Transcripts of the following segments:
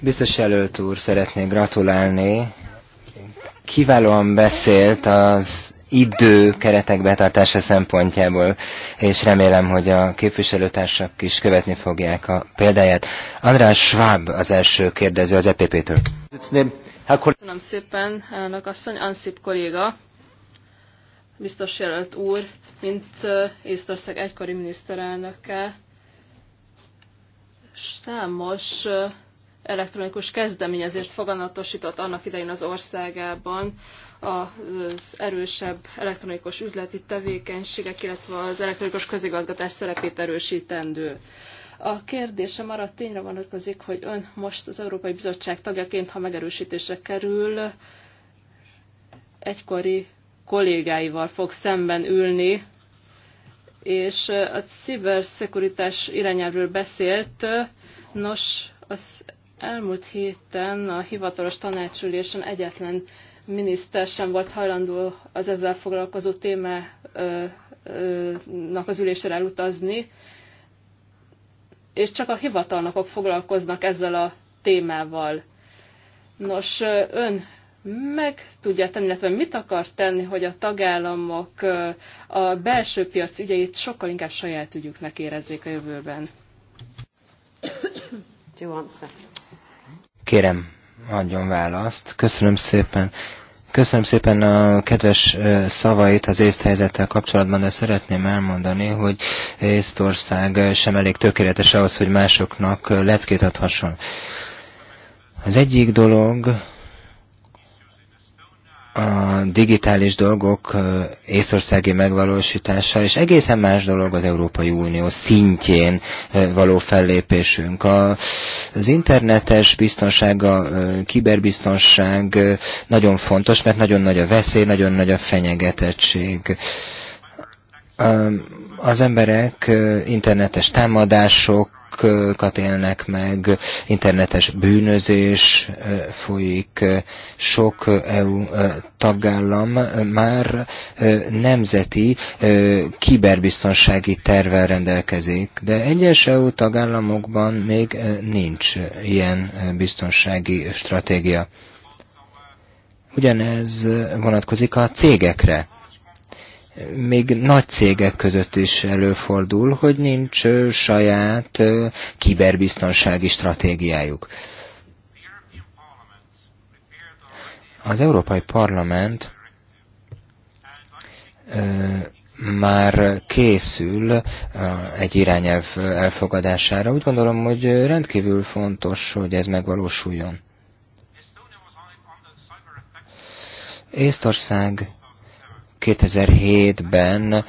Biztos jelölt úr, szeretnék gratulálni. Kiválóan beszélt az idő keretek betartása szempontjából, és remélem, hogy a képviselőtársak is követni fogják a példáját. András Schwab az első kérdező az EPP-től. Köszönöm szépen, elnök asszony, Ansip kolléga, biztos jelölt úr, mint Észtország egykori miniszterelnöke, Számos elektronikus kezdeményezést foganatosított annak idején az országában az erősebb elektronikus üzleti tevékenységek, illetve az elektronikus közigazgatás szerepét erősítendő. A kérdésem arra tényre vonatkozik, hogy ön most az Európai Bizottság tagjaként, ha megerősítésre kerül, egykori kollégáival fog szemben ülni, és a ciberszekuritás irányelvről beszélt. Nos, az elmúlt héten a hivatalos tanácsülésen egyetlen miniszter sem volt hajlandó az ezzel foglalkozó témának az ülésre elutazni, és csak a hivatalnokok foglalkoznak ezzel a témával. Nos, ön meg tudja tenni, illetve mit akar tenni, hogy a tagállamok a belső piac ügyeit sokkal inkább saját ügyüknek érezzék a jövőben? Kérem, adjon választ. Köszönöm szépen. Köszönöm szépen a kedves szavait az észthelyzettel kapcsolatban, de szeretném elmondani, hogy Észtország sem elég tökéletes ahhoz, hogy másoknak leckét adhasson. Az egyik dolog, a digitális dolgok észországi megvalósítása, és egészen más dolog az Európai Unió szintjén való fellépésünk. A, az internetes biztonság, a kiberbiztonság nagyon fontos, mert nagyon nagy a veszély, nagyon nagy a fenyegetettség. Az emberek internetes támadások erőszakat élnek meg, internetes bűnözés folyik, sok EU tagállam már nemzeti kiberbiztonsági tervel rendelkezik, de egyes EU tagállamokban még nincs ilyen biztonsági stratégia. Ugyanez vonatkozik a cégekre még nagy cégek között is előfordul, hogy nincs saját kiberbiztonsági stratégiájuk. Az Európai Parlament már készül egy irányelv elfogadására. Úgy gondolom, hogy rendkívül fontos, hogy ez megvalósuljon. Észtország 2007-ben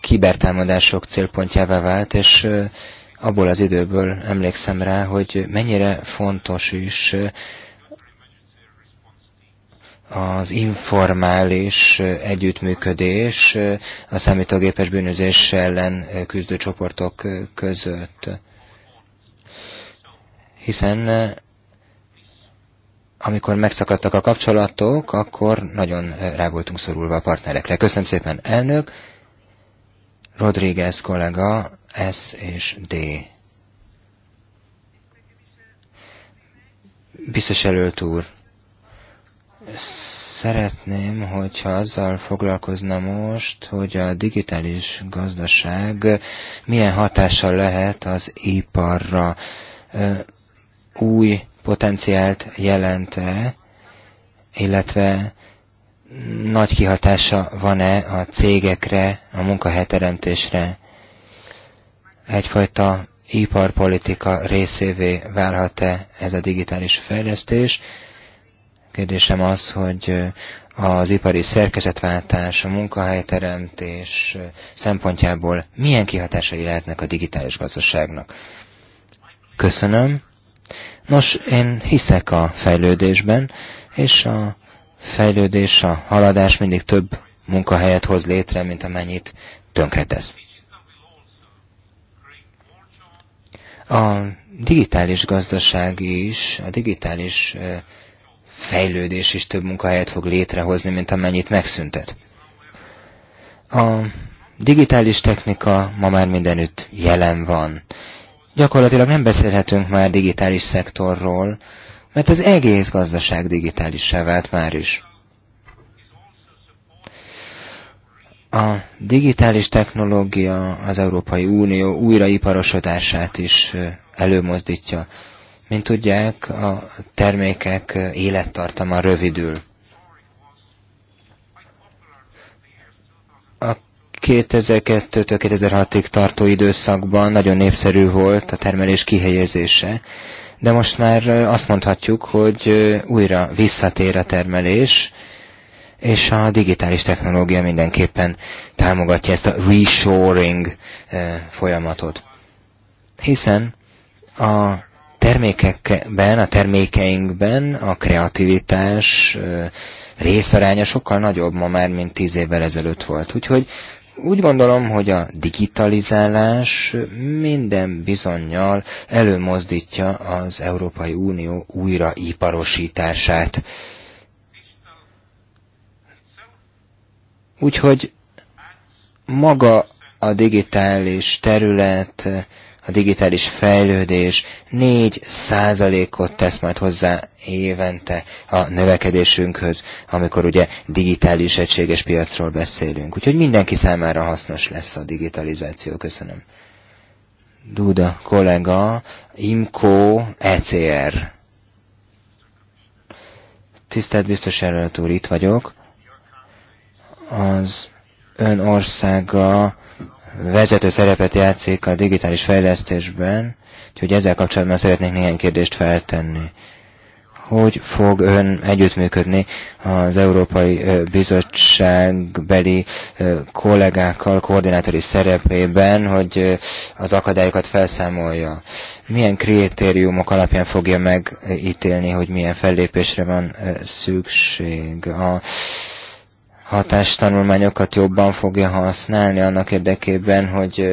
kibertámadások célpontjává vált, és abból az időből emlékszem rá, hogy mennyire fontos is az informális együttműködés a számítógépes bűnözés ellen küzdő csoportok között. Hiszen amikor megszakadtak a kapcsolatok, akkor nagyon eh, rá voltunk szorulva a partnerekre. Köszönöm szépen, elnök! Rodriguez kollega, S és D. Biztos előtt úr, szeretném, hogyha azzal foglalkozna most, hogy a digitális gazdaság milyen hatással lehet az iparra. Eh, új potenciált jelente, illetve nagy kihatása van-e a cégekre, a munkahelyteremtésre. Egyfajta iparpolitika részévé válhat-e ez a digitális fejlesztés. Kérdésem az, hogy az ipari szerkezetváltás, a munkahelyteremtés szempontjából milyen kihatásai lehetnek a digitális gazdaságnak. Köszönöm. Nos, én hiszek a fejlődésben, és a fejlődés, a haladás mindig több munkahelyet hoz létre, mint amennyit tönkretesz. A digitális gazdaság is, a digitális fejlődés is több munkahelyet fog létrehozni, mint amennyit megszüntet. A digitális technika ma már mindenütt jelen van gyakorlatilag nem beszélhetünk már digitális szektorról, mert az egész gazdaság digitálissá vált már is. A digitális technológia az Európai Unió újraiparosodását is előmozdítja. Mint tudják, a termékek élettartama rövidül. 2002-től 2006-ig tartó időszakban nagyon népszerű volt a termelés kihelyezése, de most már azt mondhatjuk, hogy újra visszatér a termelés, és a digitális technológia mindenképpen támogatja ezt a reshoring folyamatot. Hiszen a termékekben, a termékeinkben a kreativitás részaránya sokkal nagyobb ma már, mint tíz évvel ezelőtt volt. Úgyhogy úgy gondolom, hogy a digitalizálás minden bizonyal előmozdítja az Európai Unió újraiparosítását. Úgyhogy maga a digitális terület a digitális fejlődés 4 százalékot tesz majd hozzá évente a növekedésünkhöz, amikor ugye digitális egységes piacról beszélünk. Úgyhogy mindenki számára hasznos lesz a digitalizáció. Köszönöm. Duda kollega, IMCO, ECR. Tisztelt biztos jelölt úr, itt vagyok. Az ön országa vezető szerepet játszik a digitális fejlesztésben, úgyhogy ezzel kapcsolatban szeretnék néhány kérdést feltenni. Hogy fog ön együttműködni az Európai Bizottság beli kollégákkal koordinátori szerepében, hogy az akadályokat felszámolja? Milyen kritériumok alapján fogja megítélni, hogy milyen fellépésre van szükség? A hatástanulmányokat jobban fogja használni annak érdekében, hogy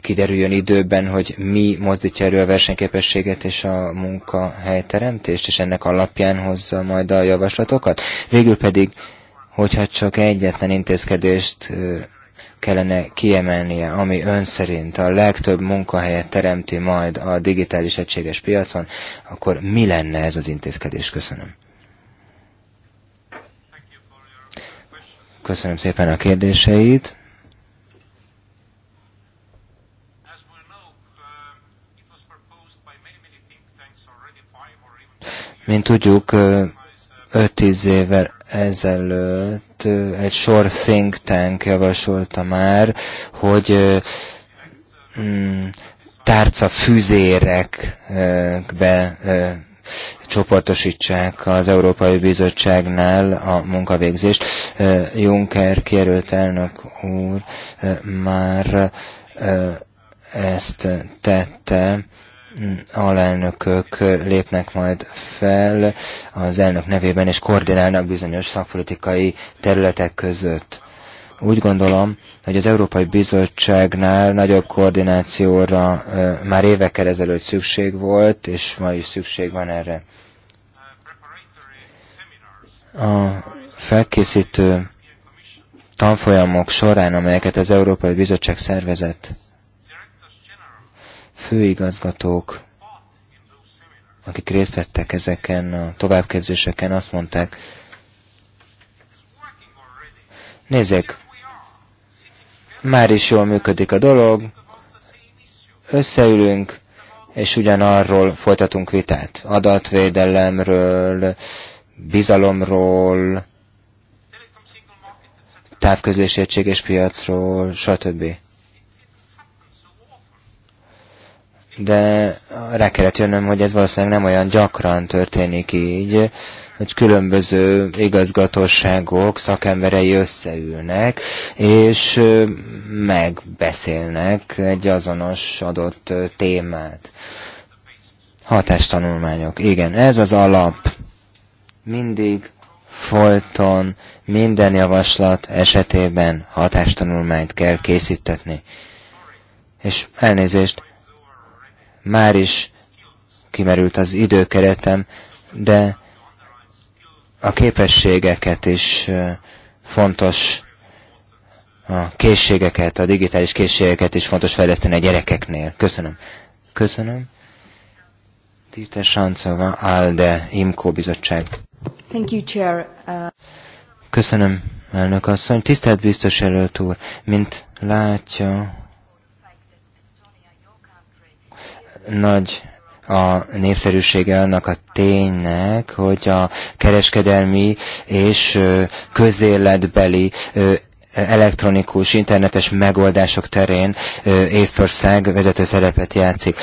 kiderüljön időben, hogy mi mozdítja elő a versenyképességet és a munkahelyteremtést, és ennek alapján hozza majd a javaslatokat. Végül pedig, hogyha csak egyetlen intézkedést kellene kiemelnie, ami ön szerint a legtöbb munkahelyet teremti majd a digitális egységes piacon, akkor mi lenne ez az intézkedés? Köszönöm. Köszönöm szépen a kérdéseit. Mint tudjuk, 5-10 évvel ezelőtt egy sor think tank javasolta már, hogy mm, tárcafűzérekbe csoportosítsák az Európai Bizottságnál a munkavégzést. Juncker kérőt elnök úr már ezt tette, alelnökök lépnek majd fel az elnök nevében, és koordinálnak bizonyos szakpolitikai területek között. Úgy gondolom, hogy az Európai Bizottságnál nagyobb koordinációra már évekkel ezelőtt szükség volt, és ma is szükség van erre. A felkészítő tanfolyamok során, amelyeket az Európai Bizottság szervezett, főigazgatók, akik részt vettek ezeken a továbbképzéseken, azt mondták, nézzék, már is jól működik a dolog, összeülünk, és ugyanarról folytatunk vitát. Adatvédelemről, bizalomról, távközlés egységes piacról, stb. De rá kellett jönnöm, hogy ez valószínűleg nem olyan gyakran történik így, hogy különböző igazgatóságok szakemberei összeülnek, és megbeszélnek egy azonos adott témát. Hatástanulmányok. Igen, ez az alap. Mindig folyton minden javaslat esetében hatástanulmányt kell készítetni. És elnézést, már is kimerült az időkeretem, de a képességeket is fontos, a készségeket, a digitális készségeket is fontos fejleszteni a gyerekeknél. Köszönöm. Köszönöm. Tite Sancova, ALDE, Imkó bizottság. Thank you, Chair. Uh, Köszönöm, elnök asszony. Tisztelt biztos előtt úr, mint látja, nagy a népszerűsége annak a ténynek, hogy a kereskedelmi és közéletbeli elektronikus, internetes megoldások terén Észtország vezető szerepet játszik.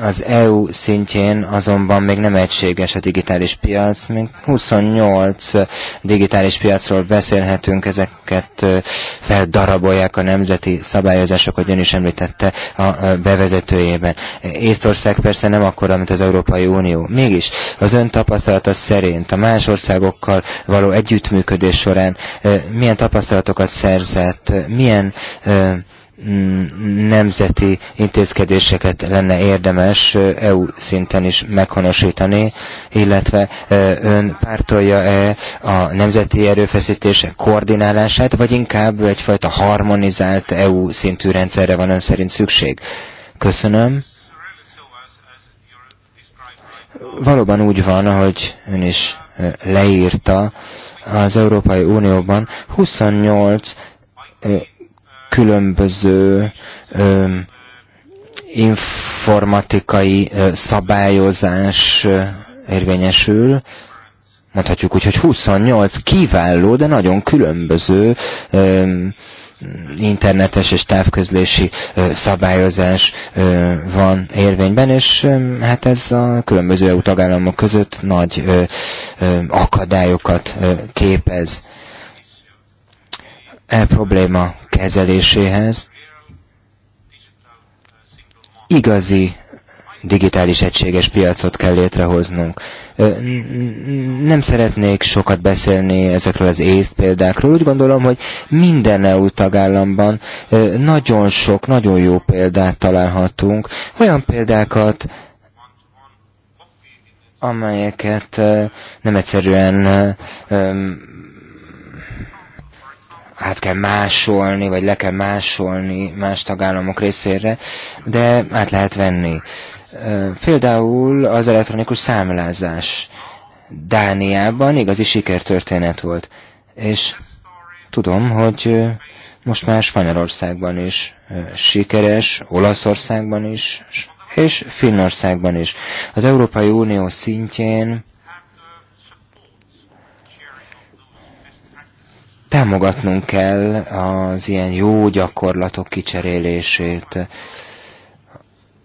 Az EU szintjén azonban még nem egységes a digitális piac, még 28 digitális piacról beszélhetünk, ezeket feldarabolják a nemzeti szabályozások, hogy ön is említette a bevezetőjében. Észtország persze nem akkora, mint az Európai Unió. Mégis az ön tapasztalata szerint a más országokkal való együttműködés során milyen tapasztalat tapasztalatokat szerzett, milyen mm, nemzeti intézkedéseket lenne érdemes EU szinten is meghonosítani, illetve ön pártolja-e a nemzeti erőfeszítés koordinálását, vagy inkább egyfajta harmonizált EU szintű rendszerre van ön szerint szükség? Köszönöm. Valóban úgy van, ahogy ön is leírta, az Európai Unióban 28 különböző informatikai szabályozás érvényesül, mondhatjuk úgy, hogy 28 kiváló, de nagyon különböző internetes és távközlési szabályozás van érvényben, és hát ez a különböző EU tagállamok között nagy akadályokat képez. E probléma kezeléséhez igazi digitális egységes piacot kell létrehoznunk. Nem szeretnék sokat beszélni ezekről az észt példákról. Úgy gondolom, hogy minden EU tagállamban nagyon sok, nagyon jó példát találhatunk. Olyan példákat, amelyeket nem egyszerűen át kell másolni, vagy le kell másolni más tagállamok részére, de át lehet venni. Például az elektronikus számlázás Dániában igazi sikertörténet volt, és tudom, hogy most már Spanyolországban is sikeres, Olaszországban is, és Finnországban is. Az Európai Unió szintjén támogatnunk kell az ilyen jó gyakorlatok kicserélését,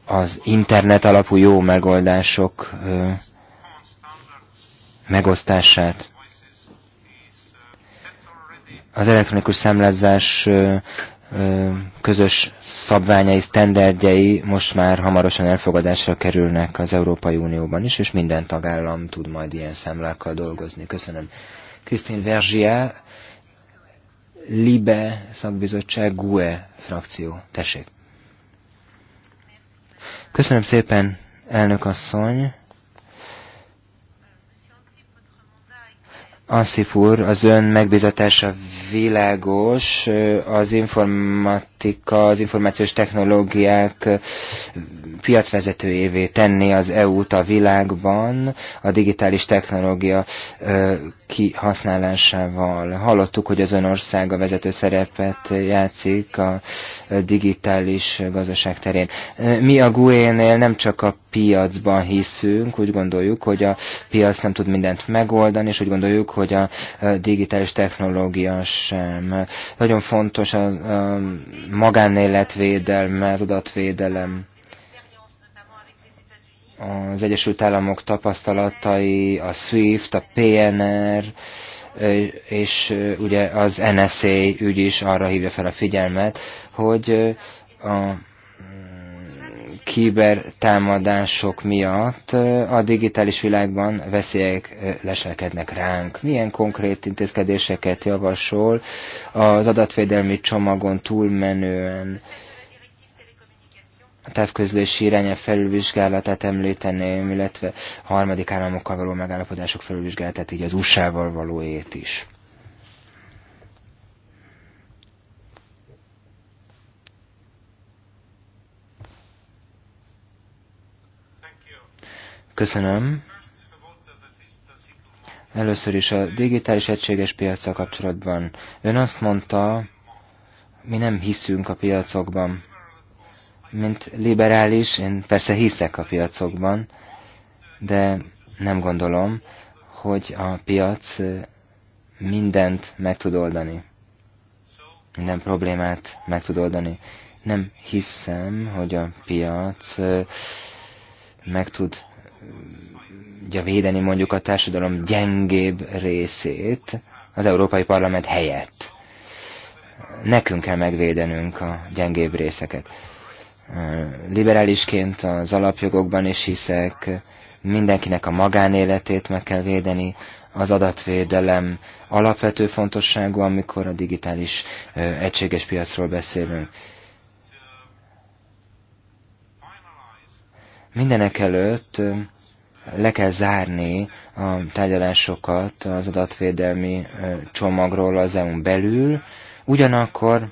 az internet alapú jó megoldások megosztását. Az elektronikus számlázás közös szabványai, sztenderdjei most már hamarosan elfogadásra kerülnek az Európai Unióban is, és minden tagállam tud majd ilyen számlákkal dolgozni. Köszönöm. Krisztin Vergia, Libe szakbizottság GUE frakció. Tessék. Köszönöm szépen, elnök asszony. Ansip úr, az ön megbizatása világos, az informat informatika, az információs technológiák piacvezetőjévé tenni az EU-t a világban a digitális technológia kihasználásával. Hallottuk, hogy az ország a vezető szerepet játszik a digitális gazdaság terén. Mi a GUE-nél nem csak a piacban hiszünk, úgy gondoljuk, hogy a piac nem tud mindent megoldani, és úgy gondoljuk, hogy a digitális technológia sem. Nagyon fontos a, a magánéletvédelme, az adatvédelem, az Egyesült Államok tapasztalatai, a SWIFT, a PNR, és ugye az NSA ügy is arra hívja fel a figyelmet, hogy a kibertámadások miatt a digitális világban veszélyek leselkednek ránk. Milyen konkrét intézkedéseket javasol az adatvédelmi csomagon túlmenően? A távközlési irányelv felülvizsgálatát említeném, illetve a harmadik államokkal való megállapodások felülvizsgálatát, így az USA-val valóét is. Köszönöm. Először is a digitális egységes piacsal kapcsolatban. Ön azt mondta, mi nem hiszünk a piacokban. Mint liberális, én persze hiszek a piacokban, de nem gondolom, hogy a piac mindent meg tud oldani. Minden problémát meg tud oldani. Nem hiszem, hogy a piac meg tud ugye védeni mondjuk a társadalom gyengébb részét az Európai Parlament helyett. Nekünk kell megvédenünk a gyengébb részeket. Liberálisként az alapjogokban is hiszek, mindenkinek a magánéletét meg kell védeni, az adatvédelem alapvető fontosságú, amikor a digitális egységes piacról beszélünk. Mindenek előtt le kell zárni a tárgyalásokat az adatvédelmi csomagról az EU-n belül, ugyanakkor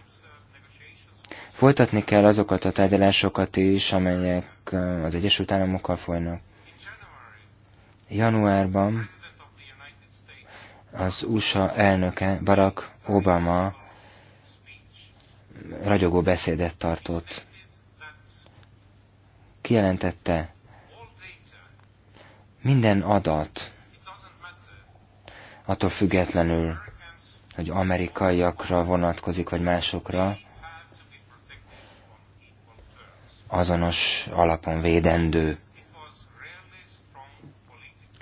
folytatni kell azokat a tárgyalásokat is, amelyek az Egyesült Államokkal folynak. Januárban az USA elnöke Barack Obama ragyogó beszédet tartott. Kijelentette, minden adat, attól függetlenül, hogy amerikaiakra vonatkozik, vagy másokra, azonos alapon védendő.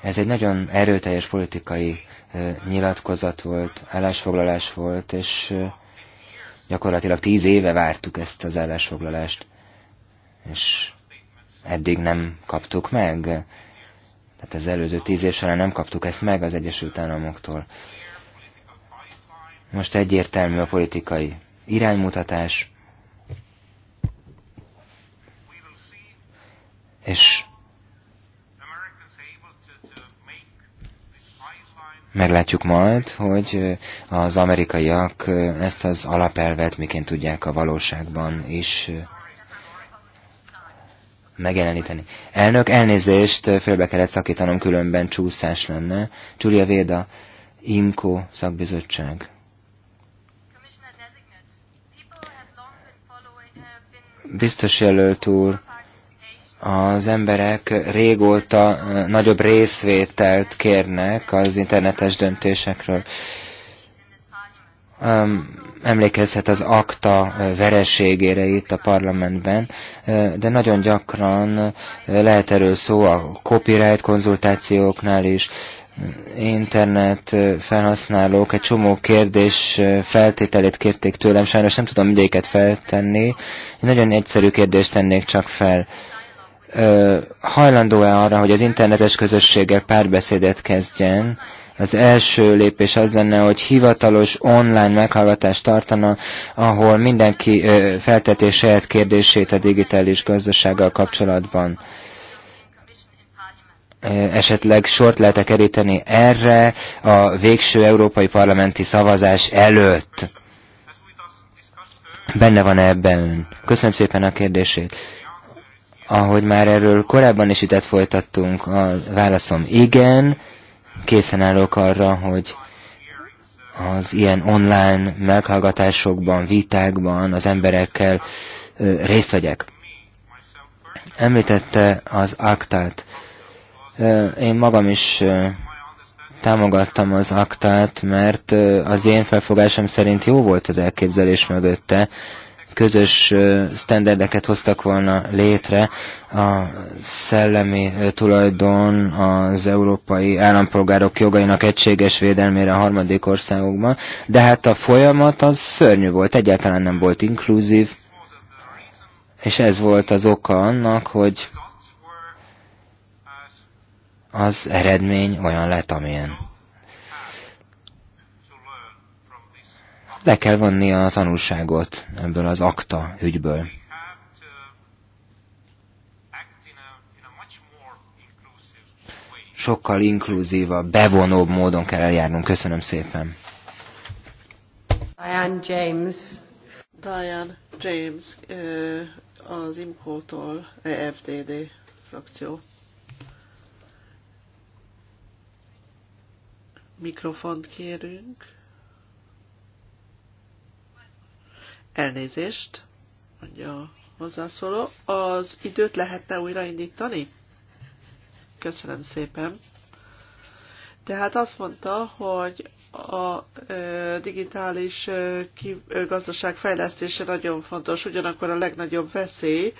Ez egy nagyon erőteljes politikai nyilatkozat volt, állásfoglalás volt, és gyakorlatilag tíz éve vártuk ezt az állásfoglalást, és eddig nem kaptuk meg. Tehát az előző tíz év során nem kaptuk ezt meg az Egyesült Államoktól. Most egyértelmű a politikai iránymutatás, és meglátjuk majd, hogy az amerikaiak ezt az alapelvet miként tudják a valóságban is megjeleníteni. Elnök, elnézést, félbe kellett szakítanom, különben csúszás lenne. Julia Véda, IMCO szakbizottság. Biztos jelölt úr, az emberek régóta nagyobb részvételt kérnek az internetes döntésekről emlékezhet az akta vereségére itt a parlamentben, de nagyon gyakran lehet erről szó a copyright konzultációknál is, internet felhasználók egy csomó kérdés feltételét kérték tőlem, sajnos nem tudom mindéket feltenni. Én nagyon egyszerű kérdést tennék csak fel. Hajlandó-e arra, hogy az internetes közösséggel párbeszédet kezdjen, az első lépés az lenne, hogy hivatalos online meghallgatást tartana, ahol mindenki felteti saját kérdését a digitális gazdasággal kapcsolatban esetleg sort lehet -e keríteni erre a végső európai parlamenti szavazás előtt? Benne van -e ebben ön? Köszönöm szépen a kérdését. Ahogy már erről korábban is ütett folytattunk, a válaszom igen, készen állok arra, hogy az ilyen online meghallgatásokban, vitákban az emberekkel részt vegyek. Említette az aktát. Én magam is támogattam az aktát, mert az én felfogásom szerint jó volt az elképzelés mögötte, közös standardeket hoztak volna létre a szellemi tulajdon az európai állampolgárok jogainak egységes védelmére a harmadik országokban, de hát a folyamat az szörnyű volt, egyáltalán nem volt inkluzív, és ez volt az oka annak, hogy az eredmény olyan lett, amilyen. le kell vonni a tanulságot ebből az akta ügyből. Sokkal inkluzívabb, bevonóbb módon kell eljárnunk. Köszönöm szépen. Diane James. Diane James, az Imkótól, tól FDD frakció. Mikrofont kérünk. Elnézést, mondja a hozzászóló. Az időt lehetne újraindítani? Köszönöm szépen. Tehát azt mondta, hogy a digitális gazdaság fejlesztése nagyon fontos, ugyanakkor a legnagyobb veszély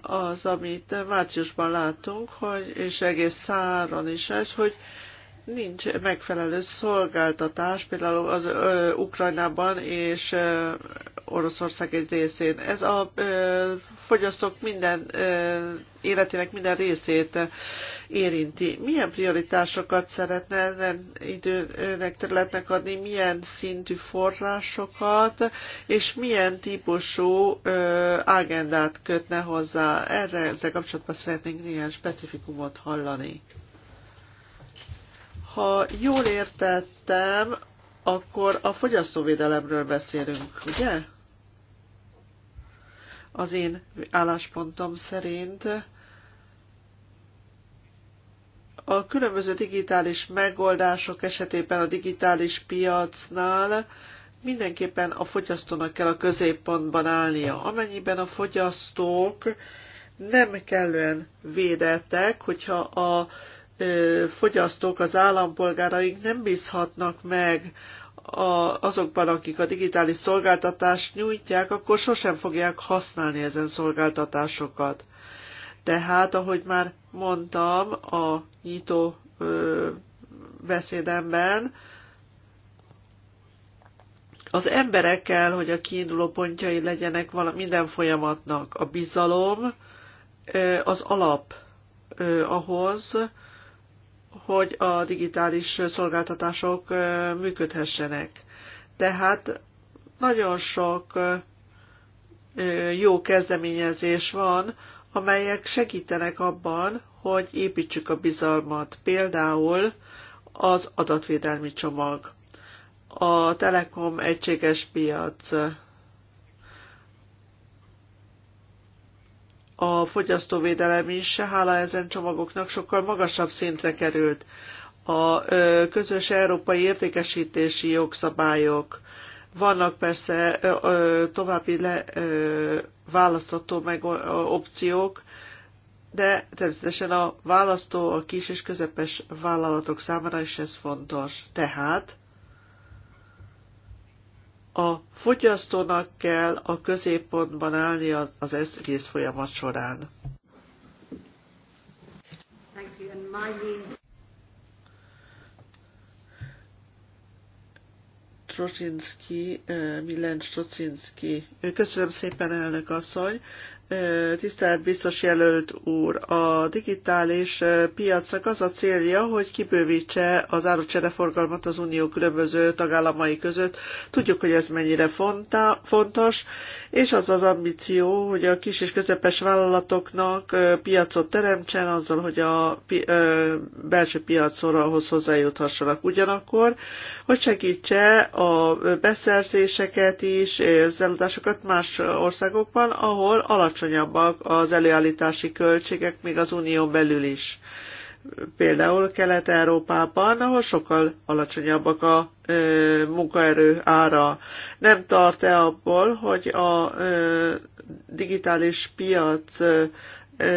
az, amit márciusban látunk, hogy, és egész száron is ez, hogy nincs megfelelő szolgáltatás, például az ö, Ukrajnában és ö, Oroszország egy részén. Ez a ö, fogyasztók minden ö, életének minden részét érinti. Milyen prioritásokat szeretne ezen időnek, területnek adni, milyen szintű forrásokat, és milyen típusú ö, agendát kötne hozzá. Erre ezzel kapcsolatban szeretnénk néhány specifikumot hallani. Ha jól értettem, akkor a fogyasztóvédelemről beszélünk, ugye? Az én álláspontom szerint a különböző digitális megoldások esetében a digitális piacnál mindenképpen a fogyasztónak kell a középpontban állnia. Amennyiben a fogyasztók nem kellően védettek, hogyha a fogyasztók, az állampolgáraink nem bízhatnak meg a, azokban, akik a digitális szolgáltatást nyújtják, akkor sosem fogják használni ezen szolgáltatásokat. Tehát, ahogy már mondtam a nyitó ö, beszédemben, az emberekkel, hogy a kiinduló pontjai legyenek vala, minden folyamatnak. A bizalom ö, az alap ö, ahhoz, hogy a digitális szolgáltatások működhessenek. Tehát nagyon sok jó kezdeményezés van, amelyek segítenek abban, hogy építsük a bizalmat. Például az adatvédelmi csomag, a Telekom egységes piac, a fogyasztóvédelem is, hála ezen csomagoknak sokkal magasabb szintre került. A közös európai értékesítési jogszabályok. Vannak persze további le, választható meg opciók, de természetesen a választó a kis és közepes vállalatok számára is ez fontos. Tehát a fogyasztónak kell a középpontban állni az egész folyamat során. Strocinski, eh, Milen Strocinski. Köszönöm szépen, elnök asszony. Tisztelt biztos jelölt úr, a digitális piacnak az a célja, hogy kibővítse az árucsereforgalmat az unió különböző tagállamai között. Tudjuk, hogy ez mennyire fontos, és az az ambíció, hogy a kis és közepes vállalatoknak piacot teremtsen azzal, hogy a belső piacra hozzájuthassanak. Ugyanakkor, hogy segítse a beszerzéseket is, és eladásokat más országokban, ahol alacsony alacsonyabbak az előállítási költségek még az unión belül is. Például Kelet-Európában, ahol sokkal alacsonyabbak a ö, munkaerő ára. Nem tart-e abból, hogy a ö, digitális piac ö,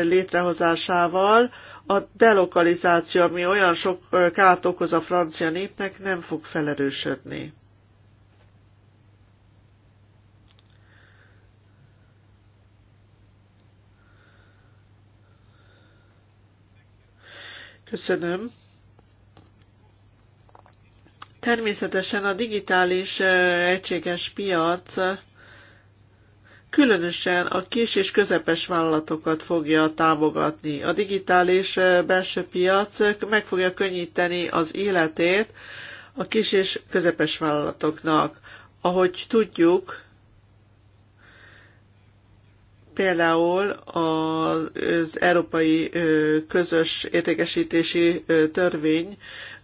létrehozásával a delokalizáció, ami olyan sok kárt okoz a francia népnek, nem fog felerősödni. Köszönöm. Természetesen a digitális eh, egységes piac különösen a kis és közepes vállalatokat fogja támogatni. A digitális eh, belső piac meg fogja könnyíteni az életét a kis és közepes vállalatoknak. Ahogy tudjuk, Például az Európai Közös Értékesítési Törvény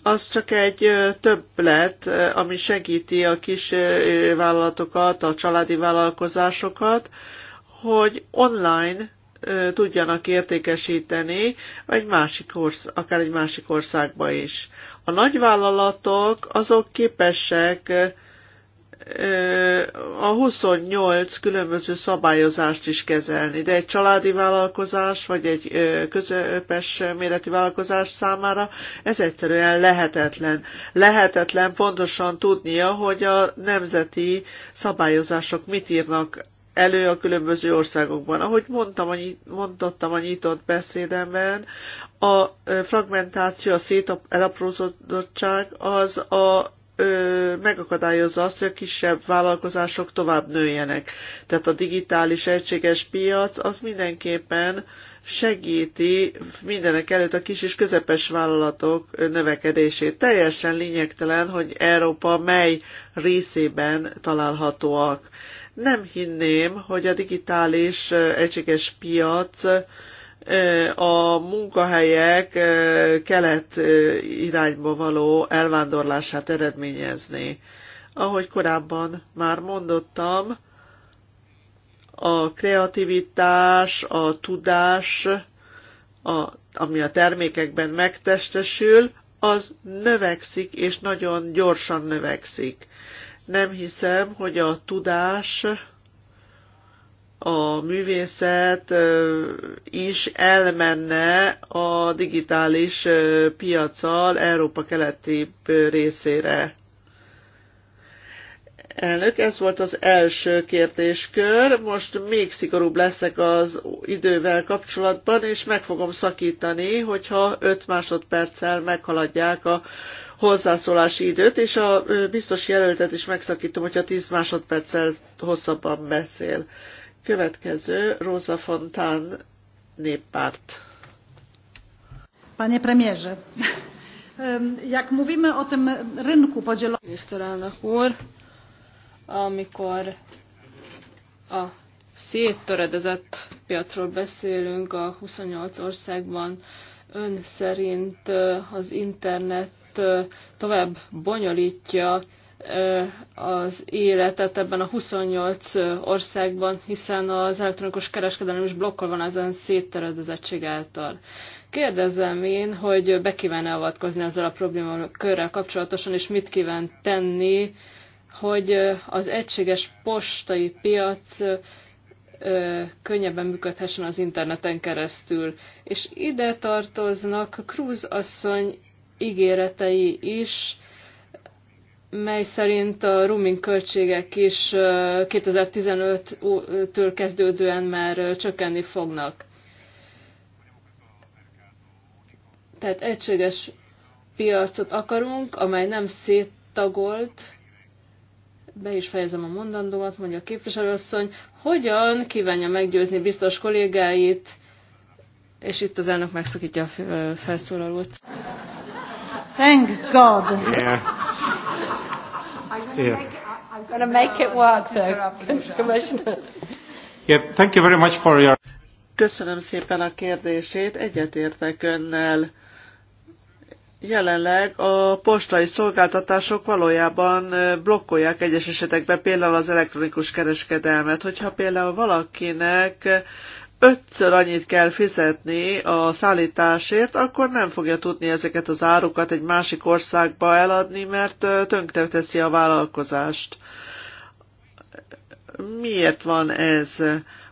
az csak egy többlet, ami segíti a kis vállalatokat, a családi vállalkozásokat, hogy online tudjanak értékesíteni egy másik orsz, akár egy másik országba is. A nagyvállalatok azok képesek a 28 különböző szabályozást is kezelni, de egy családi vállalkozás, vagy egy közepes méretű vállalkozás számára ez egyszerűen lehetetlen. Lehetetlen pontosan tudnia, hogy a nemzeti szabályozások mit írnak elő a különböző országokban. Ahogy mondtam, mondottam a nyitott beszédemben, a fragmentáció, a szétaprózottság az a ö, megakadályozza azt, hogy a kisebb vállalkozások tovább nőjenek. Tehát a digitális egységes piac az mindenképpen segíti mindenek előtt a kis és közepes vállalatok növekedését. Teljesen lényegtelen, hogy Európa mely részében találhatóak. Nem hinném, hogy a digitális egységes piac a munkahelyek kelet irányba való elvándorlását eredményezni. Ahogy korábban már mondottam, a kreativitás, a tudás, a, ami a termékekben megtestesül, az növekszik, és nagyon gyorsan növekszik. Nem hiszem, hogy a tudás a művészet is elmenne a digitális piacal Európa keleti részére. Elnök, ez volt az első kérdéskör. Most még szigorúbb leszek az idővel kapcsolatban, és meg fogom szakítani, hogyha 5 másodperccel meghaladják a hozzászólási időt, és a biztos jelöltet is megszakítom, hogyha 10 másodperccel hosszabban beszél. Következő Rosa Fontán néppárt. Panie premierze, jak mówimy o tym rynku podzielonym... Miniszterelnök úr, amikor a széttöredezett piacról beszélünk a 28 országban, ön szerint az internet tovább bonyolítja az életet ebben a 28 országban, hiszen az elektronikus kereskedelem is blokkol van ezen szétteredezettség által. Kérdezem én, hogy be kíván-e avatkozni ezzel a problémakörrel kapcsolatosan, és mit kíván tenni, hogy az egységes postai piac könnyebben működhessen az interneten keresztül. És ide tartoznak Krúz asszony ígéretei is, mely szerint a roaming költségek is 2015-től kezdődően már csökkenni fognak. Tehát egységes piacot akarunk, amely nem széttagolt, be is fejezem a mondandómat, mondja a képviselőasszony, hogyan kívánja meggyőzni biztos kollégáit, és itt az elnök megszokítja a felszólalót. Thank God! Yeah. Yeah. I'm going to make it work, though, Commissioner. Yeah, thank you very much for your... Köszönöm szépen a kérdését, egyetértek önnel. Jelenleg a postai szolgáltatások valójában blokkolják egyes esetekben például az elektronikus kereskedelmet. Hogyha például valakinek ötször annyit kell fizetni a szállításért, akkor nem fogja tudni ezeket az árukat egy másik országba eladni, mert teszi a vállalkozást. Miért van ez?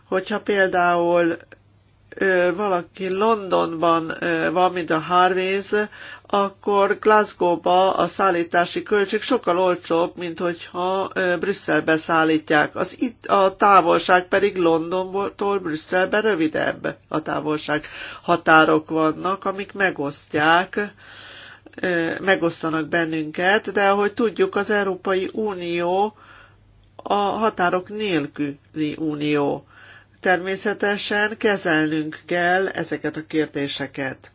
Hogyha például valaki Londonban van, mint a Harvey's, akkor Glasgow-ba a szállítási költség sokkal olcsóbb, mint hogyha Brüsszelbe szállítják. Az itt a távolság pedig Londontól Brüsszelbe rövidebb a távolság. Határok vannak, amik megosztják megosztanak bennünket, de ahogy tudjuk, az Európai Unió a határok nélküli unió. Természetesen kezelnünk kell ezeket a kérdéseket.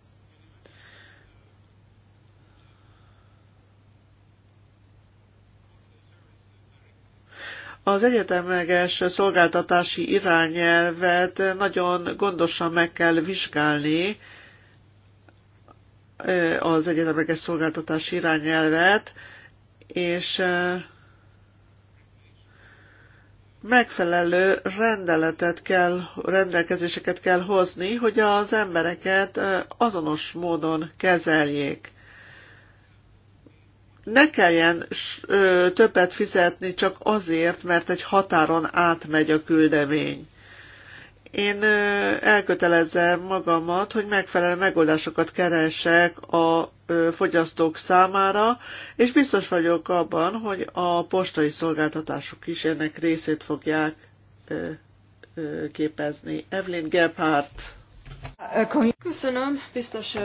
Az egyetemleges szolgáltatási irányelvet nagyon gondosan meg kell vizsgálni, az egyetemleges szolgáltatási irányelvet, és megfelelő rendeletet kell, rendelkezéseket kell hozni, hogy az embereket azonos módon kezeljék ne kelljen többet fizetni csak azért, mert egy határon átmegy a küldemény. Én elkötelezem magamat, hogy megfelelő megoldásokat keresek a fogyasztók számára, és biztos vagyok abban, hogy a postai szolgáltatások is ennek részét fogják képezni. Evelyn Gebhardt. Köszönöm, biztos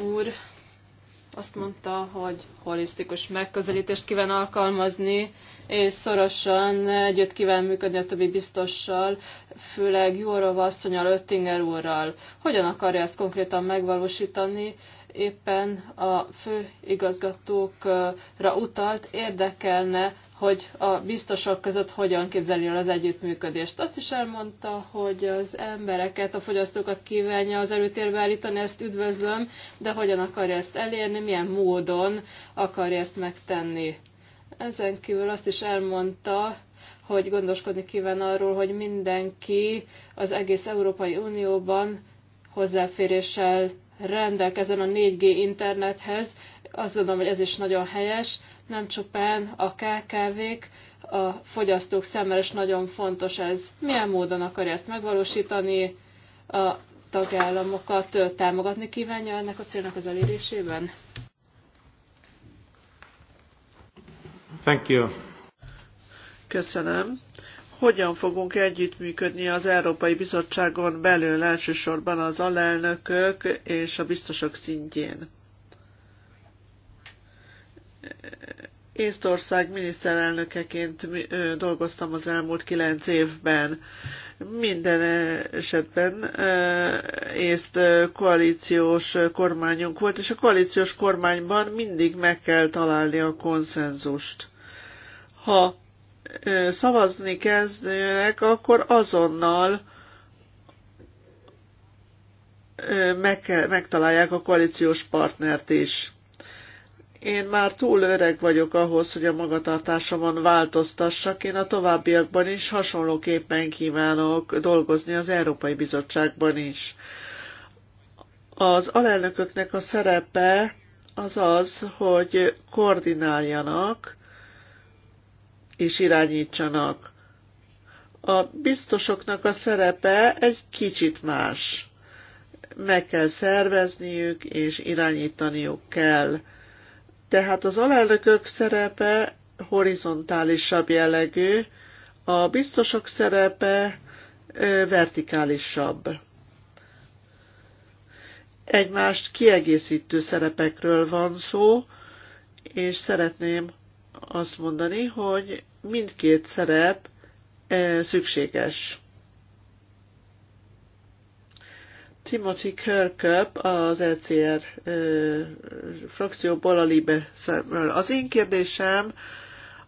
úr azt mondta, hogy holisztikus megközelítést kíván alkalmazni, és szorosan együtt kíván működni a többi biztossal, főleg Jórov asszonyal, Öttinger úrral. Hogyan akarja ezt konkrétan megvalósítani, éppen a főigazgatókra utalt, érdekelne, hogy a biztosok között hogyan képzeli el az együttműködést. Azt is elmondta, hogy az embereket, a fogyasztókat kívánja az előtérbe állítani, ezt üdvözlöm, de hogyan akarja ezt elérni, milyen módon akarja ezt megtenni. Ezen kívül azt is elmondta, hogy gondoskodni kíván arról, hogy mindenki az egész Európai Unióban hozzáféréssel rendelkezzen a 4G internethez. Azt gondolom, hogy ez is nagyon helyes, nem csupán a KKV-k, a fogyasztók számára is nagyon fontos ez. Milyen módon akarja ezt megvalósítani, a tagállamokat támogatni kívánja ennek a célnak az elérésében? Thank you. Köszönöm hogyan fogunk együttműködni az Európai Bizottságon belül, elsősorban az alelnökök és a biztosok szintjén. Észtország miniszterelnökeként dolgoztam az elmúlt kilenc évben. Minden esetben észt koalíciós kormányunk volt, és a koalíciós kormányban mindig meg kell találni a konszenzust. Ha szavazni kezdőnek, akkor azonnal meg kell, megtalálják a koalíciós partnert is. Én már túl öreg vagyok ahhoz, hogy a magatartásomon változtassak, én a továbbiakban is hasonlóképpen kívánok dolgozni az Európai Bizottságban is. Az alelnököknek a szerepe az az, hogy koordináljanak, is irányítsanak. A biztosoknak a szerepe egy kicsit más. Meg kell szervezniük, és irányítaniuk kell. Tehát az alelnökök szerepe horizontálisabb jellegű, a biztosok szerepe vertikálisabb. Egymást kiegészítő szerepekről van szó, és szeretném azt mondani, hogy mindkét szerep eh, szükséges. Timothy Kirkup az ECR ö, eh, frakcióból a Libe szemről. Az én kérdésem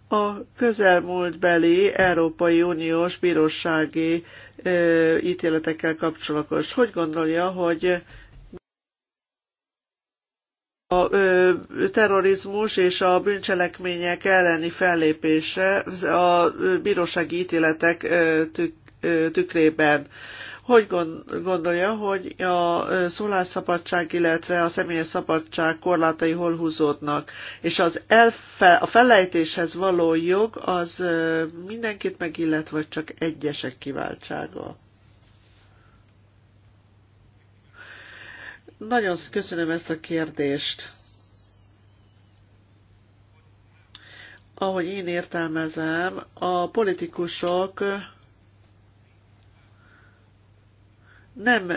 a közelmúltbeli Európai Uniós bírósági ö, eh, ítéletekkel kapcsolatos. Hogy gondolja, hogy a terrorizmus és a bűncselekmények elleni fellépése, a bírósági ítéletek tükrében. Hogy gondolja, hogy a szólásszabadság, illetve a személyes szabadság korlátai hol húzódnak, és az elfe, a fellejtéshez való jog az mindenkit megillet, vagy csak egyesek kiváltsága? Nagyon köszönöm ezt a kérdést. Ahogy én értelmezem, a politikusok nem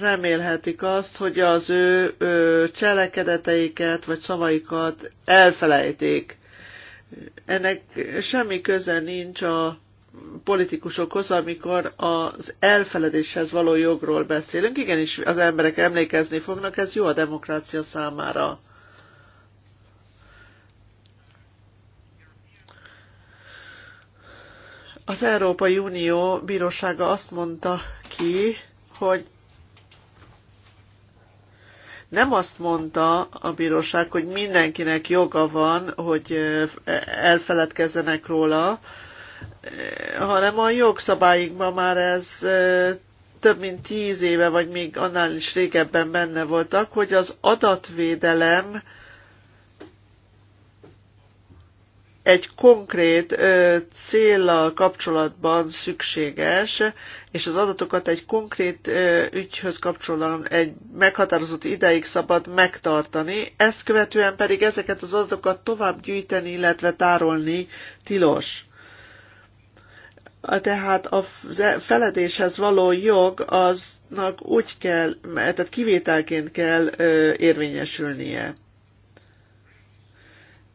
remélhetik azt, hogy az ő cselekedeteiket vagy szavaikat elfelejtik. Ennek semmi köze nincs a politikusokhoz, amikor az elfeledéshez való jogról beszélünk. Igenis, az emberek emlékezni fognak, ez jó a demokrácia számára. Az Európai Unió bírósága azt mondta ki, hogy nem azt mondta a bíróság, hogy mindenkinek joga van, hogy elfeledkezzenek róla, Eh, hanem a jogszabályikban már ez eh, több mint tíz éve, vagy még annál is régebben benne voltak, hogy az adatvédelem egy konkrét eh, célral kapcsolatban szükséges, és az adatokat egy konkrét ügyhöz kapcsolatban egy meghatározott ideig szabad megtartani, ezt követően pedig ezeket az adatokat tovább gyűjteni, illetve tárolni tilos tehát a feledéshez való jog aznak úgy kell, tehát kivételként kell érvényesülnie.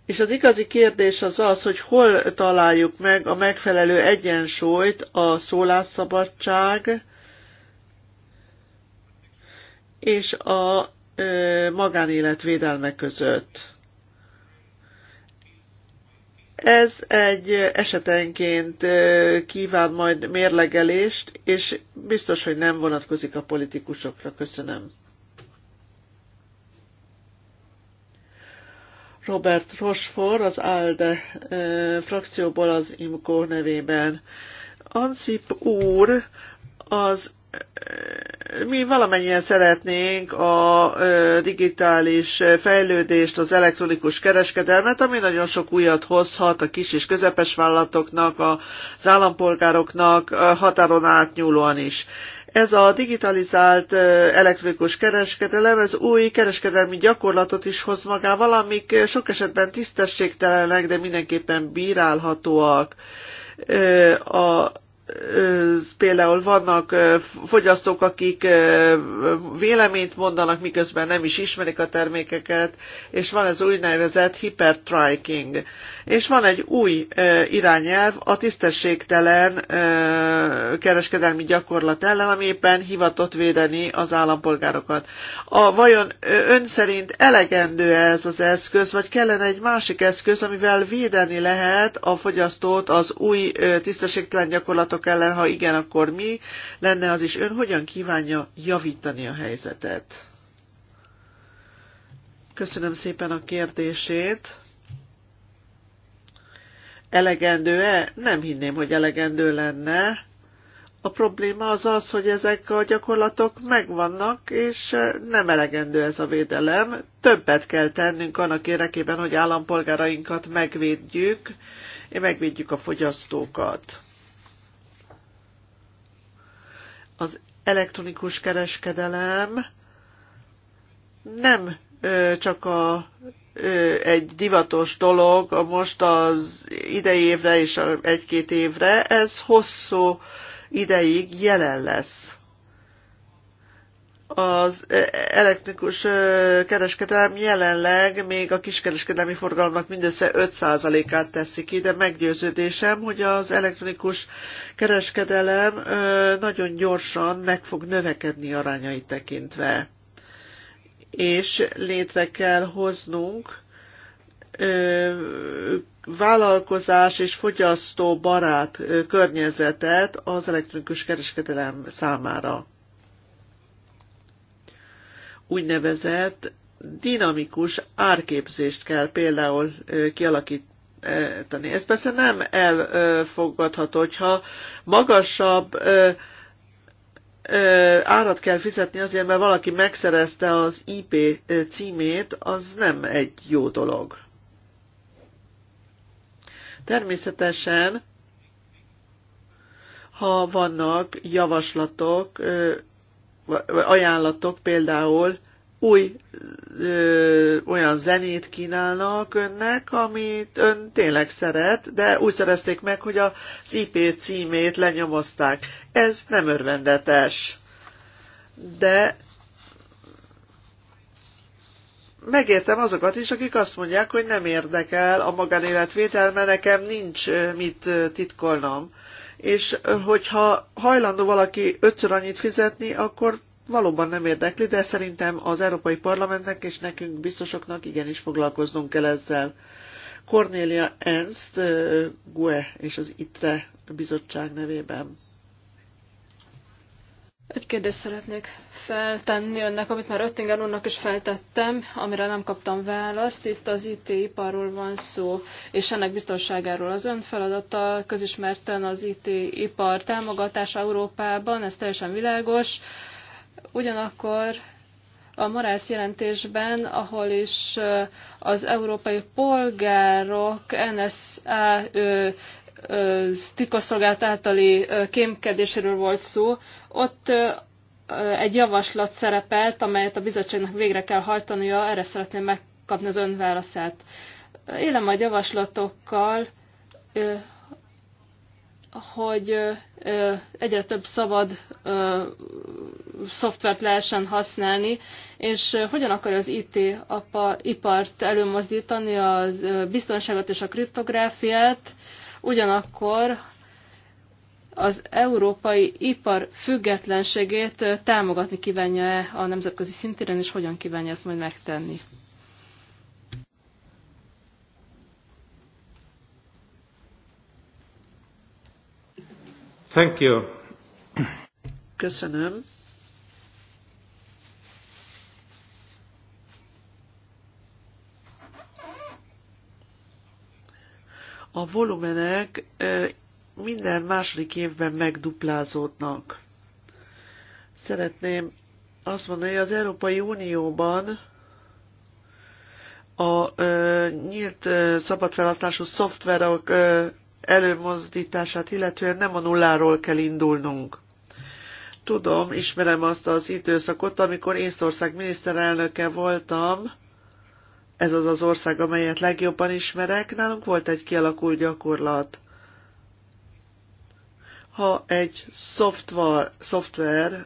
És az igazi kérdés az az, hogy hol találjuk meg a megfelelő egyensúlyt a szólásszabadság és a magánélet védelme között. Ez egy esetenként kíván majd mérlegelést, és biztos, hogy nem vonatkozik a politikusokra. Köszönöm. Robert Rochefort az ALDE frakcióból az IMCO nevében. Ansip úr az mi valamennyien szeretnénk a digitális fejlődést, az elektronikus kereskedelmet, ami nagyon sok újat hozhat a kis és közepes vállalatoknak, az állampolgároknak, határon átnyúlóan is. Ez a digitalizált elektronikus kereskedelem, ez új kereskedelmi gyakorlatot is hoz magával, amik sok esetben tisztességtelenek, de mindenképpen bírálhatóak. A például vannak fogyasztók, akik véleményt mondanak, miközben nem is ismerik a termékeket, és van ez úgynevezett hipertriking. És van egy új irányelv a tisztességtelen kereskedelmi gyakorlat ellen, ami éppen hivatott védeni az állampolgárokat. A, vajon ön szerint elegendő -e ez az eszköz, vagy kellene egy másik eszköz, amivel védeni lehet a fogyasztót az új tisztességtelen gyakorlatok vállalatok ellen, ha igen, akkor mi lenne az is? Ön hogyan kívánja javítani a helyzetet? Köszönöm szépen a kérdését. Elegendő-e? Nem hinném, hogy elegendő lenne. A probléma az az, hogy ezek a gyakorlatok megvannak, és nem elegendő ez a védelem. Többet kell tennünk annak érdekében, hogy állampolgárainkat megvédjük, és megvédjük a fogyasztókat. az elektronikus kereskedelem nem csak a, egy divatos dolog a most az idei évre és egy-két évre, ez hosszú ideig jelen lesz az e, elektronikus e, kereskedelem jelenleg még a kiskereskedelmi forgalomnak mindössze 5%-át teszi ki, de meggyőződésem, hogy az elektronikus kereskedelem e, nagyon gyorsan meg fog növekedni arányait tekintve. És létre kell hoznunk vállalkozás és fogyasztó barát környezetet az elektronikus kereskedelem számára úgynevezett dinamikus árképzést kell például kialakítani Ez persze nem elfogadható, hogyha magasabb árat kell fizetni azért, mert valaki megszerezte az IP címét, az nem egy jó dolog. Természetesen, ha vannak javaslatok ajánlatok például új ö, olyan zenét kínálnak önnek, amit ön tényleg szeret, de úgy szerezték meg, hogy az IP címét lenyomozták. Ez nem örvendetes. De megértem azokat is, akik azt mondják, hogy nem érdekel a magánéletvétel, mert nekem nincs mit titkolnom és hogyha hajlandó valaki ötször annyit fizetni, akkor valóban nem érdekli, de szerintem az Európai Parlamentnek és nekünk biztosoknak igenis foglalkoznunk kell ezzel. Cornélia Ernst, GUE és az ITRE bizottság nevében. Egy kérdést szeretnék feltenni önnek, amit már Öttinger úrnak is feltettem, amire nem kaptam választ. Itt az IT-iparról van szó, és ennek biztonságáról az ön feladata közismerten az IT-ipar támogatása Európában, ez teljesen világos. Ugyanakkor a Morász jelentésben, ahol is az európai polgárok NSA titkosszolgált általi kémkedéséről volt szó, ott egy javaslat szerepelt, amelyet a bizottságnak végre kell hajtania, erre szeretném megkapni az ön válaszát. Élem a javaslatokkal, hogy egyre több szabad szoftvert lehessen használni, és hogyan akarja az IT ipart előmozdítani, az biztonságot és a kriptográfiát, ugyanakkor az európai ipar függetlenségét támogatni kívánja-e a nemzetközi szintéren, és hogyan kívánja ezt majd megtenni? Thank you. Köszönöm. a volumenek minden második évben megduplázódnak. Szeretném azt mondani, hogy az Európai Unióban a ö, nyílt ö, szabadfelhasználású szoftverek ö, előmozdítását illetően nem a nulláról kell indulnunk. Tudom, ismerem azt az időszakot, amikor Észtország miniszterelnöke voltam, ez az az ország, amelyet legjobban ismerek, nálunk volt egy kialakult gyakorlat. Ha egy szoftver, szoftver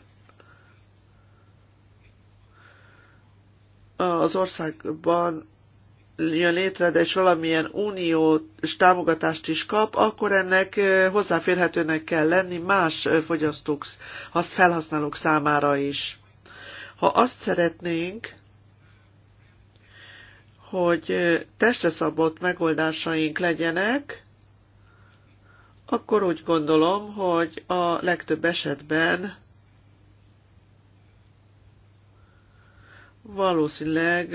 az országban jön létre, de és valamilyen uniós támogatást is kap, akkor ennek hozzáférhetőnek kell lenni más fogyasztók, felhasználók számára is. Ha azt szeretnénk, hogy testre szabott megoldásaink legyenek, akkor úgy gondolom, hogy a legtöbb esetben valószínűleg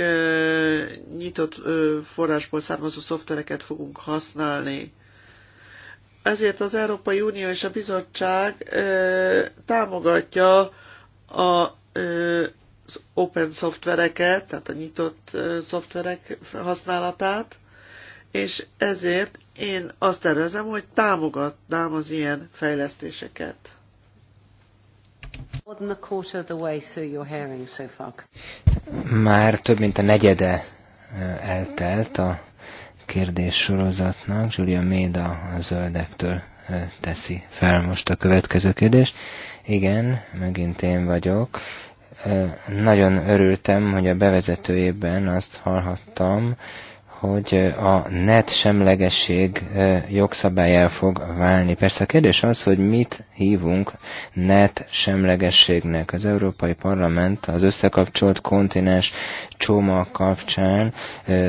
nyitott forrásból származó szoftvereket fogunk használni. Ezért az Európai Unió és a Bizottság támogatja a az open szoftvereket, tehát a nyitott szoftverek használatát, és ezért én azt tervezem, hogy támogatnám az ilyen fejlesztéseket. Már több mint a negyede eltelt a kérdés sorozatnak. Julia Méda a zöldektől teszi fel most a következő kérdést. Igen, megint én vagyok. Nagyon örültem, hogy a bevezetőjében azt hallhattam, hogy a net semlegesség jogszabályá fog válni. Persze a kérdés az, hogy mit hívunk net semlegességnek. Az Európai Parlament az összekapcsolt kontinens csoma kapcsán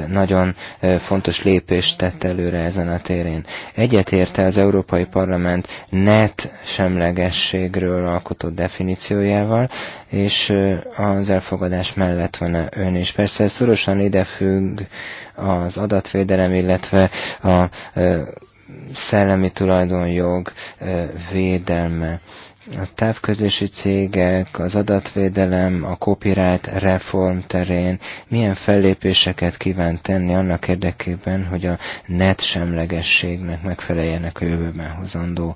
nagyon fontos lépést tett előre ezen a térén. Egyetérte az Európai Parlament net semlegességről alkotott definíciójával, és az elfogadás mellett van -e ön is. Persze szorosan függ, az adatvédelem, illetve a szellemi tulajdonjog védelme a távközlési cégek, az adatvédelem, a copyright reform terén milyen fellépéseket kíván tenni annak érdekében, hogy a net semlegességnek megfeleljenek a jövőben hozandó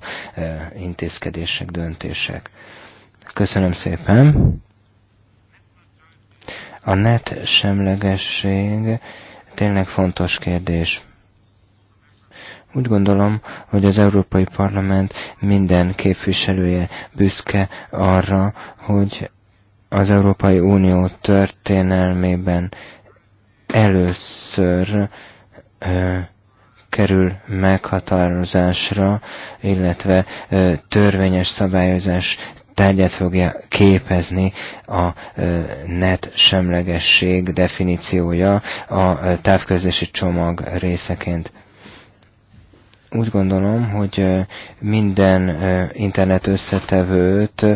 intézkedések, döntések. Köszönöm szépen! A net semlegesség tényleg fontos kérdés. Úgy gondolom, hogy az Európai Parlament minden képviselője büszke arra, hogy az Európai Unió történelmében először ö, kerül meghatározásra, illetve ö, törvényes szabályozás tárgyát fogja képezni a net semlegesség definíciója a távközlési csomag részeként úgy gondolom, hogy minden internet összetevőt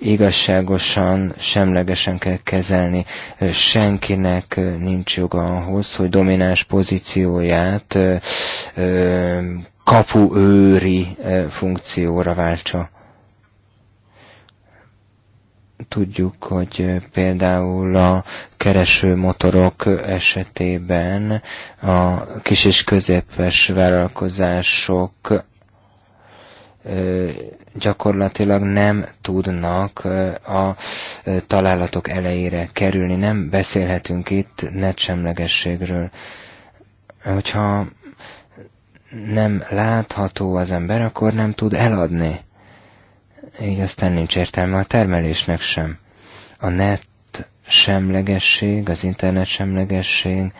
igazságosan, semlegesen kell kezelni. Senkinek nincs joga ahhoz, hogy domináns pozícióját kapuőri funkcióra váltsa. Tudjuk, hogy eh, például a keresőmotorok esetében a kis és középes vállalkozások eh, gyakorlatilag nem tudnak eh, a találatok elejére kerülni. Nem beszélhetünk itt netsemlegességről. Hogyha nem látható az ember, akkor nem tud eladni így aztán nincs értelme a termelésnek sem. A net semlegesség, az internet semlegesség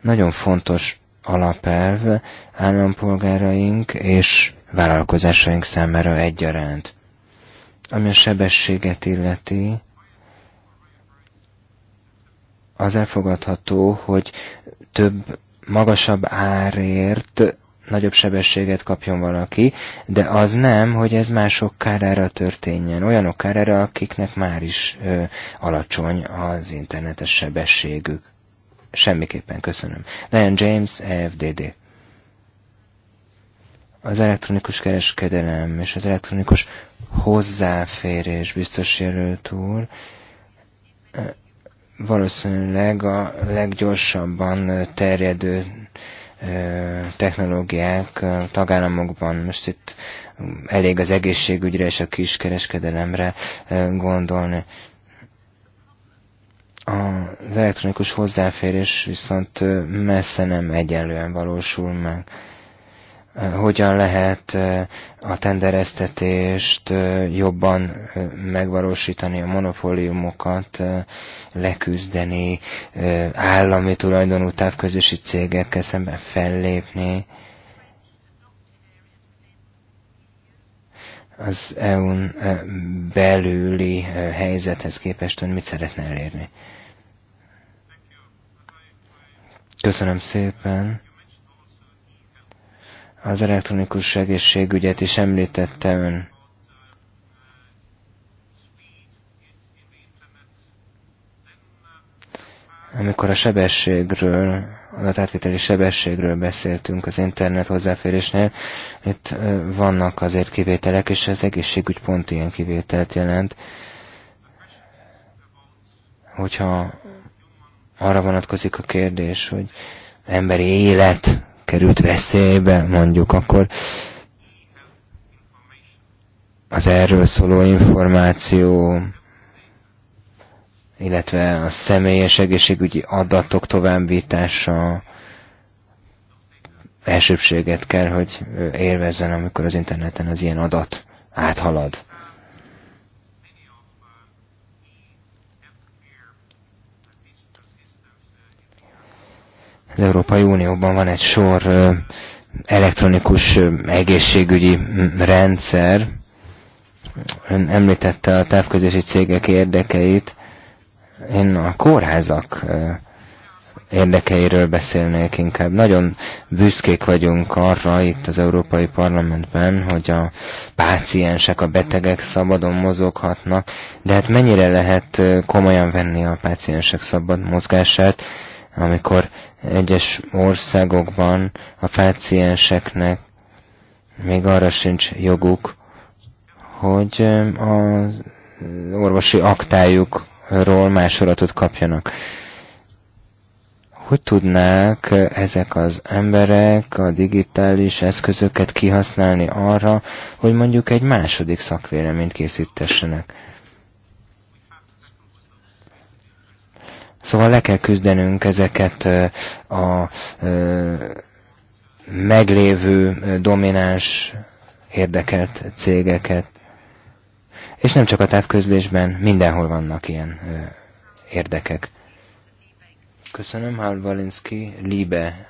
nagyon fontos alapelv állampolgáraink és vállalkozásaink számára egyaránt. Ami a sebességet illeti, az elfogadható, hogy több magasabb árért nagyobb sebességet kapjon valaki, de az nem, hogy ez mások kárára történjen. Olyanok kárára, akiknek már is ö, alacsony az internetes sebességük. Semmiképpen köszönöm. Lion James, EFDD. Az elektronikus kereskedelem és az elektronikus hozzáférés biztos jelölt úr valószínűleg a leggyorsabban terjedő technológiák tagállamokban. Most itt elég az egészségügyre és a kiskereskedelemre gondolni. Az elektronikus hozzáférés viszont messze nem egyenlően valósul meg hogyan lehet a tendereztetést jobban megvalósítani, a monopóliumokat leküzdeni, állami tulajdonú távközési cégekkel szemben fellépni. Az EU-n belüli helyzethez képest ön mit szeretne elérni? Köszönöm szépen! Az elektronikus egészségügyet is említette ön. Amikor a sebességről, az átviteli sebességről beszéltünk az internet hozzáférésnél, itt vannak azért kivételek, és az egészségügy pont ilyen kivételt jelent hogyha arra vonatkozik a kérdés, hogy emberi élet került veszélybe, mondjuk, akkor az erről szóló információ, illetve a személyes egészségügyi adatok továbbítása elsőbséget kell, hogy élvezzen, amikor az interneten az ilyen adat áthalad. Az Európai Unióban van egy sor elektronikus egészségügyi rendszer. Ön említette a távközési cégek érdekeit. Én a kórházak érdekeiről beszélnék inkább. Nagyon büszkék vagyunk arra itt az Európai Parlamentben, hogy a páciensek, a betegek szabadon mozoghatnak, de hát mennyire lehet komolyan venni a páciensek szabad mozgását, amikor egyes országokban a pácienseknek még arra sincs joguk, hogy az orvosi aktájukról másolatot kapjanak. Hogy tudnák ezek az emberek a digitális eszközöket kihasználni arra, hogy mondjuk egy második szakvéleményt készítessenek? Szóval le kell küzdenünk ezeket a meglévő domináns érdekelt cégeket. És nem csak a távközlésben, mindenhol vannak ilyen érdekek. Köszönöm, Hal Valinszki, Libe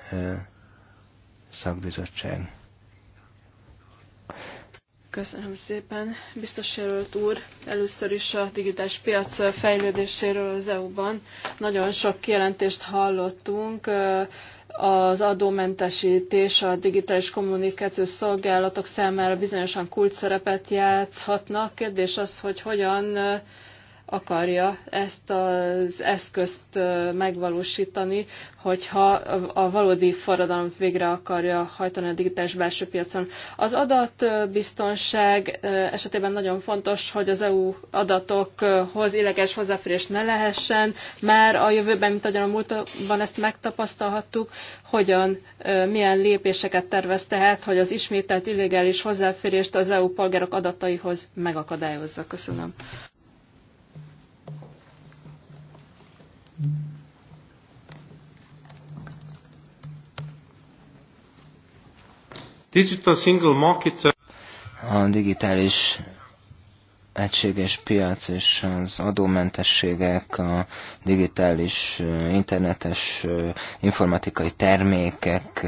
szakbizottság. Köszönöm szépen. Biztos jelölt úr, először is a digitális piac fejlődéséről az EU-ban. Nagyon sok kijelentést hallottunk az adómentesítés a digitális kommunikációs szolgálatok számára bizonyosan kulcs szerepet játszhatnak. Kérdés az, hogy hogyan akarja ezt az eszközt megvalósítani, hogyha a valódi forradalmat végre akarja hajtani a digitális belső piacon. Az adatbiztonság esetében nagyon fontos, hogy az EU adatokhoz illeges hozzáférés ne lehessen. Már a jövőben, mint ahogyan a múltban ezt megtapasztalhattuk, hogyan, milyen lépéseket tervez tehát, hogy az ismételt illegális hozzáférést az EU polgárok adataihoz megakadályozza. Köszönöm. Digital single market. A digitális egységes piac és az adómentességek, a digitális, internetes, informatikai termékek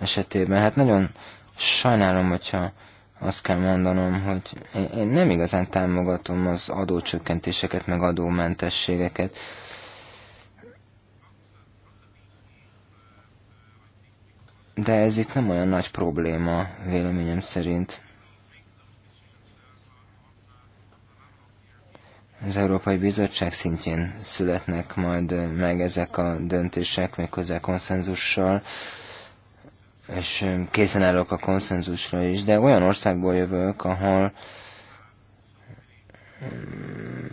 esetében. Hát nagyon sajnálom, hogyha azt kell mondanom, hogy én nem igazán támogatom az adócsökkentéseket, meg adómentességeket. de ez itt nem olyan nagy probléma, véleményem szerint. Az Európai Bizottság szintjén születnek majd meg ezek a döntések, méghozzá konszenzussal, és készen állok a konszenzusra is, de olyan országból jövök, ahol mm,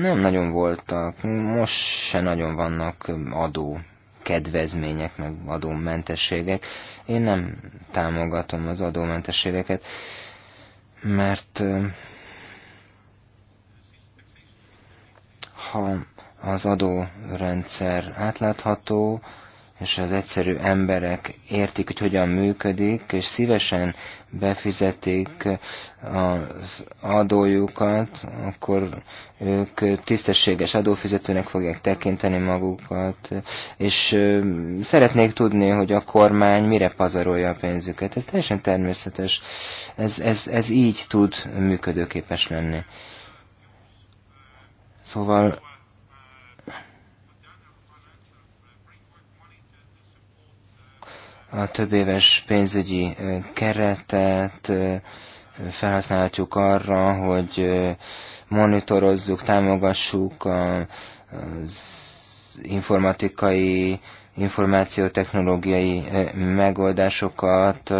nem nagyon voltak, most se nagyon vannak adó kedvezmények, meg adómentességek. Én nem támogatom az adómentességeket, mert ha az adórendszer átlátható, és az egyszerű emberek értik, hogy hogyan működik, és szívesen befizetik az adójukat, akkor ők tisztességes adófizetőnek fogják tekinteni magukat, és szeretnék tudni, hogy a kormány mire pazarolja a pénzüket. Ez teljesen természetes. Ez, ez, ez így tud működőképes lenni. Szóval a több éves pénzügyi keretet felhasználhatjuk arra, hogy monitorozzuk, támogassuk az informatikai, információtechnológiai megoldásokat,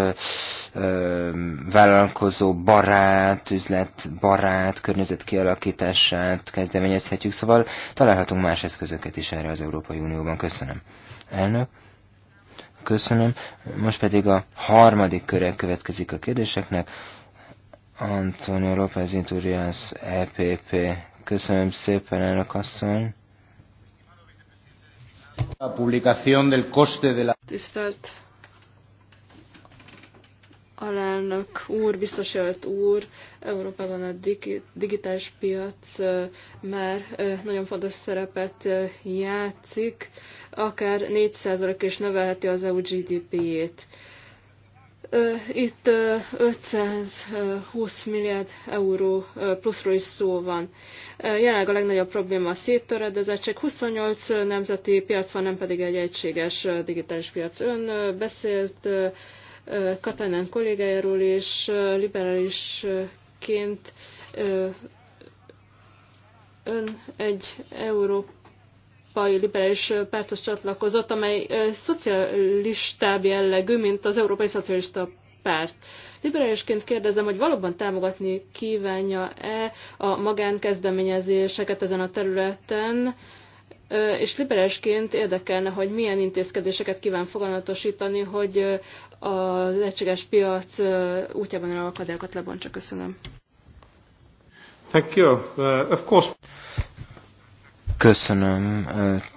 vállalkozó barát, üzlet barát, környezet kialakítását kezdeményezhetjük, szóval találhatunk más eszközöket is erre az Európai Unióban. Köszönöm. Elnök. Köszönöm. Most pedig a harmadik köre következik a kérdéseknek. Antonio López Inturias, EPP. Köszönöm szépen, elnök asszony. A del de la... Tisztelt alelnök úr, biztos jelölt úr, Európában a digitális piac már nagyon fontos szerepet játszik, akár 4% is növelheti az EU GDP-jét. Itt 520 milliárd euró pluszról is szó van. Jelenleg a legnagyobb probléma a széttöredezettség. 28 nemzeti piac van, nem pedig egy egységes digitális piac. Ön beszélt Katajnán kollégájáról, és liberálisként ön egy európai liberális párthoz csatlakozott, amely szocialistább jellegű, mint az Európai Szocialista Párt. Liberálisként kérdezem, hogy valóban támogatni kívánja-e a magánkezdeményezéseket ezen a területen, és liberálisként érdekelne, hogy milyen intézkedéseket kíván foganatosítani, hogy az egységes piac útjában a akadályokat lebontsa. Köszönöm. Thank you. Uh, of course. Köszönöm.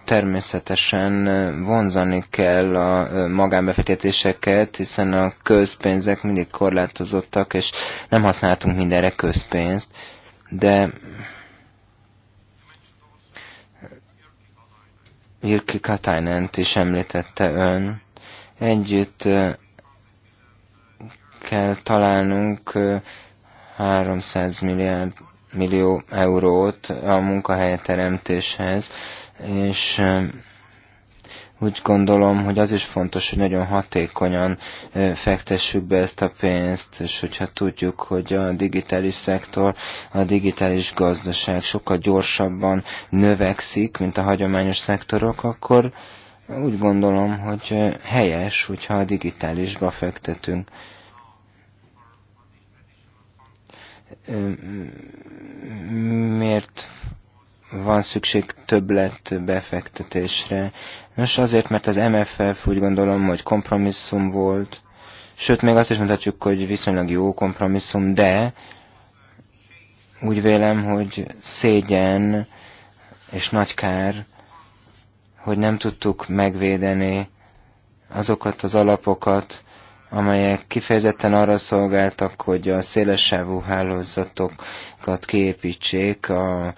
Természetesen vonzani kell a magánbefektetéseket, hiszen a közpénzek mindig korlátozottak, és nem használtunk mindenre közpénzt, de Irki Katainent is említette ön. Együtt kell találnunk 300 milliárd, millió eurót a munkahelyteremtéshez, és úgy gondolom, hogy az is fontos, hogy nagyon hatékonyan fektessük be ezt a pénzt, és hogyha tudjuk, hogy a digitális szektor, a digitális gazdaság sokkal gyorsabban növekszik, mint a hagyományos szektorok, akkor úgy gondolom, hogy helyes, hogyha a digitálisba fektetünk miért van szükség többlet befektetésre Nos, azért, mert az MFF úgy gondolom, hogy kompromisszum volt, sőt, még azt is mondhatjuk, hogy viszonylag jó kompromisszum, de úgy vélem, hogy szégyen és nagy kár, hogy nem tudtuk megvédeni azokat az alapokat, amelyek kifejezetten arra szolgáltak, hogy a szélesávú hálózatokat kiépítsék a,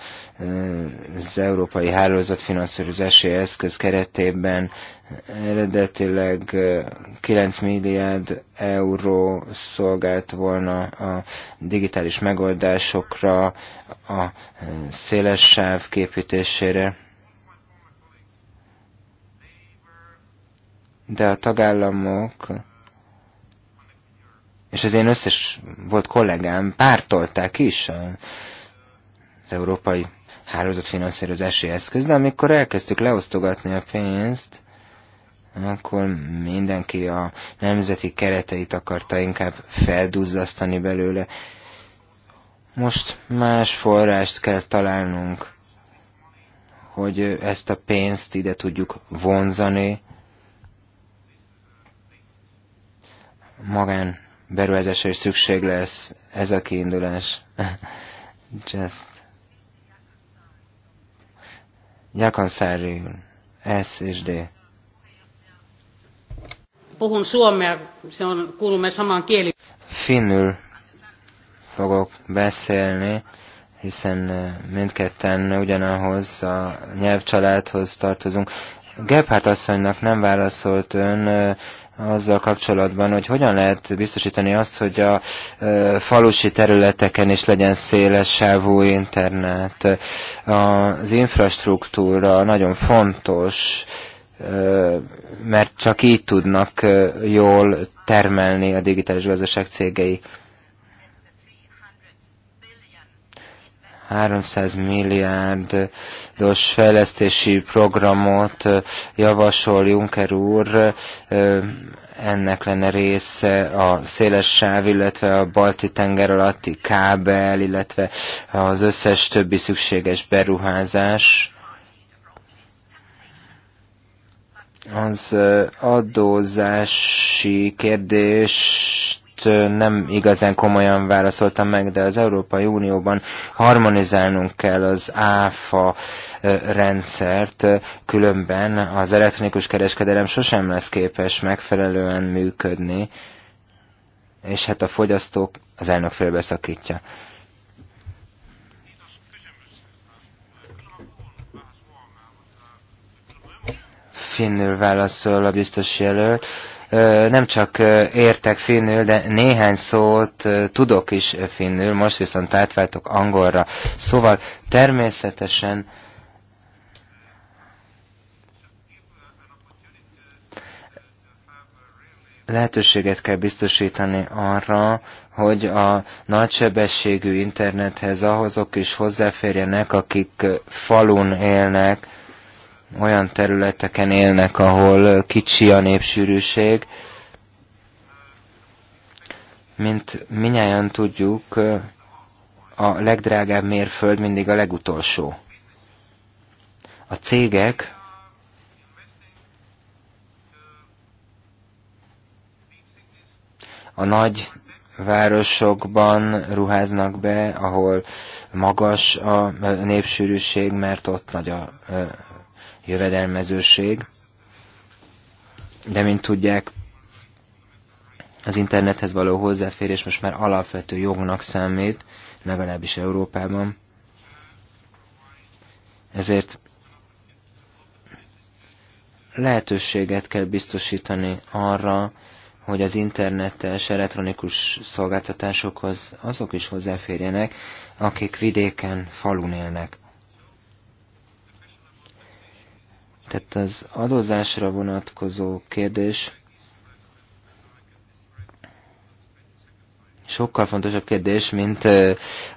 az Európai Hálózat finanszírozási eszköz keretében. Eredetileg 9 milliárd euró szolgált volna a digitális megoldásokra, a szélessáv képítésére. De a tagállamok és az én összes volt kollégám pártolták is az európai hálózatfinanszírozási eszköz, de amikor elkezdtük leosztogatni a pénzt, akkor mindenki a nemzeti kereteit akarta inkább felduzzasztani belőle. Most más forrást kell találnunk, hogy ezt a pénzt ide tudjuk vonzani magán beruházásra is szükség lesz. Ez a kiindulás. Just. Jakonszári S és D. Puhun suomea, se on, kuulumme samaan kieli. Finnül fogok beszélni, hiszen mindketten ugyanahoz a nyelvcsaládhoz tartozunk. Gebhardt asszonynak nem válaszolt ön azzal kapcsolatban, hogy hogyan lehet biztosítani azt, hogy a falusi területeken is legyen széles sávú internet. Az infrastruktúra nagyon fontos, mert csak így tudnak jól termelni a digitális gazdaság cégei. 300 milliárdos fejlesztési programot javasol Juncker úr, ennek lenne része a széles sáv, illetve a balti tenger alatti kábel, illetve az összes többi szükséges beruházás. Az adózási kérdést nem igazán komolyan válaszoltam meg, de az Európai Unióban harmonizálnunk kell az áfa rendszert, különben az elektronikus kereskedelem sosem lesz képes megfelelően működni, és hát a fogyasztók az elnök félbeszakítja. finnül válaszol a biztos jelölt nem csak értek finnül, de néhány szót tudok is finnül, most viszont átváltok angolra. Szóval természetesen lehetőséget kell biztosítani arra, hogy a nagysebességű internethez ahhozok is hozzáférjenek, akik falun élnek, olyan területeken élnek, ahol kicsi a népsűrűség. Mint minnyáján tudjuk, a legdrágább mérföld mindig a legutolsó. A cégek a nagy városokban ruháznak be, ahol magas a népsűrűség, mert ott nagy a jövedelmezőség. De mint tudják, az internethez való hozzáférés most már alapvető jognak számít, legalábbis Európában. Ezért lehetőséget kell biztosítani arra, hogy az internetes elektronikus szolgáltatásokhoz azok is hozzáférjenek, akik vidéken, falun élnek. Tehát az adózásra vonatkozó kérdés sokkal fontosabb kérdés, mint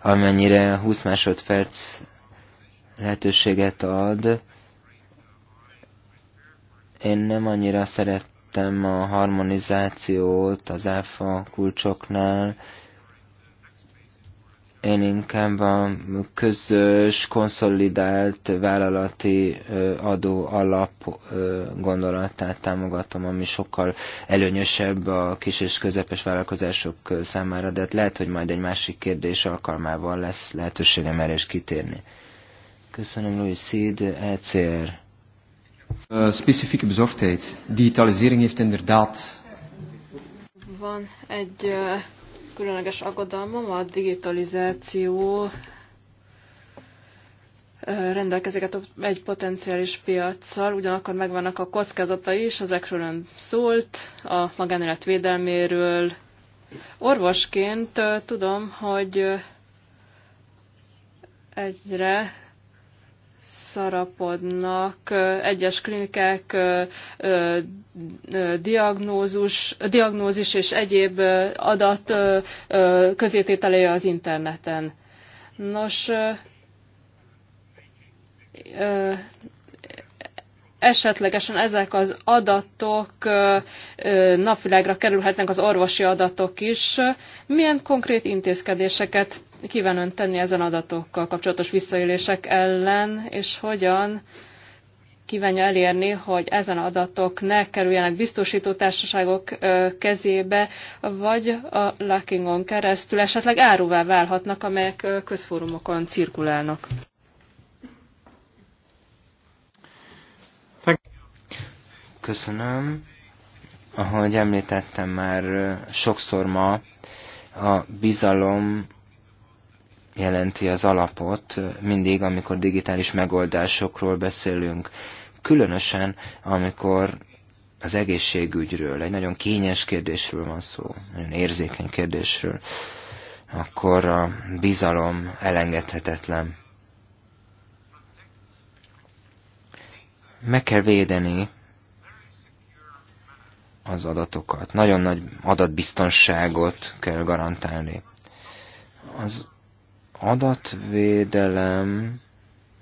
amennyire 20 másodperc lehetőséget ad. Én nem annyira szerettem a harmonizációt az áfa kulcsoknál, én inkább a közös, konszolidált vállalati adó alap gondolatát támogatom, ami sokkal előnyösebb a kis és közepes vállalkozások számára, de hát lehet, hogy majd egy másik kérdés alkalmával lesz lehetőségem erre is kitérni. Köszönöm, Louis Seed, ECR. Uh, specifieke bezorgdheid. Digitalisering heeft inderdaad. Van egy uh különleges aggodalmam a digitalizáció rendelkezik egy potenciális piaccal, ugyanakkor megvannak a kockázatai is, ezekről ön szólt, a magánélet védelméről. Orvosként tudom, hogy egyre szarapodnak egyes klinikák diagnózus, diagnózis és egyéb adat közétételeje az interneten. Nos, esetlegesen ezek az adatok napvilágra kerülhetnek az orvosi adatok is. Milyen konkrét intézkedéseket kíván ön tenni ezen adatokkal kapcsolatos visszaélések ellen, és hogyan kívánja elérni, hogy ezen adatok ne kerüljenek biztosító társaságok kezébe, vagy a lockingon keresztül esetleg áruvá válhatnak, amelyek közfórumokon cirkulálnak. Köszönöm. Ahogy említettem már sokszor ma, a bizalom jelenti az alapot mindig, amikor digitális megoldásokról beszélünk. Különösen, amikor az egészségügyről, egy nagyon kényes kérdésről van szó, nagyon érzékeny kérdésről, akkor a bizalom elengedhetetlen. Meg kell védeni az adatokat. Nagyon nagy adatbiztonságot kell garantálni. Az adatvédelem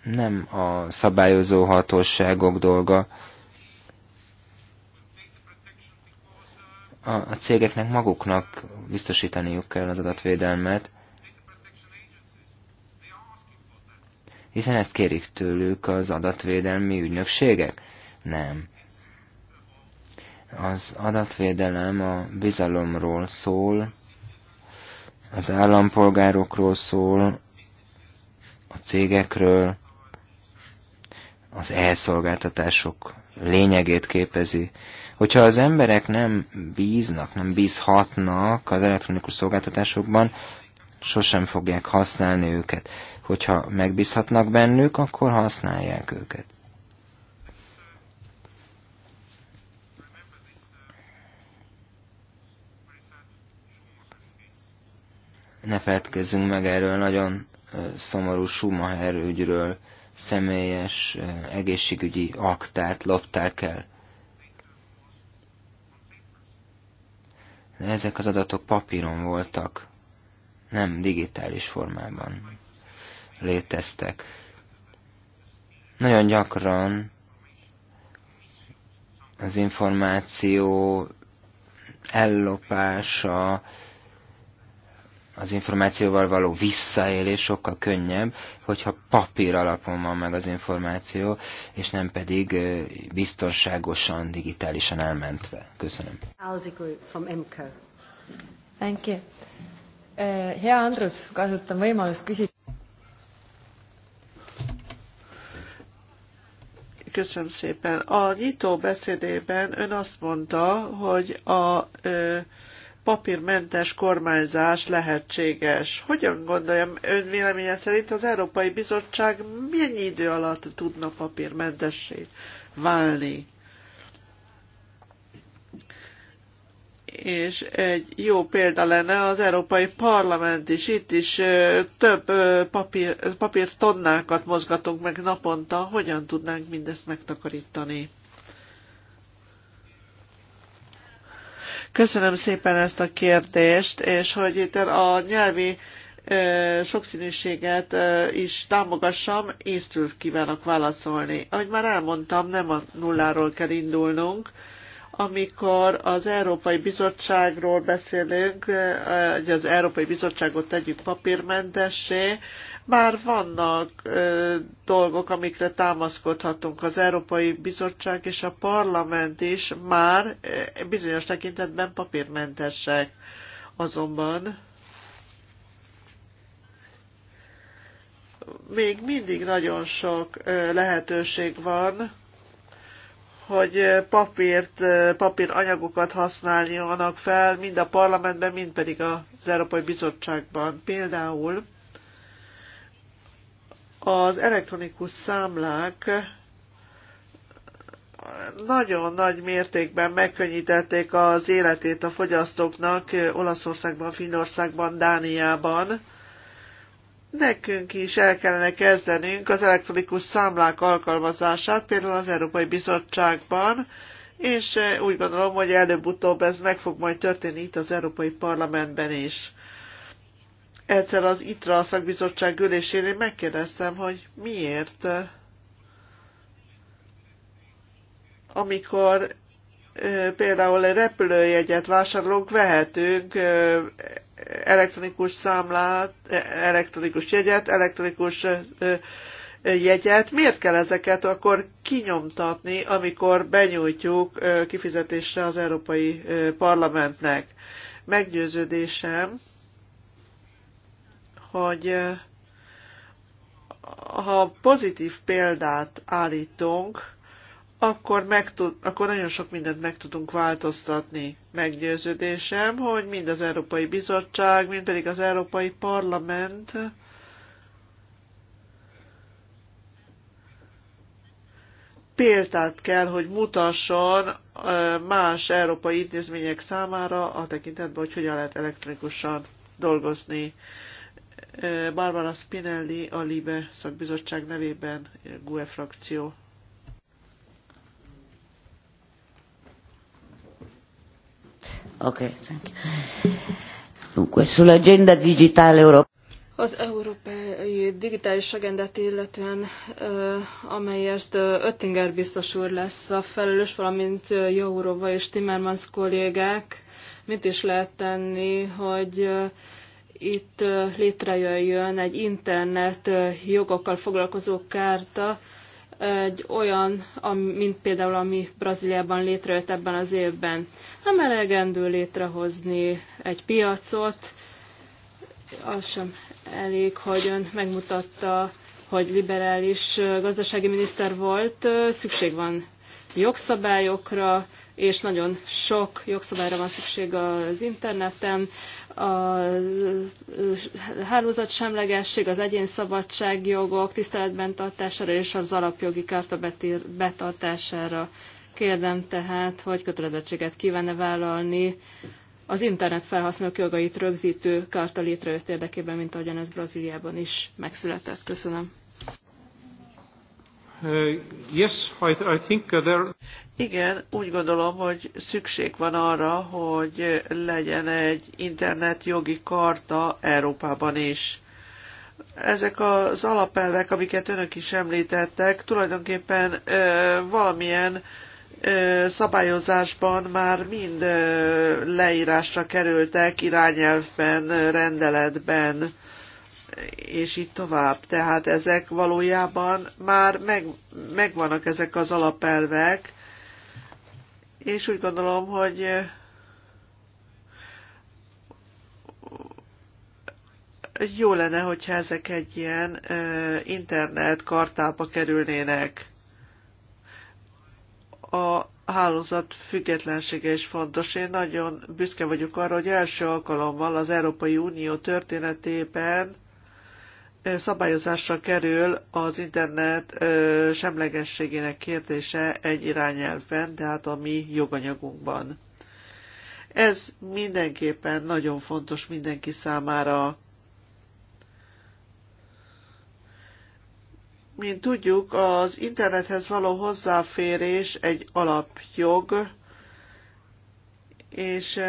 nem a szabályozó hatóságok dolga. A, a cégeknek maguknak biztosítaniuk kell az adatvédelmet, hiszen ezt kérik tőlük az adatvédelmi ügynökségek. Nem. Az adatvédelem a bizalomról szól, az állampolgárokról szól, a cégekről, az elszolgáltatások lényegét képezi. Hogyha az emberek nem bíznak, nem bízhatnak az elektronikus szolgáltatásokban, sosem fogják használni őket. Hogyha megbízhatnak bennük, akkor használják őket. Ne feledkezzünk meg erről nagyon szomorú Schumacher ügyről, személyes egészségügyi aktát lopták el. De ezek az adatok papíron voltak, nem digitális formában léteztek. Nagyon gyakran az információ ellopása, az információval való visszaélés sokkal könnyebb, hogyha papír alapon van meg az információ, és nem pedig biztonságosan, digitálisan elmentve. Köszönöm. Thank you. Hea Andrus, kasutan võimalust küsida. Köszönöm szépen. A nyitó beszédében ön azt mondta, hogy a ö, papírmentes kormányzás lehetséges. Hogyan gondoljam, ön véleménye szerint az Európai Bizottság mennyi idő alatt tudna papírmentessé válni? és egy jó példa lenne az Európai Parlament is. Itt is több papír, papírtonnákat mozgatunk meg naponta. Hogyan tudnánk mindezt megtakarítani? Köszönöm szépen ezt a kérdést, és hogy itt a nyelvi sokszínűséget is támogassam, észtről kívánok válaszolni. Ahogy már elmondtam, nem a nulláról kell indulnunk, amikor az Európai Bizottságról beszélünk, hogy az Európai Bizottságot tegyük papírmentessé, bár vannak ö, dolgok, amikre támaszkodhatunk. Az Európai Bizottság és a Parlament is már ö, bizonyos tekintetben papírmentesek. Azonban még mindig nagyon sok ö, lehetőség van, hogy papírt, papíranyagokat használjanak fel, mind a parlamentben, mind pedig az Európai Bizottságban. Például az elektronikus számlák nagyon nagy mértékben megkönnyítették az életét a fogyasztóknak Olaszországban, Finnországban, Dániában. Nekünk is el kellene kezdenünk az elektronikus számlák alkalmazását, például az Európai Bizottságban, és úgy gondolom, hogy előbb-utóbb ez meg fog majd történni itt az Európai Parlamentben is egyszer az ITRA szakbizottság ülésén én megkérdeztem, hogy miért, amikor például egy repülőjegyet vásárolunk, vehetünk elektronikus számlát, e, elektronikus jegyet, elektronikus jegyet. Miért kell ezeket akkor kinyomtatni, amikor benyújtjuk kifizetésre az Európai Parlamentnek? Meggyőződésem, hogy ha pozitív példát állítunk, akkor, meg tud, akkor nagyon sok mindent meg tudunk változtatni. Meggyőződésem, hogy mind az Európai Bizottság, mind pedig az Európai Parlament példát kell, hogy mutasson más európai intézmények számára a tekintetben, hogy hogyan lehet elektronikusan dolgozni. Barbara Spinelli, a LIBE szakbizottság nevében, GUE frakció. Oké, Okay, thank you. Dunque, digitale europea. Az európai digitális agendát illetően, amelyért Öttinger biztos úr lesz a felelős, valamint Jourova és Timmermans kollégák, mit is lehet tenni, hogy itt létrejöjjön egy internet jogokkal foglalkozó kárta, egy olyan, mint például ami Brazíliában létrejött ebben az évben. Nem elegendő létrehozni egy piacot, az sem elég, hogy ön megmutatta, hogy liberális gazdasági miniszter volt, szükség van jogszabályokra, és nagyon sok jogszabályra van szükség az interneten, a hálózatsemlegesség, az egyén szabadságjogok tiszteletben tartására és az alapjogi kárta betartására. Kérdem tehát, hogy kötelezettséget kívánne vállalni az internet felhasználók jogait rögzítő karta létrejött érdekében, mint ahogyan ez Brazíliában is megszületett. Köszönöm. Uh, yes, I, I think uh, there... Igen, úgy gondolom, hogy szükség van arra, hogy legyen egy internet jogi karta Európában is. Ezek az alapelvek, amiket önök is említettek, tulajdonképpen ö, valamilyen ö, szabályozásban már mind ö, leírásra kerültek, irányelvben, rendeletben és így tovább. Tehát ezek valójában már meg, megvannak ezek az alapelvek, és úgy gondolom, hogy jó lenne, hogyha ezek egy ilyen internet kartába kerülnének. A hálózat függetlensége is fontos. Én nagyon büszke vagyok arra, hogy első alkalommal az Európai Unió történetében szabályozásra kerül az internet semlegességének kérdése egy irányelven, tehát a mi joganyagunkban. Ez mindenképpen nagyon fontos mindenki számára. Mint tudjuk, az internethez való hozzáférés egy alapjog, és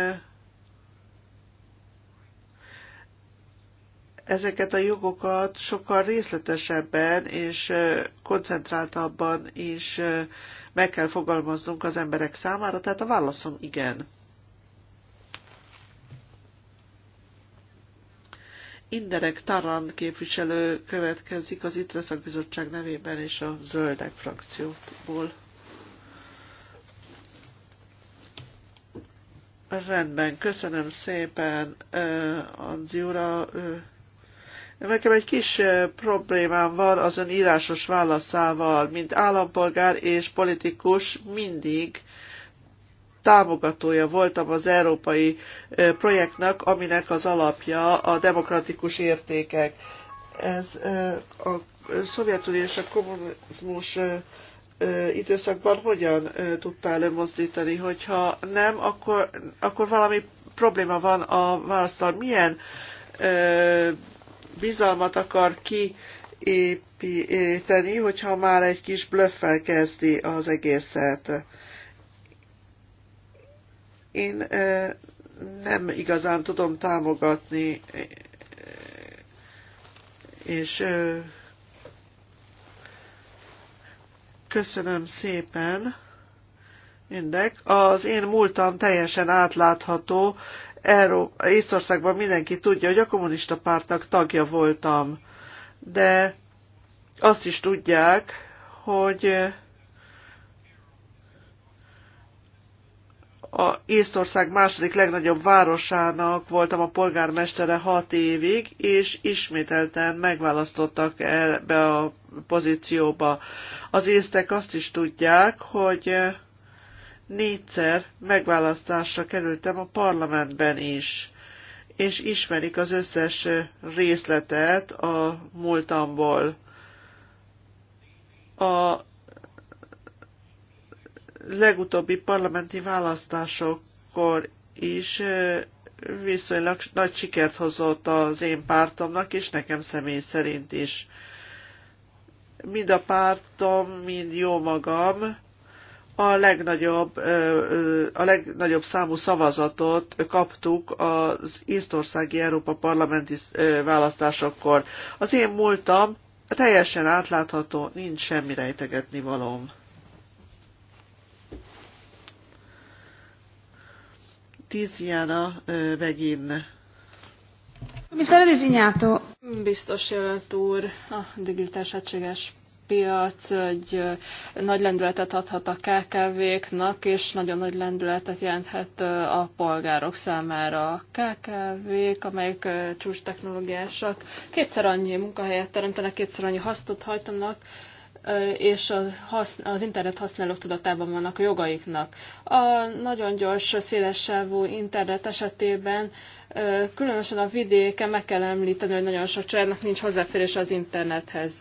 ezeket a jogokat sokkal részletesebben és koncentráltabban is meg kell fogalmaznunk az emberek számára, tehát a válaszom igen. Inderek Tarand képviselő következik az ITRE szakbizottság nevében és a Zöldek frakcióból. Rendben, köszönöm szépen, Anzi ura, Nekem egy kis problémám van az ön írásos válaszával, mint állampolgár és politikus mindig támogatója voltam az európai projektnek, aminek az alapja a demokratikus értékek. Ez a Szovjetunió és a kommunizmus időszakban hogyan tudtál előmozdítani, hogyha nem, akkor, akkor valami probléma van a választal. Milyen bizalmat akar kiépíteni, hogyha már egy kis blöffel kezdi az egészet. Én nem igazán tudom támogatni, és köszönöm szépen. Mindek. Az én múltam teljesen átlátható, Európa, Észországban mindenki tudja, hogy a kommunista pártnak tagja voltam, de azt is tudják, hogy a Észország második legnagyobb városának voltam a polgármestere hat évig, és ismételten megválasztottak ebbe a pozícióba. Az észtek azt is tudják, hogy négyszer megválasztásra kerültem a parlamentben is, és ismerik az összes részletet a múltamból. A legutóbbi parlamenti választásokkor is viszonylag nagy sikert hozott az én pártomnak, és nekem személy szerint is. Mind a pártom, mind jó magam a legnagyobb, a legnagyobb számú szavazatot kaptuk az Észtországi Európa parlamenti választásokkor. Az én múltam teljesen átlátható, nincs semmi rejtegetni valóm. Tiziana Begin. Mi Biztos jelölt úr, a digitális egységes piac egy nagy lendületet adhat a KKV-knak, és nagyon nagy lendületet jelenthet a polgárok számára. A KKV-k, amelyek csúcs technológiásak, kétszer annyi munkahelyet teremtenek, kétszer annyi hasztot hajtanak, és az internet használók tudatában vannak a jogaiknak. A nagyon gyors, szélessávú internet esetében különösen a vidéken meg kell említeni, hogy nagyon sok családnak nincs hozzáférés az internethez.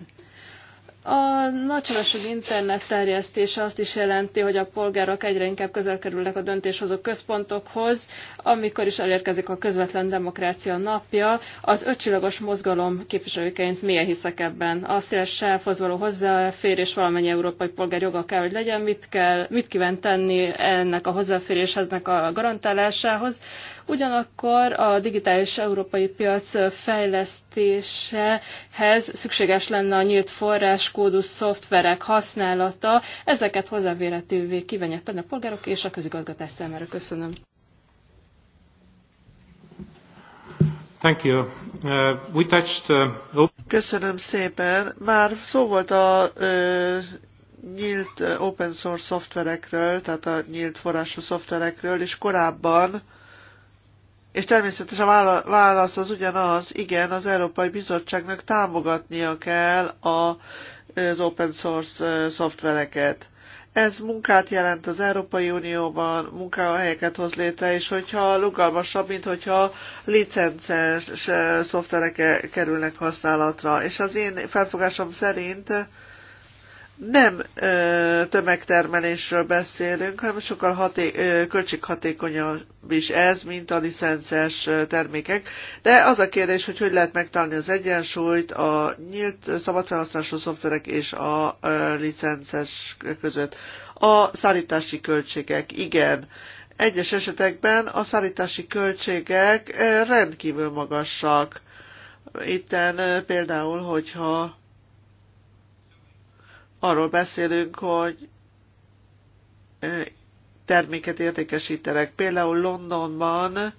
A nagycsalású internet terjesztése azt is jelenti, hogy a polgárok egyre inkább közel kerülnek a döntéshozó központokhoz, amikor is elérkezik a közvetlen demokrácia napja. Az ötcsillagos mozgalom képviselőként milyen hiszek ebben? A széles sávhoz való hozzáférés valamennyi európai polgár joga kell, hogy legyen. Mit, kell, mit kíván tenni ennek a hozzáféréshez, a garantálásához? Ugyanakkor a digitális európai piac fejlesztésehez szükséges lenne a nyílt forrás forráskódú szoftverek használata. Ezeket hozzávéletővé kívánják tenni a polgárok és a közigazgatás számára. Köszönöm. Thank you. Uh, we touched, uh... Köszönöm szépen. Már szó volt a uh, nyílt open source szoftverekről, tehát a nyílt forrású szoftverekről, és korábban és természetesen a válasz az ugyanaz, igen, az Európai Bizottságnak támogatnia kell a, az open source szoftvereket. Ez munkát jelent az Európai Unióban, munkahelyeket hoz létre, és hogyha rugalmasabb, mint hogyha licences szoftverek kerülnek használatra. És az én felfogásom szerint nem ö, tömegtermelésről beszélünk, hanem sokkal haté- ö, költséghatékonyabb is ez, mint a licences termékek. De az a kérdés, hogy hogy lehet megtalálni az egyensúlyt a nyílt szabadfelhasználású szoftverek és a ö, licences között. A szállítási költségek, igen. Egyes esetekben a szállítási költségek rendkívül magasak. Itten például, hogyha arról beszélünk, hogy terméket értékesítenek. Például Londonban,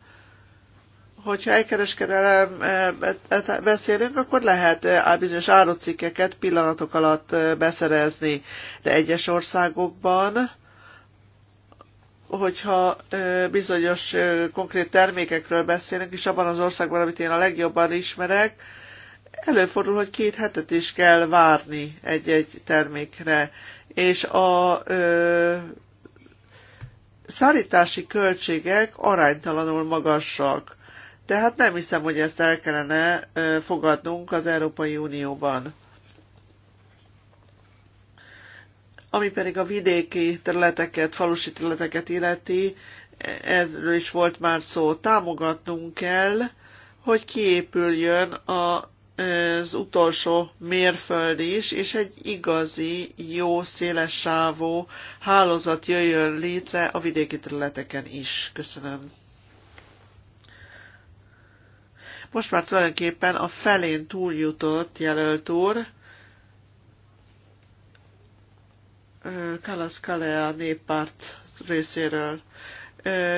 hogyha kereskedelem beszélünk, akkor lehet bizonyos árucikkeket pillanatok alatt beszerezni. De egyes országokban, hogyha bizonyos konkrét termékekről beszélünk, és abban az országban, amit én a legjobban ismerek, előfordul, hogy két hetet is kell várni egy-egy termékre, és a ö, szállítási költségek aránytalanul magasak. Tehát nem hiszem, hogy ezt el kellene ö, fogadnunk az Európai Unióban. Ami pedig a vidéki területeket, falusi területeket illeti, ezről is volt már szó, támogatnunk kell, hogy kiépüljön a az utolsó mérföld is, és egy igazi, jó, széles sávú hálózat jöjjön létre a vidéki területeken is. Köszönöm. Most már tulajdonképpen a felén túljutott jelölt úr, Kalasz Kalea néppárt részéről.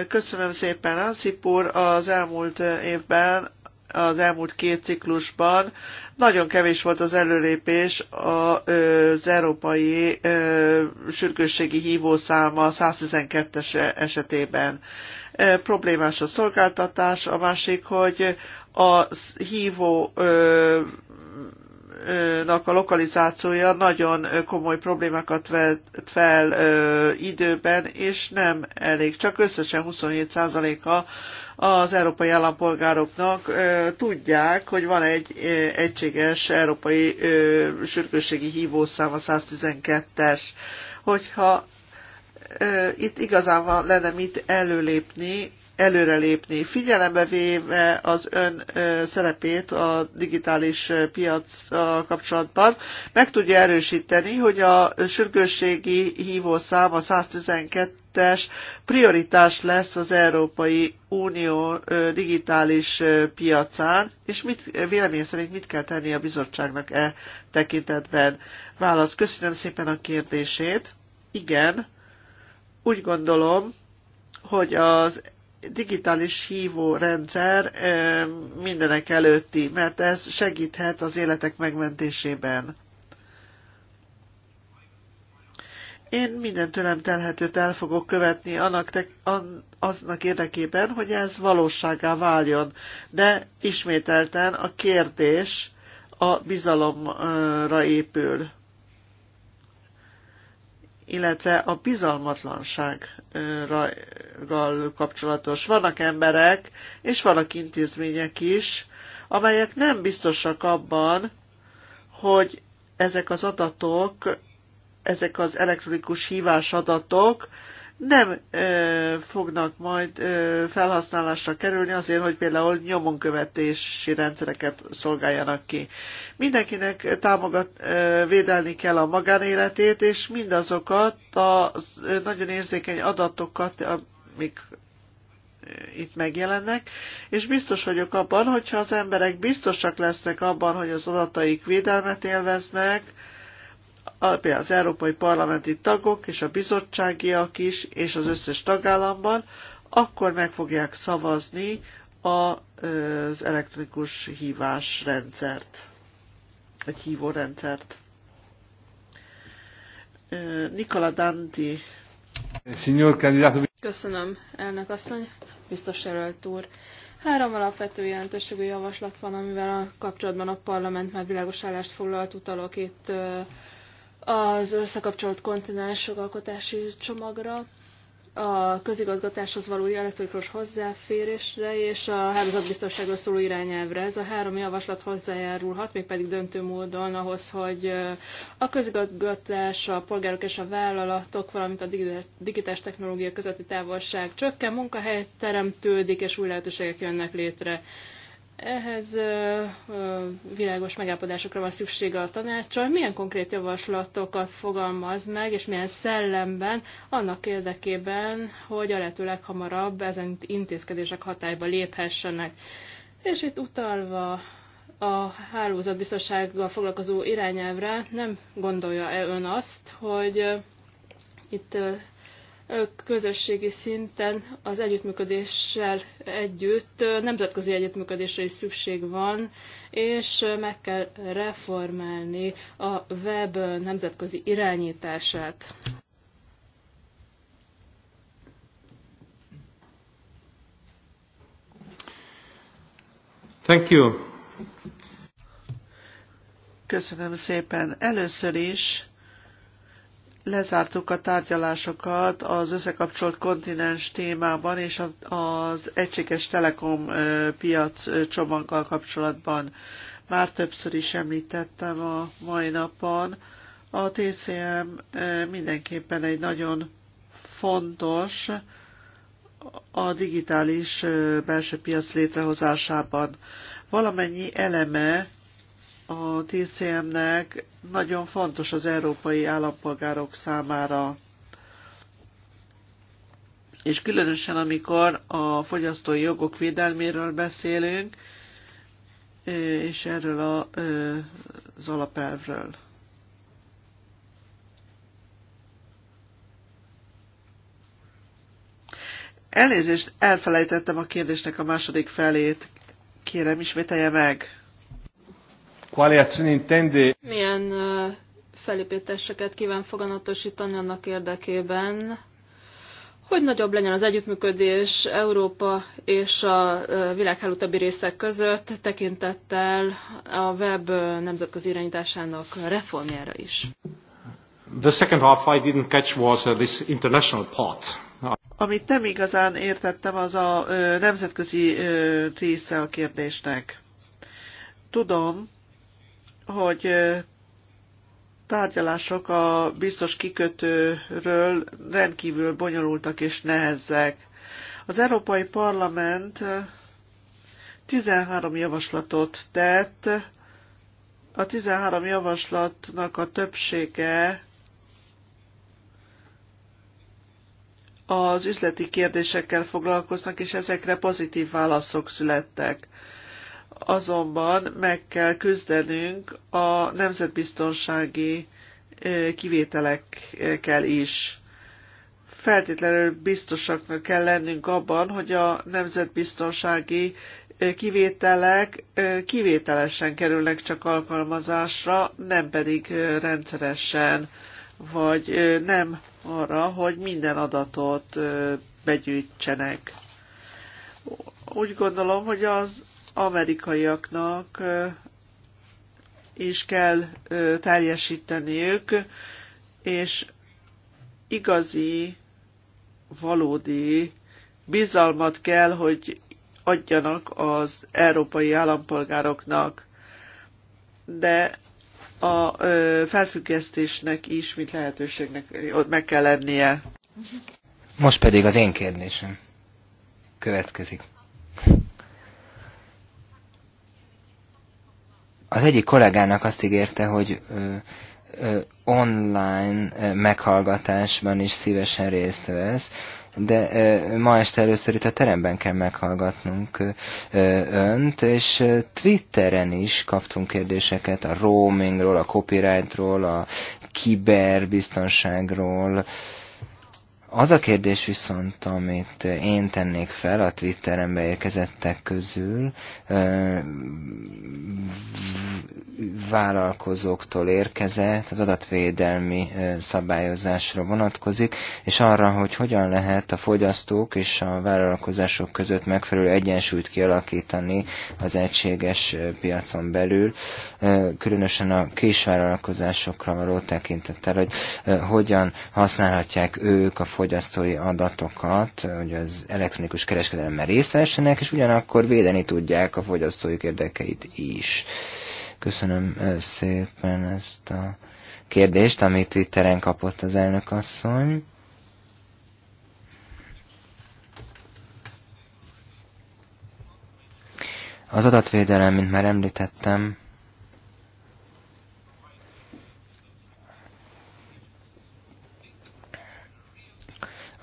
Köszönöm szépen, Ansip úr, az elmúlt évben az elmúlt két ciklusban. Nagyon kevés volt az előrépés az európai sürgősségi hívószáma 112-es esetében. Problémás a szolgáltatás, a másik, hogy a hívó a lokalizációja nagyon komoly problémákat vett fel időben, és nem elég. Csak összesen 27%-a az európai állampolgároknak tudják, hogy van egy egységes európai sürgősségi hívószám a 112-es. Hogyha itt igazán lenne mit előlépni, előrelépni, figyelembe véve az ön szerepét a digitális piac kapcsolatban, meg tudja erősíteni, hogy a sürgősségi hívószám a 112-es prioritás lesz az Európai Unió digitális piacán, és mit, vélemény szerint mit kell tenni a bizottságnak e tekintetben? Válasz, köszönöm szépen a kérdését. Igen, úgy gondolom, hogy az digitális hívórendszer mindenek előtti, mert ez segíthet az életek megmentésében. Én minden tőlem telhetőt el fogok követni annak, te, an, aznak érdekében, hogy ez valóságá váljon. De ismételten a kérdés a bizalomra épül illetve a bizalmatlansággal kapcsolatos. Vannak emberek, és vannak intézmények is, amelyek nem biztosak abban, hogy ezek az adatok, ezek az elektronikus hívás adatok nem ö, fognak majd ö, felhasználásra kerülni azért, hogy például nyomonkövetési rendszereket szolgáljanak ki. Mindenkinek támogat, ö, védelni kell a magánéletét, és mindazokat a nagyon érzékeny adatokat, amik itt megjelennek, és biztos vagyok abban, hogyha az emberek biztosak lesznek abban, hogy az adataik védelmet élveznek, például az európai parlamenti tagok és a bizottságiak is, és az összes tagállamban, akkor meg fogják szavazni az elektronikus hívás rendszert, egy hívórendszert. Nikola Danti. Köszönöm, elnök asszony, biztos jelölt úr. Három alapvető jelentőségű javaslat van, amivel a kapcsolatban a parlament már világos állást foglalt, utalok itt az összekapcsolt kontinensok alkotási csomagra, a közigazgatáshoz való elektronikus hozzáférésre és a hálózatbiztonságról szóló irányelvre. Ez a három javaslat hozzájárulhat, mégpedig döntő módon ahhoz, hogy a közigazgatás, a polgárok és a vállalatok, valamint a digitális technológia közötti távolság csökken, munkahely teremtődik és új lehetőségek jönnek létre. Ehhez világos megállapodásokra van szüksége a tanácsal. Milyen konkrét javaslatokat fogalmaz meg, és milyen szellemben annak érdekében, hogy a lehető leghamarabb ezen intézkedések hatályba léphessenek. És itt utalva a hálózatbiztonsággal foglalkozó irányelvre nem gondolja-e ön azt, hogy itt közösségi szinten az együttműködéssel együtt nemzetközi együttműködésre is szükség van, és meg kell reformálni a web nemzetközi irányítását. Thank you. Köszönöm szépen. Először is lezártuk a tárgyalásokat az összekapcsolt kontinens témában és az egységes telekom piac csomaggal kapcsolatban. Már többször is említettem a mai napon. A TCM mindenképpen egy nagyon fontos a digitális belső piac létrehozásában. Valamennyi eleme a TCM-nek nagyon fontos az európai állampolgárok számára. És különösen, amikor a fogyasztói jogok védelméről beszélünk, és erről a, az alapelvről. Elnézést, elfelejtettem a kérdésnek a második felét. Kérem, ismételje meg. Quali azioni intende? Milyen felépítéseket kíván foganatosítani annak érdekében, hogy nagyobb legyen az együttműködés Európa és a világháló többi részek között, tekintettel a web nemzetközi irányításának reformjára is. The second half I didn't catch was uh, this international part. Amit nem igazán értettem, az a nemzetközi része a kérdésnek. Tudom, hogy tárgyalások a biztos kikötőről rendkívül bonyolultak és nehezek. Az Európai Parlament 13 javaslatot tett, a 13 javaslatnak a többsége az üzleti kérdésekkel foglalkoznak, és ezekre pozitív válaszok születtek azonban meg kell küzdenünk a nemzetbiztonsági kivételekkel is. Feltétlenül biztosaknak kell lennünk abban, hogy a nemzetbiztonsági kivételek kivételesen kerülnek csak alkalmazásra, nem pedig rendszeresen, vagy nem arra, hogy minden adatot begyűjtsenek. Úgy gondolom, hogy az amerikaiaknak is kell teljesíteniük, és igazi, valódi bizalmat kell, hogy adjanak az európai állampolgároknak. De a felfüggesztésnek is, mint lehetőségnek ott meg kell lennie. Most pedig az én kérdésem következik. Az egyik kollégának azt ígérte, hogy online meghallgatásban is szívesen részt vesz, de ma este először itt a teremben kell meghallgatnunk önt, és Twitteren is kaptunk kérdéseket a roamingról, a copyrightról, a kiberbiztonságról, az a kérdés viszont, amit én tennék fel a Twitteren beérkezettek közül, vállalkozóktól érkezett, az adatvédelmi szabályozásra vonatkozik, és arra, hogy hogyan lehet a fogyasztók és a vállalkozások között megfelelő egyensúlyt kialakítani az egységes piacon belül, különösen a kisvállalkozásokra való tekintettel, hogy hogyan használhatják ők a fogyasztók, fogyasztói adatokat, hogy az elektronikus kereskedelemben részt vessenek, és ugyanakkor védeni tudják a fogyasztói érdekeit is. Köszönöm szépen ezt a kérdést, amit Twitteren kapott az elnök asszony. Az adatvédelem, mint már említettem,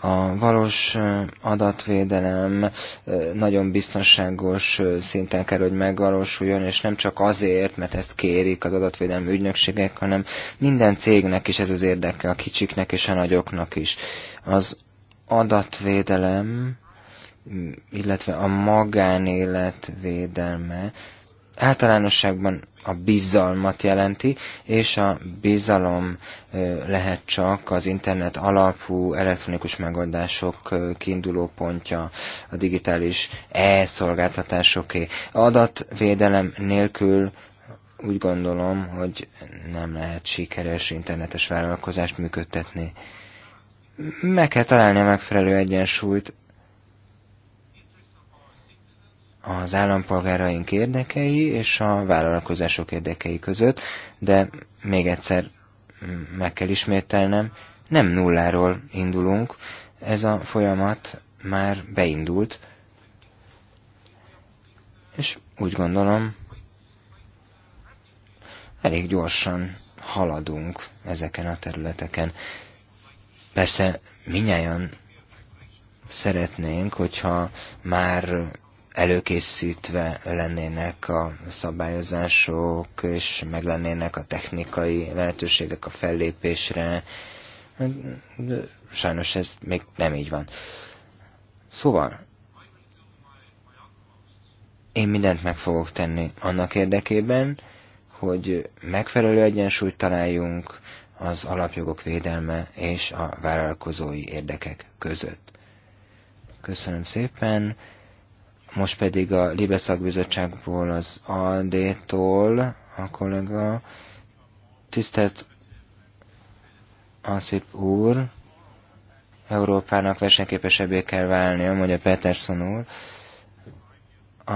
A valós adatvédelem nagyon biztonságos szinten kell, hogy megvalósuljon, és nem csak azért, mert ezt kérik az adatvédelmi ügynökségek, hanem minden cégnek is ez az érdeke, a kicsiknek és a nagyoknak is. Az adatvédelem, illetve a magánélet védelme általánosságban a bizalmat jelenti, és a bizalom lehet csak az internet alapú elektronikus megoldások kiinduló pontja a digitális e-szolgáltatásoké. Adatvédelem nélkül úgy gondolom, hogy nem lehet sikeres internetes vállalkozást működtetni. Meg kell találni a megfelelő egyensúlyt az állampolgáraink érdekei és a vállalkozások érdekei között, de még egyszer meg kell ismételnem, nem nulláról indulunk, ez a folyamat már beindult, és úgy gondolom, elég gyorsan haladunk ezeken a területeken. Persze minnyáján szeretnénk, hogyha már előkészítve lennének a szabályozások, és meg lennének a technikai lehetőségek a fellépésre. sajnos ez még nem így van. Szóval, én mindent meg fogok tenni annak érdekében, hogy megfelelő egyensúlyt találjunk az alapjogok védelme és a vállalkozói érdekek között. Köszönöm szépen! Most pedig a Libe szakbizottságból az AD-tól a kollega. Tisztelt Ansip úr, Európának versenyképesebbé kell válnia, mondja Peterson úr.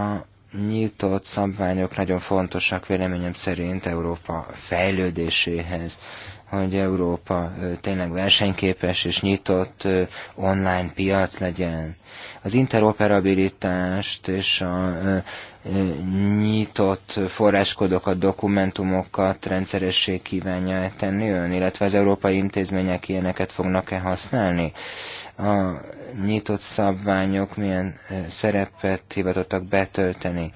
A nyitott szabványok nagyon fontosak véleményem szerint Európa fejlődéséhez hogy Európa tényleg versenyképes és nyitott online piac legyen. Az interoperabilitást és a nyitott forráskodokat, dokumentumokat rendszeressé kívánja tenni ön, illetve az európai intézmények ilyeneket fognak-e használni? A nyitott szabványok milyen szerepet hivatottak betölteni.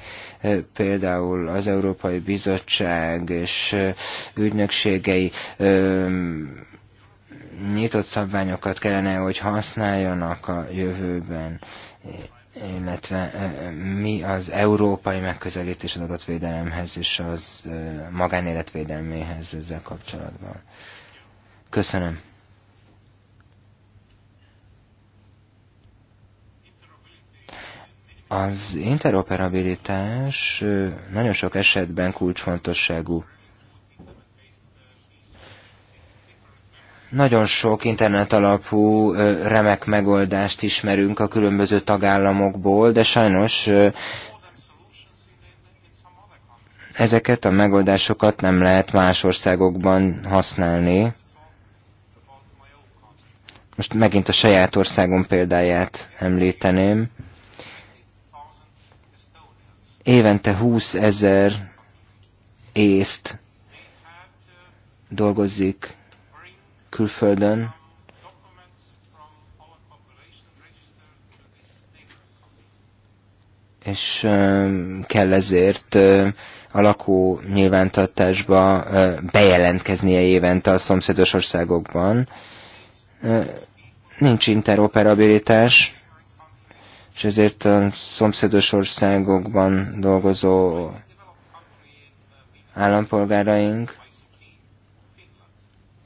Például az Európai Bizottság és ügynökségei nyitott szabványokat kellene, hogy használjanak a jövőben illetve mi az európai megközelítés az adatvédelemhez és az magánéletvédelméhez ezzel kapcsolatban. Köszönöm. Az interoperabilitás nagyon sok esetben kulcsfontosságú. Nagyon sok internet alapú remek megoldást ismerünk a különböző tagállamokból, de sajnos ezeket a megoldásokat nem lehet más országokban használni. Most megint a saját országom példáját említeném. Évente 20 ezer észt dolgozik külföldön, és kell ezért a lakó nyilvántartásba bejelentkeznie évente a szomszédos országokban. Nincs interoperabilitás, és ezért a szomszédos országokban dolgozó állampolgáraink,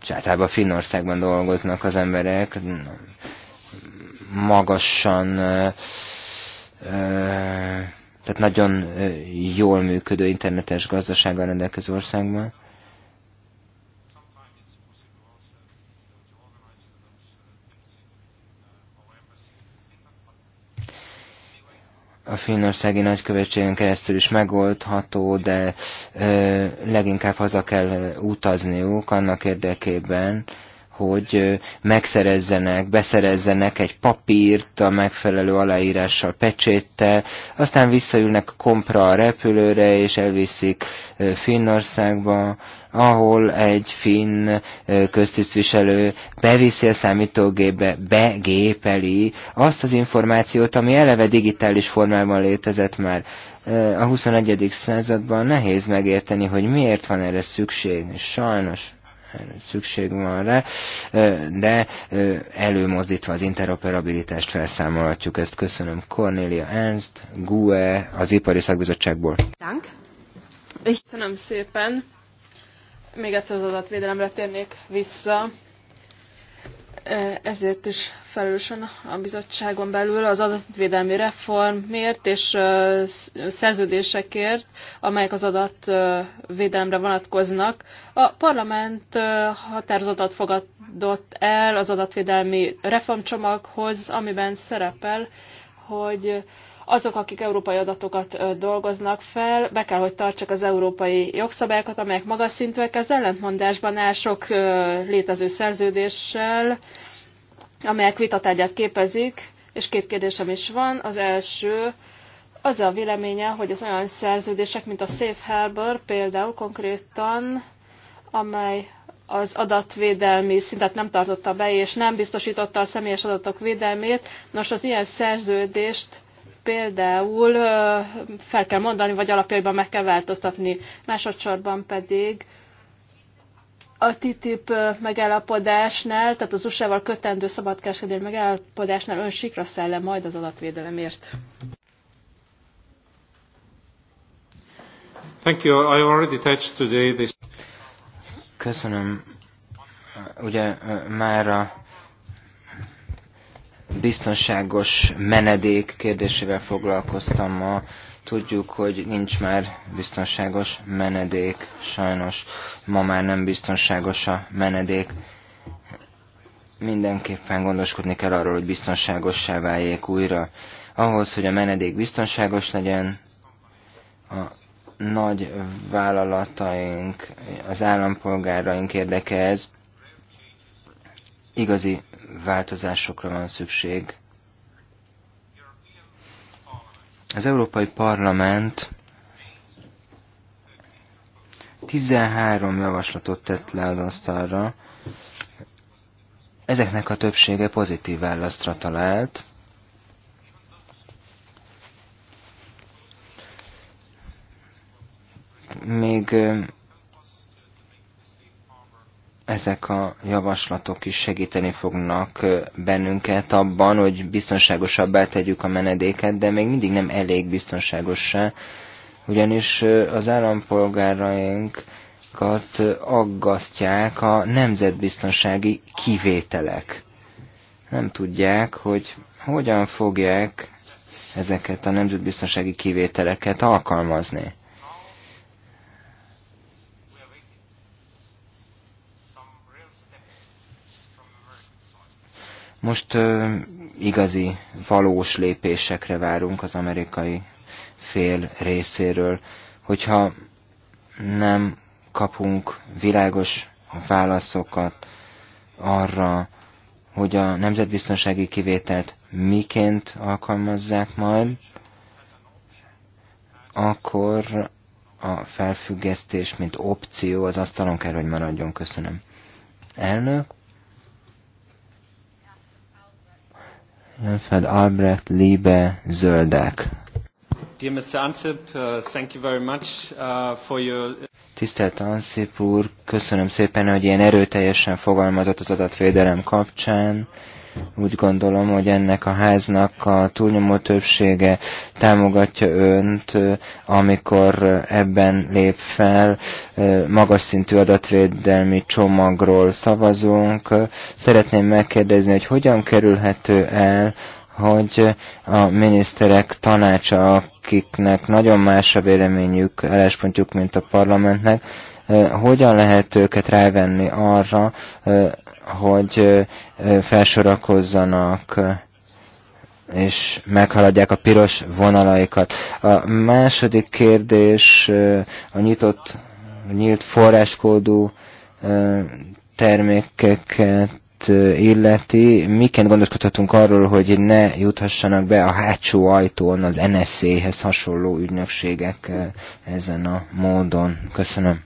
és általában Finnországban dolgoznak az emberek, magasan, tehát nagyon jól működő internetes gazdasággal rendelkező országban. a finnországi nagykövetségen keresztül is megoldható, de ö, leginkább haza kell utazniuk annak érdekében, hogy megszerezzenek, beszerezzenek egy papírt a megfelelő aláírással, pecséttel, aztán visszaülnek kompra a repülőre, és elviszik Finnországba, ahol egy finn köztisztviselő beviszi a számítógépbe, begépeli azt az információt, ami eleve digitális formában létezett már a 21. században nehéz megérteni, hogy miért van erre szükség, és sajnos szükség van rá, de előmozdítva az interoperabilitást felszámolhatjuk ezt. Köszönöm Cornelia Ernst, GUE, az Ipari Szakbizottságból. Dank. Köszönöm szépen. Még egyszer az adatvédelemre térnék vissza E, ezért is felelősen a bizottságon belül az adatvédelmi reformért és e, szerződésekért, amelyek az adatvédelemre e, vonatkoznak. A parlament határozatot fogadott el az adatvédelmi reformcsomaghoz, amiben szerepel, hogy azok, akik európai adatokat dolgoznak fel, be kell, hogy tartsák az európai jogszabályokat, amelyek magas szintűek. Ez ellentmondásban áll sok létező szerződéssel, amelyek vitatárgyát képezik, és két kérdésem is van. Az első, az a véleménye, hogy az olyan szerződések, mint a Safe Harbor például konkrétan, amely az adatvédelmi szintet nem tartotta be, és nem biztosította a személyes adatok védelmét. Nos, az ilyen szerződést például fel kell mondani, vagy alapjaiban meg kell változtatni. Másodszorban pedig a TTIP megállapodásnál, tehát az USA-val kötendő szabadkereskedelmi megállapodásnál ön sikra szellem majd az adatvédelemért. Thank you. I already touched today this. Köszönöm. Ugye már a biztonságos menedék kérdésével foglalkoztam ma. Tudjuk, hogy nincs már biztonságos menedék, sajnos ma már nem biztonságos a menedék. Mindenképpen gondoskodni kell arról, hogy biztonságossá váljék újra. Ahhoz, hogy a menedék biztonságos legyen, a nagy vállalataink, az állampolgáraink érdeke ez, igazi változásokra van szükség. Az Európai Parlament 13 javaslatot tett le az asztalra, ezeknek a többsége pozitív választra talált, még ezek a javaslatok is segíteni fognak bennünket abban, hogy biztonságosabbá tegyük a menedéket, de még mindig nem elég biztonságosá, ugyanis az állampolgárainkat aggasztják a nemzetbiztonsági kivételek. Nem tudják, hogy hogyan fogják ezeket a nemzetbiztonsági kivételeket alkalmazni. Most igazi, valós lépésekre várunk az amerikai fél részéről. Hogyha nem kapunk világos válaszokat arra, hogy a nemzetbiztonsági kivételt miként alkalmazzák majd, akkor a felfüggesztés, mint opció az asztalon kell, hogy maradjon. Köszönöm. Elnök, Elfed Albrecht, Liebe, Zöldek. Dear Mr. Ansip, uh, thank you very much uh, for your... Tisztelt Ansip úr, köszönöm szépen, hogy ilyen erőteljesen fogalmazott az adatvédelem kapcsán. Uh, úgy gondolom, hogy ennek a háznak a túlnyomó többsége támogatja önt, amikor ebben lép fel. Magas szintű adatvédelmi csomagról szavazunk. Szeretném megkérdezni, hogy hogyan kerülhető el, hogy a miniszterek tanácsa, akiknek nagyon más a véleményük, álláspontjuk, mint a parlamentnek, Eh, hogyan lehet őket rávenni arra, eh, hogy eh, felsorakozzanak és meghaladják a piros vonalaikat. A második kérdés a nyitott, nyílt forráskódú termékeket illeti, miként gondoskodhatunk arról, hogy ne juthassanak be a hátsó ajtón az NSZ-hez hasonló ügynökségek ezen a módon? Köszönöm.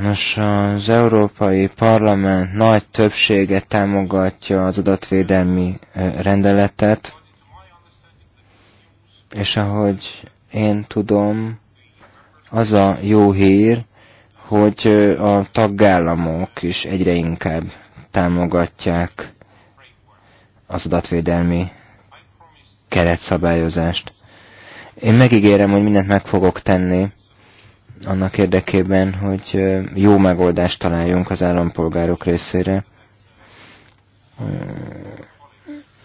Nos, az Európai Parlament nagy többsége támogatja az adatvédelmi rendeletet, és ahogy én tudom, az a jó hír, hogy a tagállamok is egyre inkább támogatják az adatvédelmi keretszabályozást. Én megígérem, hogy mindent meg fogok tenni, annak érdekében, hogy jó megoldást találjunk az állampolgárok részére.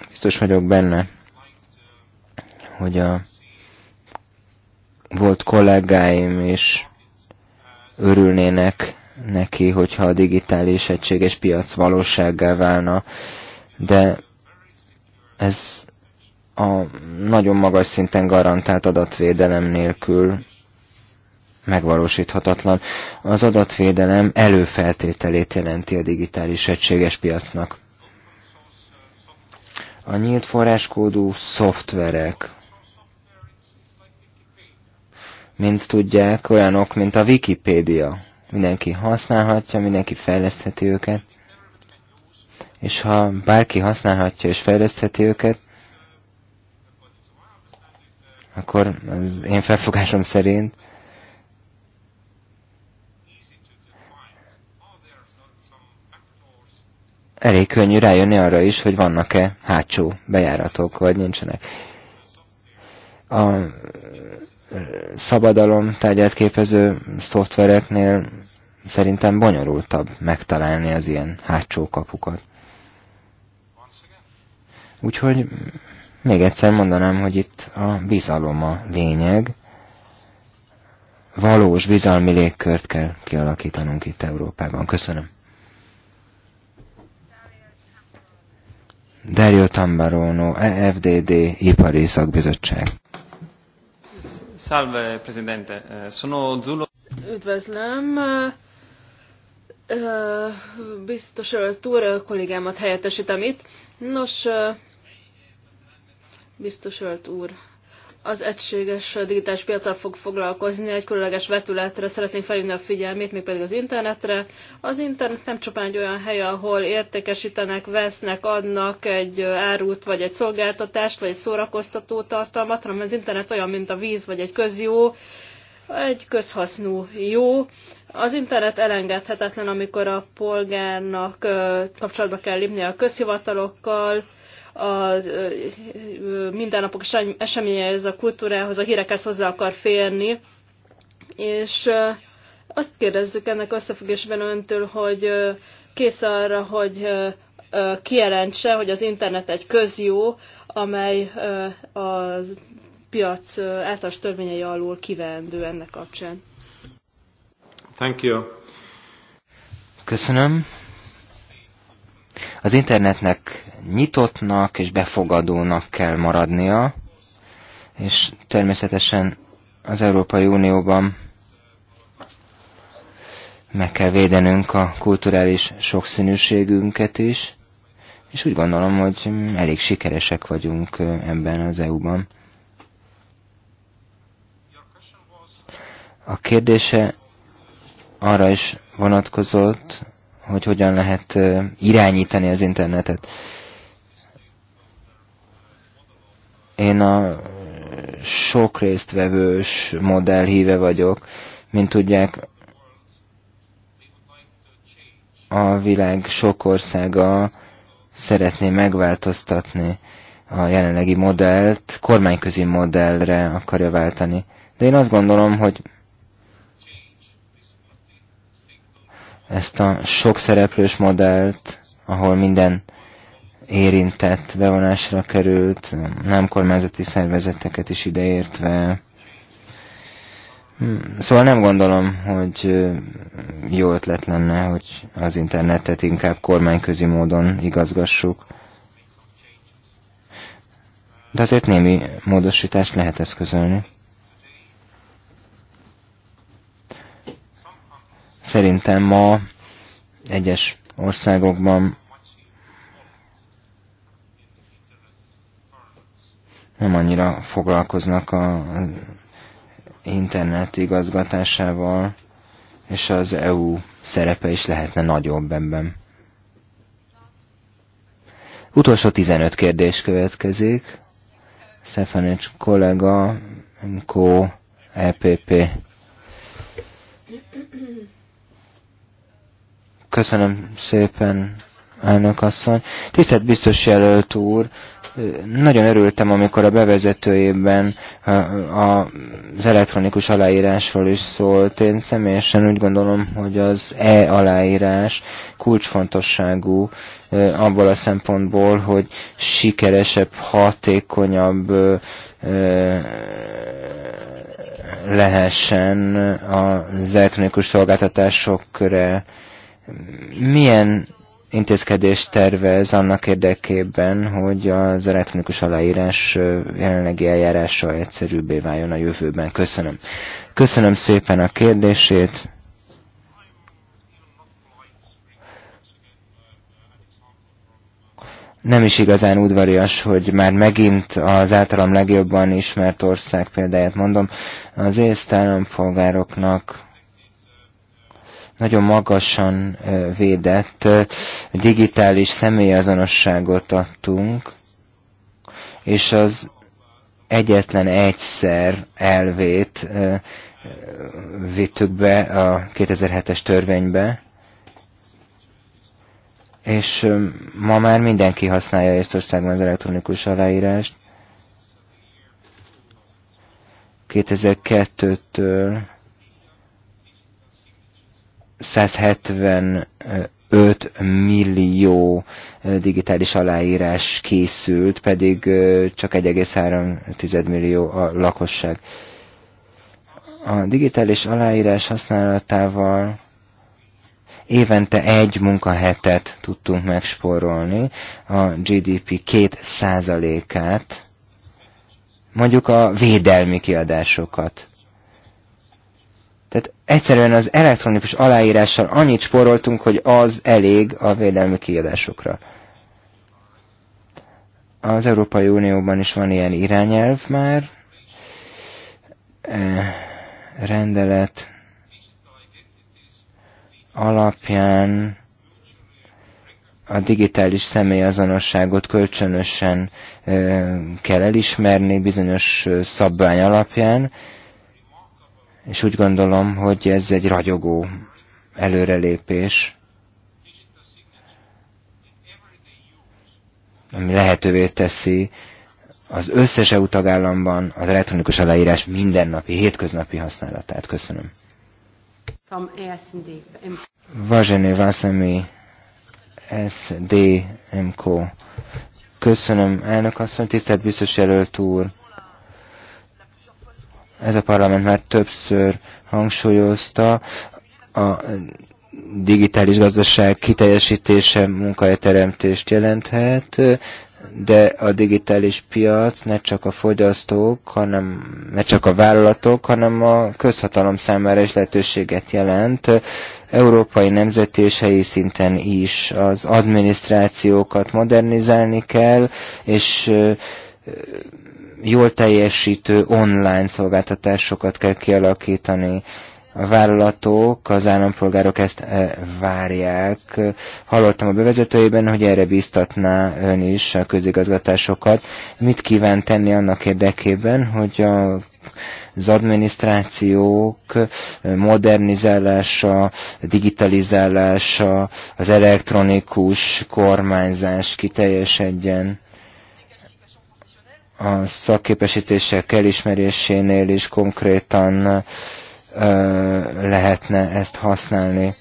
Biztos vagyok benne, hogy a volt kollégáim is örülnének neki, hogyha a digitális egységes piac valósággá válna, de ez a nagyon magas szinten garantált adatvédelem nélkül megvalósíthatatlan. Az adatvédelem előfeltételét jelenti a digitális egységes piacnak. A nyílt forráskódú szoftverek. Mint tudják, olyanok, mint a Wikipédia. Mindenki használhatja, mindenki fejlesztheti őket. És ha bárki használhatja és fejlesztheti őket, akkor az én felfogásom szerint elég könnyű rájönni arra is, hogy vannak-e hátsó bejáratok, vagy nincsenek. A szabadalom tárgyát képező szoftvereknél szerintem bonyolultabb megtalálni az ilyen hátsó kapukat. Úgyhogy még egyszer mondanám, hogy itt a bizalom a lényeg. Valós bizalmi légkört kell kialakítanunk itt Európában. Köszönöm. Dario Tambarono, EFDD, Ipari Szakbizottság. Salve, Presidente. Eh, sono Zulo. Üdvözlöm. Eh, biztos előtt úr, kollégámat helyettesítem itt. Nos, eh, biztos előtt úr, az egységes digitális piacsal fog foglalkozni, egy különleges vetületre szeretném felhívni a figyelmét, mégpedig az internetre. Az internet nem csupán egy olyan hely, ahol értékesítenek, vesznek, adnak egy árut, vagy egy szolgáltatást, vagy egy szórakoztató tartalmat, hanem az internet olyan, mint a víz, vagy egy közjó, egy közhasznú jó. Az internet elengedhetetlen, amikor a polgárnak kapcsolatba kell lépnie a közhivatalokkal, a mindennapok eseményeihez, a kultúrához, a hírekhez hozzá akar férni. És azt kérdezzük ennek összefüggésben öntől, hogy kész arra, hogy kijelentse, hogy az internet egy közjó, amely a piac általános törvényei alól kivendő ennek kapcsán. Thank you. Köszönöm. Az internetnek nyitottnak és befogadónak kell maradnia, és természetesen az Európai Unióban meg kell védenünk a kulturális sokszínűségünket is, és úgy gondolom, hogy elég sikeresek vagyunk ebben az EU-ban. A kérdése arra is vonatkozott, hogy hogyan lehet irányítani az internetet. Én a sok résztvevős modell híve vagyok. Mint tudják, a világ sok országa szeretné megváltoztatni a jelenlegi modellt, kormányközi modellre akarja váltani. De én azt gondolom, hogy ezt a sok szereplős modellt, ahol minden érintett bevonásra került, nem kormányzati szervezeteket is ideértve. Hmm, szóval nem gondolom, hogy jó ötlet lenne, hogy az internetet inkább kormányközi módon igazgassuk. De azért némi módosítást lehet eszközölni. Szerintem ma egyes országokban nem annyira foglalkoznak a internet igazgatásával, és az EU szerepe is lehetne nagyobb ebben. Utolsó 15 kérdés következik. Szefanics kollega, MKO, EPP. Köszönöm szépen, elnök asszony. Tisztelt biztos jelölt úr, nagyon örültem, amikor a bevezetőjében az elektronikus aláírásról is szólt. Én személyesen úgy gondolom, hogy az e-aláírás kulcsfontosságú abból a szempontból, hogy sikeresebb, hatékonyabb lehessen az elektronikus szolgáltatásokra milyen intézkedést tervez annak érdekében, hogy az elektronikus aláírás jelenlegi eljárása egyszerűbbé váljon a jövőben? Köszönöm. Köszönöm szépen a kérdését. nem is igazán udvarias, hogy már megint az általam legjobban ismert ország példáját mondom, az észtállampolgároknak állampolgároknak nagyon magasan védett digitális személyazonosságot adtunk, és az egyetlen egyszer elvét vittük be a 2007-es törvénybe, és ma már mindenki használja Észtországban az elektronikus aláírást. 2002-től 175 millió digitális aláírás készült, pedig csak 1,3 millió a lakosság. A digitális aláírás használatával évente egy munkahetet tudtunk megspórolni, a GDP 2%-át, mondjuk a védelmi kiadásokat tehát egyszerűen az elektronikus aláírással annyit spóroltunk, hogy az elég a védelmi kiadásokra. Az Európai Unióban is van ilyen irányelv már, e, rendelet alapján a digitális személyazonosságot kölcsönösen e, kell elismerni bizonyos e, szabvány alapján, és úgy gondolom, hogy ez egy ragyogó előrelépés, ami lehetővé teszi az összes EU tagállamban az elektronikus aláírás mindennapi, hétköznapi használatát. Köszönöm. Vazsenő Vászemi, SDMK. Köszönöm, elnök asszony, tisztelt biztos jelölt úr ez a parlament már többször hangsúlyozta, a digitális gazdaság kiteljesítése munkahelyteremtést jelenthet, de a digitális piac ne csak a fogyasztók, hanem ne csak a vállalatok, hanem a közhatalom számára is lehetőséget jelent, európai nemzeti és helyi szinten is. Az adminisztrációkat modernizálni kell, és jól teljesítő online szolgáltatásokat kell kialakítani. A vállalatok, az állampolgárok ezt e, várják. Hallottam a bevezetőjében, hogy erre bíztatná ön is a közigazgatásokat. Mit kíván tenni annak érdekében, hogy a az adminisztrációk e, modernizálása, digitalizálása, az elektronikus kormányzás kiteljesedjen a szakképesítések elismerésénél is konkrétan lehetne ezt használni.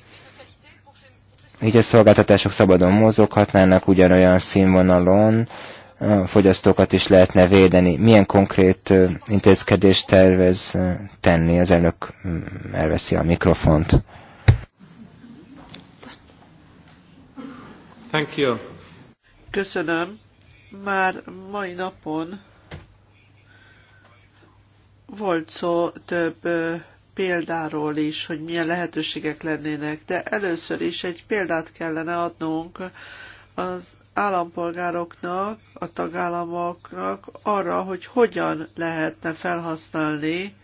Így a szolgáltatások szabadon mozoghatnának ugyanolyan színvonalon, a fogyasztókat is lehetne védeni. Milyen konkrét intézkedést tervez tenni? Az elnök mm, elveszi a mikrofont. Thank you. Köszönöm. Már mai napon volt szó több példáról is, hogy milyen lehetőségek lennének, de először is egy példát kellene adnunk az állampolgároknak, a tagállamoknak arra, hogy hogyan lehetne felhasználni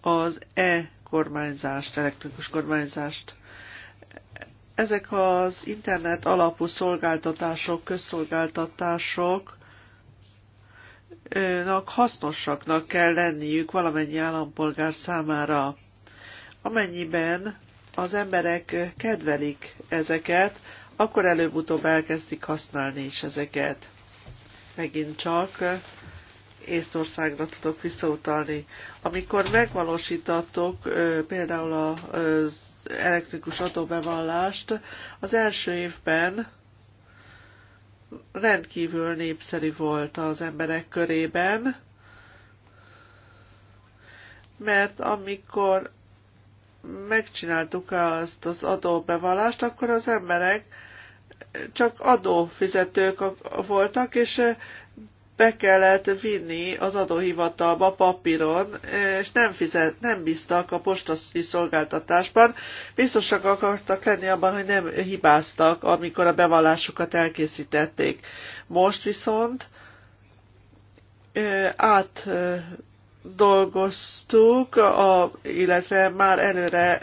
az e-kormányzást, elektronikus kormányzást. Ezek az internet alapú szolgáltatások, közszolgáltatások hasznosaknak kell lenniük valamennyi állampolgár számára. Amennyiben az emberek kedvelik ezeket, akkor előbb-utóbb elkezdik használni is ezeket. Megint csak Észtországra tudok visszautalni. Amikor megvalósítatok, például az elektrikus adóbevallást, az első évben rendkívül népszerű volt az emberek körében, mert amikor megcsináltuk azt az adóbevallást, akkor az emberek csak adófizetők voltak, és be kellett vinni az adóhivatalba papíron, és nem, fizet, nem bíztak a postai szolgáltatásban. Biztosak akartak lenni abban, hogy nem hibáztak, amikor a bevallásukat elkészítették. Most viszont át dolgoztuk, a, illetve már előre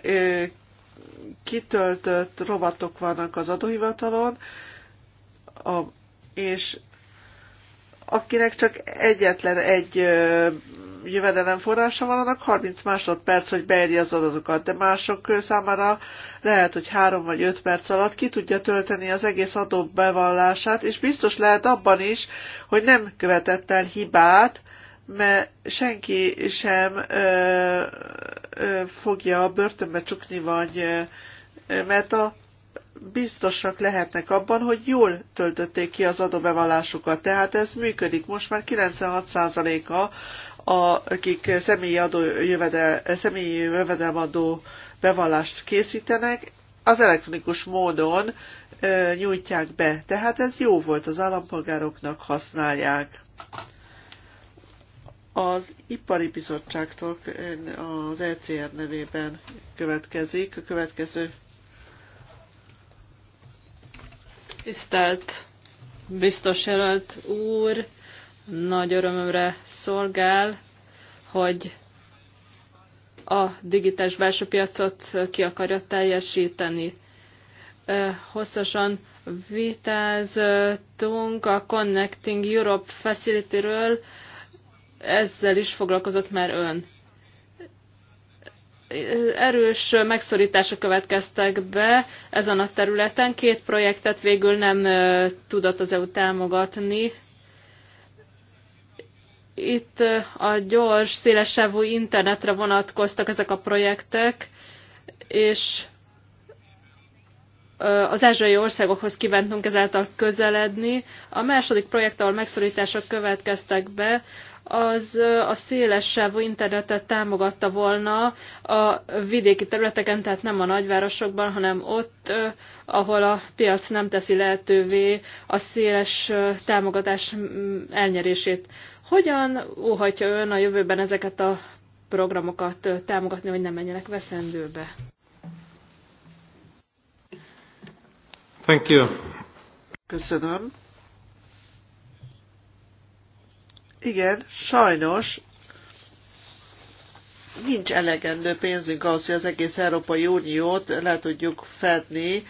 kitöltött rovatok vannak az adóhivatalon, a, és akinek csak egyetlen egy jövedelem forrása van, annak 30 másodperc, hogy beéri az adatokat, de mások számára lehet, hogy 3 vagy 5 perc alatt ki tudja tölteni az egész adó bevallását, és biztos lehet abban is, hogy nem követett el hibát, mert senki sem ö, ö, fogja börtönbe csukni, vagy ö, mert a biztosak lehetnek abban, hogy jól töltötték ki az adóbevallásukat. Tehát ez működik. Most már 96%-a, akik személyi, adó, jövedel, személyi jövedelmadó bevallást készítenek, az elektronikus módon ö, nyújtják be. Tehát ez jó volt, az állampolgároknak használják. Az Ipari Bizottságtól az ECR nevében következik a következő Tisztelt biztos jelölt úr, nagy örömömre szolgál, hogy a digitális belső piacot ki akarja teljesíteni. Hosszasan vitázottunk a Connecting Europe Facility-ről, ezzel is foglalkozott már ön erős megszorítások következtek be ezen a területen. Két projektet végül nem tudott az EU támogatni. Itt a gyors, szélesávú internetre vonatkoztak ezek a projektek, és az ázsiai országokhoz kívántunk ezáltal közeledni. A második projekt, ahol megszorítások következtek be, az a szélesebb internetet támogatta volna a vidéki területeken, tehát nem a nagyvárosokban, hanem ott, ahol a piac nem teszi lehetővé a széles támogatás elnyerését. Hogyan óhatja ön a jövőben ezeket a programokat támogatni, hogy nem menjenek veszendőbe? Thank you. Köszönöm. igen, sajnos nincs elegendő pénzünk ahhoz, hogy az egész Európai Uniót le tudjuk fedni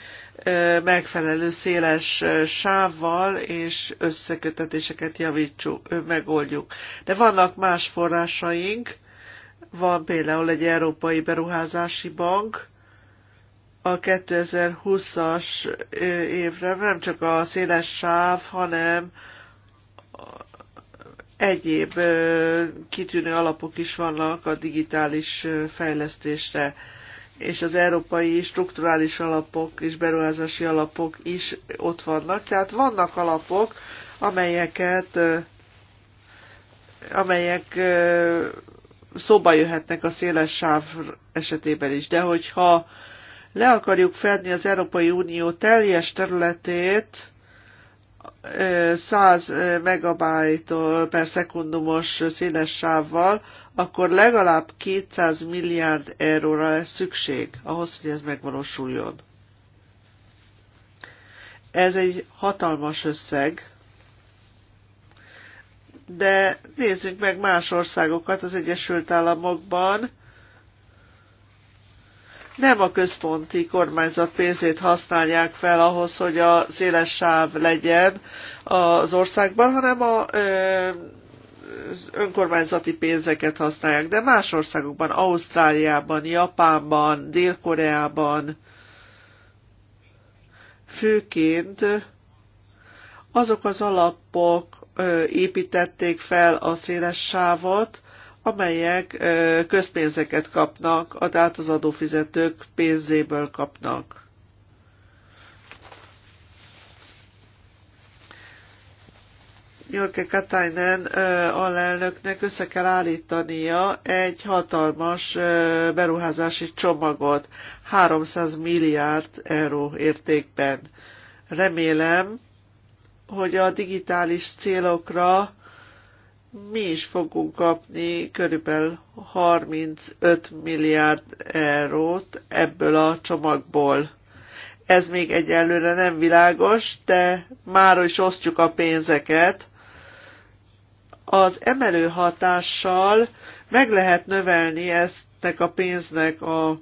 megfelelő széles sávval és összekötetéseket javítsuk, megoldjuk. De vannak más forrásaink, van például egy Európai Beruházási Bank, a 2020-as évre nem csak a széles sáv, hanem egyéb kitűnő alapok is vannak a digitális fejlesztésre, és az európai strukturális alapok és beruházási alapok is ott vannak. Tehát vannak alapok, amelyeket amelyek szóba jöhetnek a széles sáv esetében is. De hogyha le akarjuk fedni az Európai Unió teljes területét, 100 megabájt per szekundumos széles sávval, akkor legalább 200 milliárd euróra lesz szükség ahhoz, hogy ez megvalósuljon. Ez egy hatalmas összeg, de nézzük meg más országokat az Egyesült Államokban, nem a központi kormányzat pénzét használják fel ahhoz, hogy a széles sáv legyen az országban, hanem a önkormányzati pénzeket használják, de más országokban, Ausztráliában, Japánban, Dél-Koreában, főként azok az alapok építették fel a széles sávot, amelyek közpénzeket kapnak, tehát az adófizetők pénzéből kapnak. Jörke Katainen alelnöknek össze kell állítania egy hatalmas beruházási csomagot 300 milliárd euró értékben. Remélem, hogy a digitális célokra mi is fogunk kapni körülbelül 35 milliárd eurót ebből a csomagból. Ez még egyelőre nem világos, de már is osztjuk a pénzeket. Az emelő hatással meg lehet növelni eztnek a pénznek a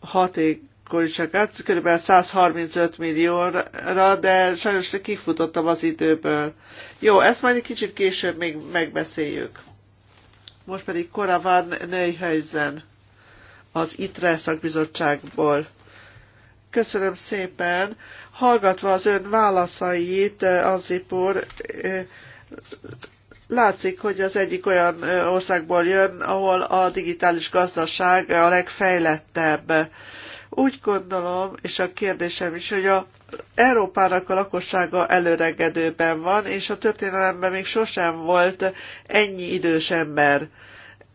haték akkor is csak át, kb. 135 millióra, de sajnos kifutottam az időből. Jó, ezt majd egy kicsit később még megbeszéljük. Most pedig van Neuhelyzen az ITRE szakbizottságból. Köszönöm szépen. Hallgatva az ön válaszait, eh, Azipur, eh, látszik, hogy az egyik olyan eh, országból jön, ahol a digitális gazdaság a legfejlettebb úgy gondolom, és a kérdésem is, hogy a Európának a lakossága előregedőben van, és a történelemben még sosem volt ennyi idős ember.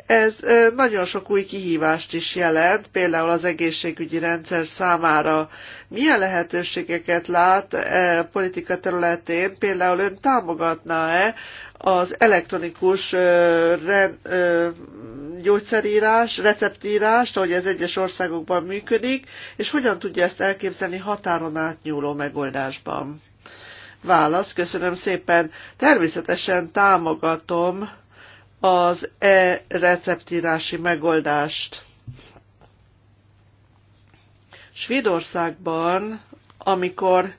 Ez nagyon sok új kihívást is jelent, például az egészségügyi rendszer számára. Milyen lehetőségeket lát e, politika területén, például ön támogatná-e az elektronikus gyógyszerírás, receptírás, ahogy ez egyes országokban működik, és hogyan tudja ezt elképzelni határon átnyúló megoldásban? Válasz, köszönöm szépen. Természetesen támogatom az e-receptírási megoldást. Svédországban, amikor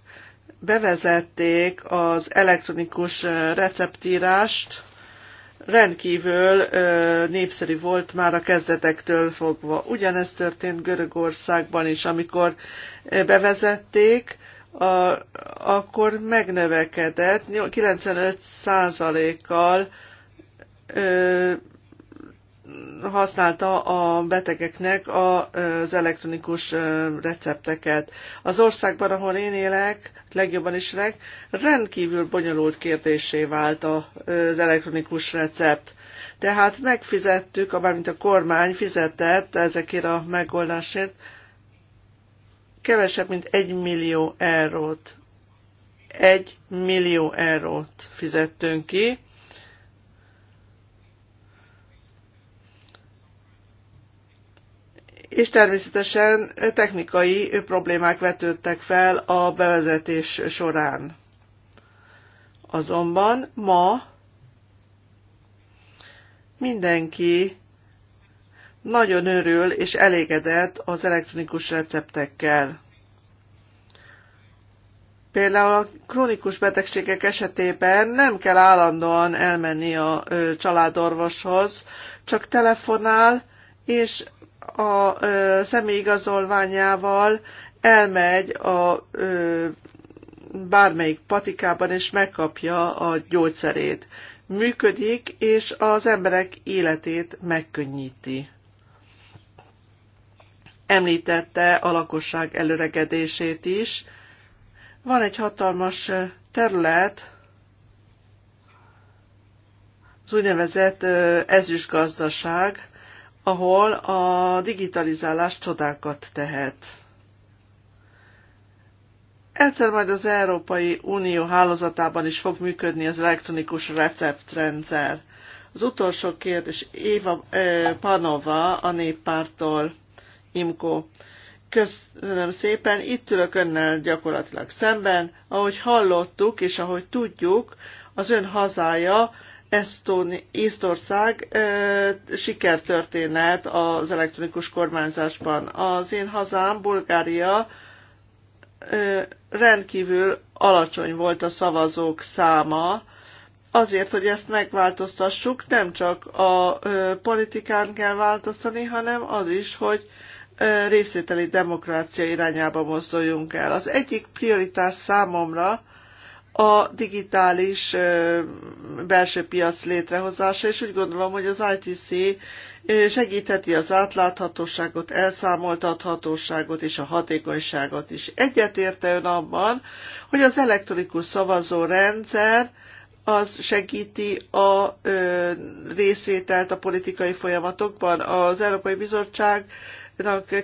bevezették az elektronikus receptírást, rendkívül népszerű volt már a kezdetektől fogva. Ugyanez történt Görögországban is, amikor bevezették, a, akkor megnövekedett 95%-kal használta a betegeknek az elektronikus recepteket. Az országban, ahol én élek, legjobban is reg, rendkívül bonyolult kérdésé vált az elektronikus recept. Tehát megfizettük, a mármint a kormány fizetett ezekért a megoldásért kevesebb, mint egy millió eurót. Egy millió eurót fizettünk ki, és természetesen technikai problémák vetődtek fel a bevezetés során. Azonban ma mindenki nagyon örül és elégedett az elektronikus receptekkel. Például a krónikus betegségek esetében nem kell állandóan elmenni a családorvoshoz, csak telefonál, és a ö, személyigazolványával elmegy a ö, bármelyik patikában, és megkapja a gyógyszerét. Működik, és az emberek életét megkönnyíti. Említette a lakosság előregedését is. Van egy hatalmas terület, az úgynevezett ezüstgazdaság, ahol a digitalizálás csodákat tehet. Egyszer majd az Európai Unió hálózatában is fog működni az elektronikus receptrendszer. Az utolsó kérdés Éva Panova a néppártól, Imko. Köszönöm szépen, itt ülök önnel gyakorlatilag szemben. Ahogy hallottuk és ahogy tudjuk, az ön hazája Esztoni, Észtország e, sikertörténet az elektronikus kormányzásban. Az én hazám, Bulgária e, rendkívül alacsony volt a szavazók száma, azért, hogy ezt megváltoztassuk, nem csak a ö, politikán kell változtani, hanem az is, hogy ö, részvételi demokrácia irányába mozduljunk el. Az egyik prioritás számomra a digitális belső piac létrehozása, és úgy gondolom, hogy az ITC segítheti az átláthatóságot, elszámoltathatóságot és a hatékonyságot is. Egyetérte ön abban, hogy az elektronikus szavazó rendszer az segíti a részvételt a politikai folyamatokban. Az Európai Bizottság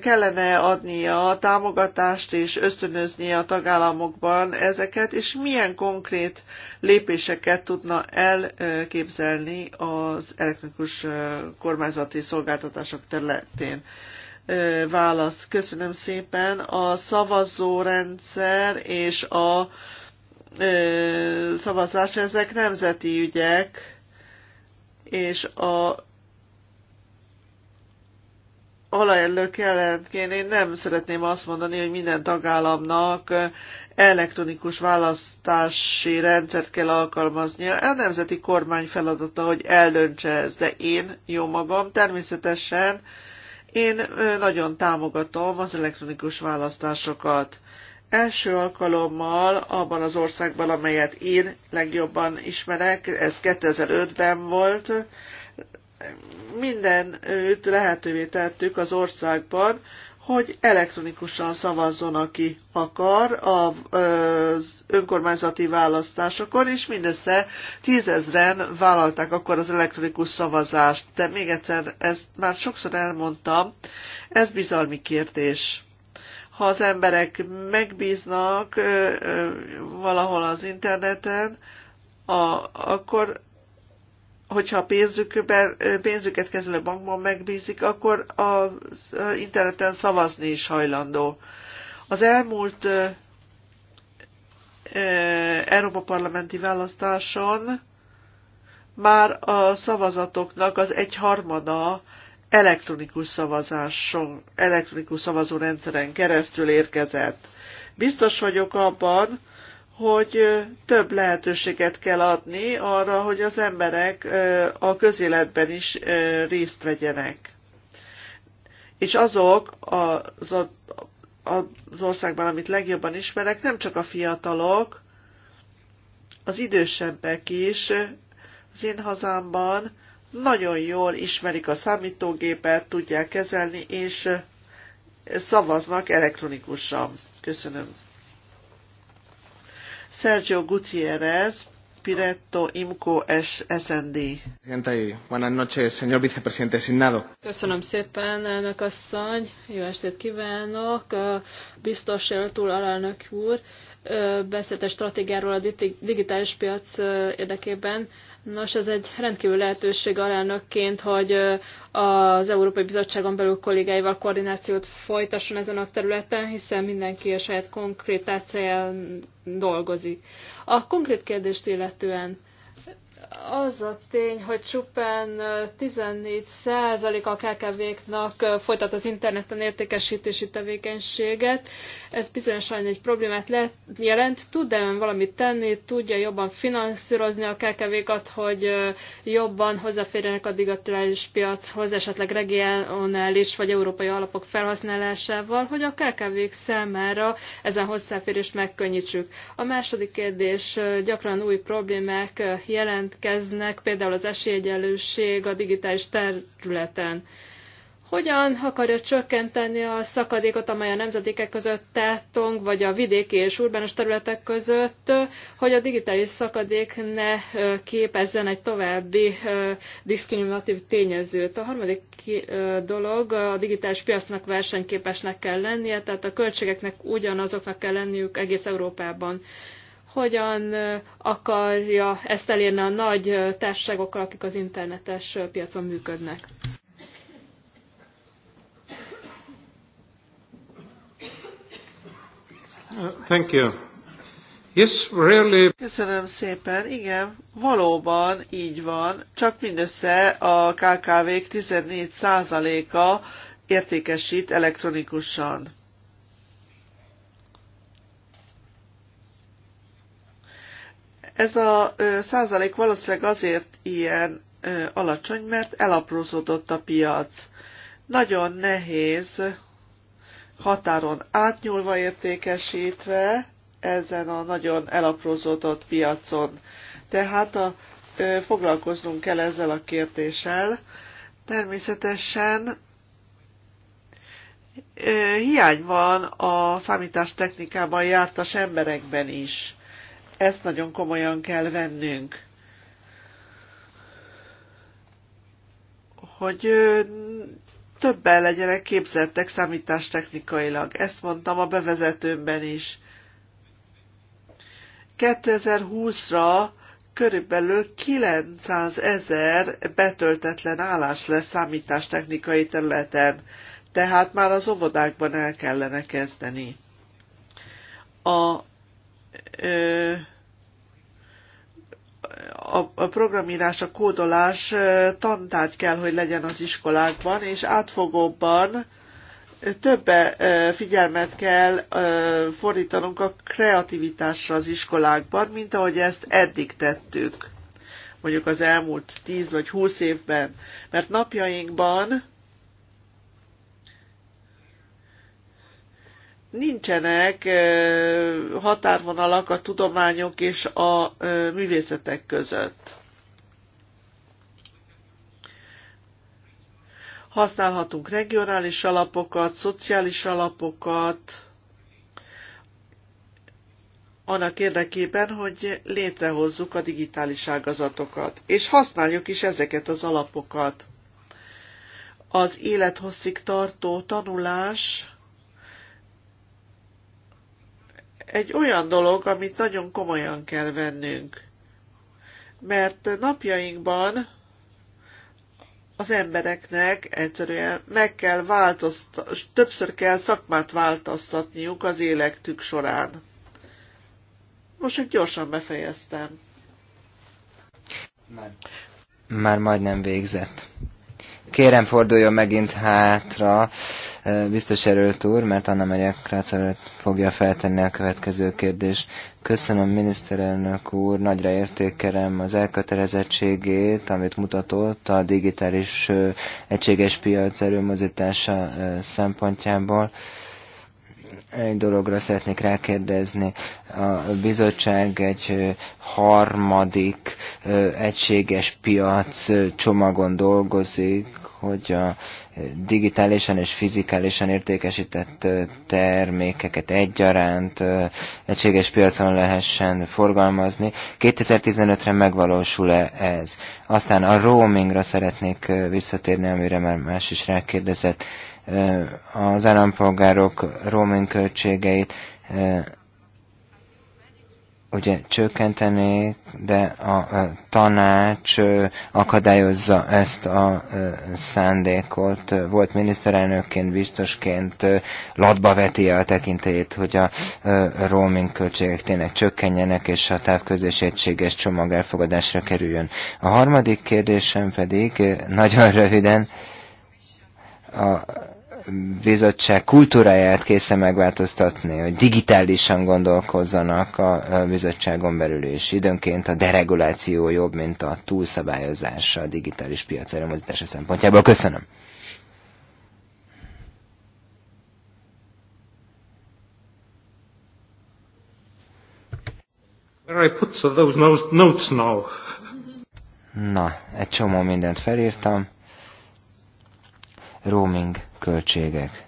kellene adnia támogatást és ösztönöznie a tagállamokban ezeket, és milyen konkrét lépéseket tudna elképzelni az elektronikus kormányzati szolgáltatások területén válasz. Köszönöm szépen. A szavazórendszer és a szavazás, ezek nemzeti ügyek, és a alaelnök jelentként én nem szeretném azt mondani, hogy minden tagállamnak elektronikus választási rendszert kell alkalmaznia. A nemzeti kormány feladata, hogy eldöntse ezt, de én, jó magam, természetesen én nagyon támogatom az elektronikus választásokat. Első alkalommal abban az országban, amelyet én legjobban ismerek, ez 2005-ben volt, mindenütt lehetővé tettük az országban, hogy elektronikusan szavazzon, aki akar az önkormányzati választásokon, és mindössze tízezren vállalták akkor az elektronikus szavazást. De még egyszer, ezt már sokszor elmondtam, ez bizalmi kérdés. Ha az emberek megbíznak valahol az interneten, a, akkor hogyha a pénzükben, pénzüket kezelő bankban megbízik, akkor az interneten szavazni is hajlandó. Az elmúlt Európa parlamenti választáson már a szavazatoknak az egyharmada elektronikus szavazáson, elektronikus szavazórendszeren keresztül érkezett. Biztos vagyok abban, hogy több lehetőséget kell adni arra, hogy az emberek a közéletben is részt vegyenek. És azok az, az országban, amit legjobban ismerek, nem csak a fiatalok, az idősebbek is, az én hazámban nagyon jól ismerik a számítógépet, tudják kezelni, és szavaznak elektronikusan. Köszönöm. Sergio Gutierrez, Piretto Imco SND. Buenas noches, señor vicepresidente Signado. Köszönöm szépen, elnök asszony. Jó estét kívánok. Biztos túl alelnök úr. Beszélt a stratégiáról a digitális piac érdekében. Nos, ez egy rendkívül lehetőség alelnökként, hogy az Európai Bizottságon belül kollégáival koordinációt folytasson ezen a területen, hiszen mindenki a saját konkrét dolgozik. A konkrét kérdést illetően az a tény, hogy csupán 14% a KKV-knak folytat az interneten értékesítési tevékenységet. Ez bizonyosan egy problémát jelent. Tud-e ön valamit tenni, tudja jobban finanszírozni a KKV-kat, hogy jobban hozzáférjenek a digitális piachoz, esetleg regionális vagy európai alapok felhasználásával, hogy a KKV-k számára ezen hozzáférést megkönnyítsük. A második kérdés gyakran új problémák jelent jelentkeznek, például az esélyegyenlőség a digitális területen. Hogyan akarja csökkenteni a szakadékot, amely a nemzetékek között tettünk, vagy a vidéki és urbános területek között, hogy a digitális szakadék ne képezzen egy további diszkriminatív tényezőt? A harmadik dolog, a digitális piacnak versenyképesnek kell lennie, tehát a költségeknek ugyanazoknak kell lenniük egész Európában hogyan akarja ezt elérni a nagy társaságokkal, akik az internetes piacon működnek. Uh, thank you. Yes, really. Köszönöm szépen. Igen, valóban így van, csak mindössze a KKV-k 14%-a értékesít elektronikusan. Ez a százalék valószínűleg azért ilyen alacsony, mert elaprózódott a piac. Nagyon nehéz határon átnyúlva értékesítve ezen a nagyon elaprózódott piacon. Tehát a, ö, foglalkoznunk kell ezzel a kérdéssel. Természetesen ö, hiány van a számítástechnikában jártas emberekben is. Ezt nagyon komolyan kell vennünk. Hogy többen legyenek képzettek számítástechnikailag. Ezt mondtam a bevezetőmben is. 2020-ra körülbelül 900 ezer betöltetlen állás lesz számítástechnikai területen, tehát már az óvodákban el kellene kezdeni. A a programírás, a kódolás tantárgy kell, hogy legyen az iskolákban, és átfogóbban több figyelmet kell fordítanunk a kreativitásra az iskolákban, mint ahogy ezt eddig tettük, mondjuk az elmúlt 10 vagy 20 évben. Mert napjainkban nincsenek határvonalak a tudományok és a művészetek között. Használhatunk regionális alapokat, szociális alapokat, annak érdekében, hogy létrehozzuk a digitális ágazatokat, és használjuk is ezeket az alapokat. Az élethosszig tartó tanulás egy olyan dolog, amit nagyon komolyan kell vennünk. Mert napjainkban az embereknek egyszerűen meg kell változtatni, többször kell szakmát változtatniuk az életük során. Most csak gyorsan befejeztem. Már. Már majdnem végzett. Kérem forduljon megint hátra, biztos erőlt úr, mert Anna Maria Krácsa fogja feltenni a következő kérdést. Köszönöm miniszterelnök úr, nagyra értékelem az elkötelezettségét, amit mutatott a digitális egységes piac erőmozítása szempontjából egy dologra szeretnék rákérdezni. A bizottság egy harmadik egységes piac csomagon dolgozik, hogy a digitálisan és fizikálisan értékesített termékeket egyaránt egységes piacon lehessen forgalmazni. 2015-re megvalósul-e ez? Aztán a roamingra szeretnék visszatérni, amire már más is rákérdezett. Az állampolgárok roaming költségeit ugye csökkentenék, de a, a tanács akadályozza ezt a szándékot. Volt miniszterelnökként, biztosként latba veti a tekintélyét, hogy a roaming költségek tényleg csökkenjenek, és a távközés egységes csomag elfogadásra kerüljön. A harmadik kérdésem pedig nagyon röviden a bizottság kultúráját készen megváltoztatni, hogy digitálisan gondolkozzanak a bizottságon belül, és időnként a dereguláció jobb, mint a túlszabályozás a digitális piac előmozítása szempontjából. Köszönöm! Where I put those notes now? Na, egy csomó mindent felírtam. Roaming költségek.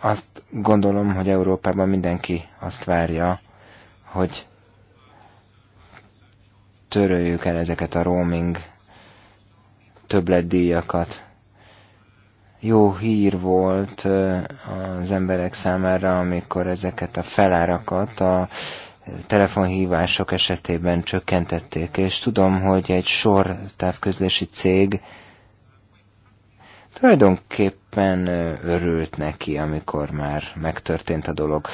Azt gondolom, hogy Európában mindenki azt várja, hogy töröljük el ezeket a roaming többletdíjakat. Jó hír volt az emberek számára, amikor ezeket a felárakat a telefonhívások esetében csökkentették, és tudom, hogy egy sor távközlési cég tulajdonképpen örült neki, amikor már megtörtént a dolog.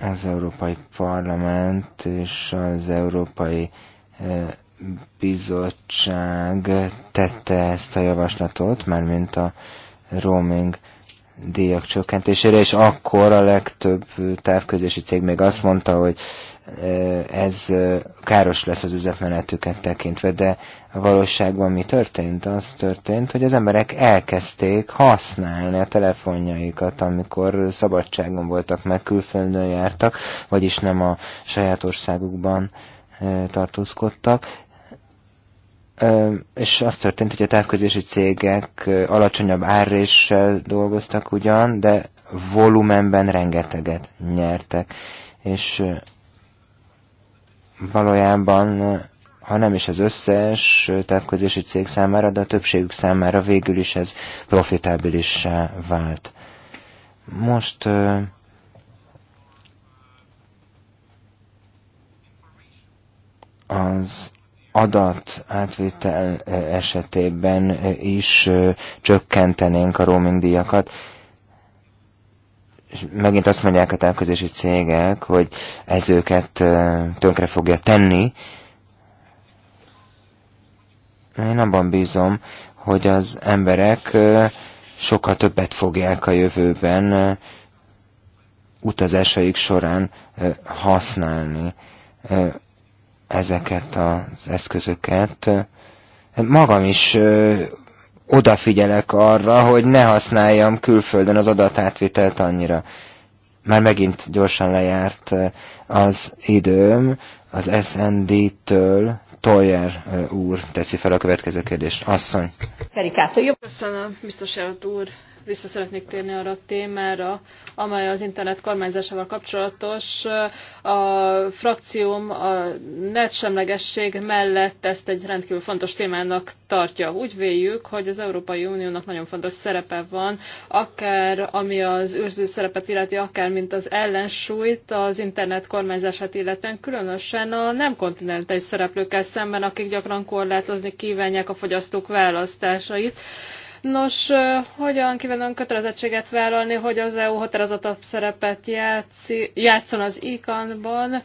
Az Európai Parlament és az Európai Bizottság tette ezt a javaslatot, mármint a roaming díjak csökkentésére, és akkor a legtöbb távközési cég még azt mondta, hogy ez káros lesz az üzletmenetüket tekintve, de a valóságban mi történt? Az történt, hogy az emberek elkezdték használni a telefonjaikat, amikor szabadságon voltak, meg külföldön jártak, vagyis nem a saját országukban tartózkodtak, és az történt, hogy a távközlési cégek alacsonyabb árréssel dolgoztak ugyan, de volumenben rengeteget nyertek. És valójában, ha nem is az összes távközlési cég számára, de a többségük számára végül is ez profitábilissá vált. Most az adat átvétel e, esetében e, is e, csökkentenénk a roaming díjakat. És megint azt mondják a távközési cégek, hogy ez őket tönkre fogja tenni. Én abban bízom, hogy az emberek sokkal többet fogják a jövőben utazásaik során használni ezeket az eszközöket. Magam is odafigyelek arra, hogy ne használjam külföldön az adatátvitelt annyira. Már megint gyorsan lejárt az időm, az SND-től Toyer úr teszi fel a következő kérdést. Asszony. Perikától jobb. Köszönöm, biztos úr vissza szeretnék térni arra a témára, amely az internet kormányzásával kapcsolatos. A frakcióm a netsemlegesség mellett ezt egy rendkívül fontos témának tartja. Úgy véljük, hogy az Európai Uniónak nagyon fontos szerepe van, akár ami az őrző szerepet illeti, akár mint az ellensúlyt az internet kormányzását illetően, különösen a nem kontinentális szereplőkkel szemben, akik gyakran korlátozni kívánják a fogyasztók választásait. Nos, hogyan kívánom kötelezettséget vállalni, hogy az EU határozatabb szerepet játszon az ICAN-ban,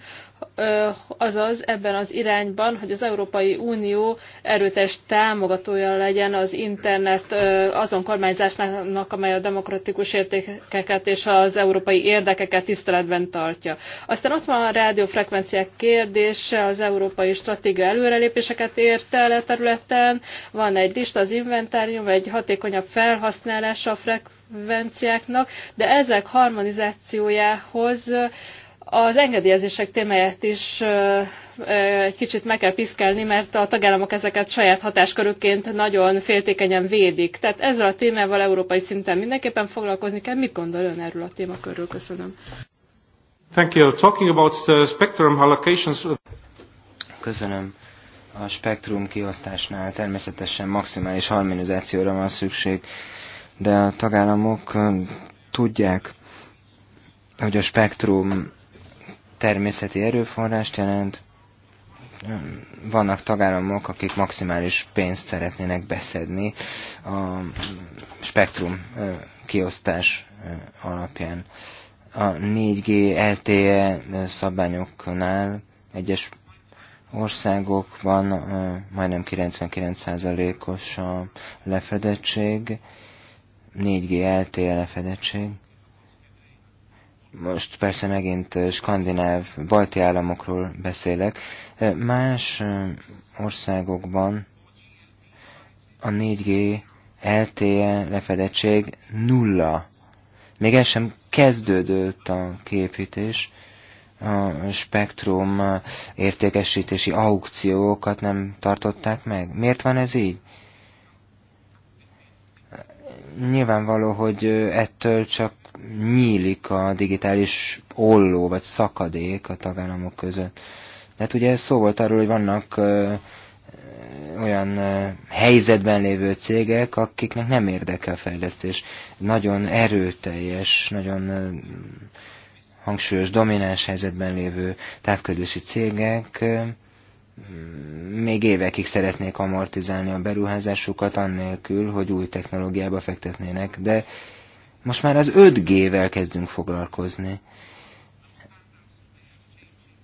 azaz ebben az irányban, hogy az Európai Unió erőtes támogatója legyen az internet azon kormányzásnak, amely a demokratikus értékeket és az európai érdekeket tiszteletben tartja. Aztán ott van a rádiófrekvenciák kérdése, az európai stratégia előrelépéseket ért el a e területen, van egy lista, az inventárium, egy hatékonyabb felhasználása a frekvenciáknak, de ezek harmonizációjához az engedélyezések témáját is egy kicsit meg kell piszkálni, mert a tagállamok ezeket saját hatáskörükként nagyon féltékenyen védik. Tehát ezzel a témával európai szinten mindenképpen foglalkozni kell. Mit gondol ön erről a témakörről? Köszönöm. Thank you. Talking about the spectrum allocations... Köszönöm. A spektrum kiosztásnál természetesen maximális harmonizációra van szükség, de a tagállamok tudják, hogy a spektrum természeti erőforrást jelent. Hm, vannak tagállamok, akik maximális pénzt szeretnének beszedni a spektrum kiosztás alapján. A 4G LTE szabályoknál egyes országokban majdnem 99%-os a lefedettség, 4G LTE lefedettség most persze megint skandináv, balti államokról beszélek, más országokban a 4G LTE lefedettség nulla. Még el sem kezdődött a képítés, a spektrum értékesítési aukciókat nem tartották meg. Miért van ez így? nyilvánvaló, hogy ettől csak nyílik a digitális olló vagy szakadék a tagállamok között. De hát ugye szó volt arról, hogy vannak ö, olyan ö, helyzetben lévő cégek, akiknek nem érdekel fejlesztés. Nagyon erőteljes, nagyon ö, hangsúlyos, domináns helyzetben lévő távközlési cégek ö, még évekig szeretnék amortizálni a beruházásukat, annélkül, hogy új technológiába fektetnének, de most már az 5G-vel kezdünk foglalkozni.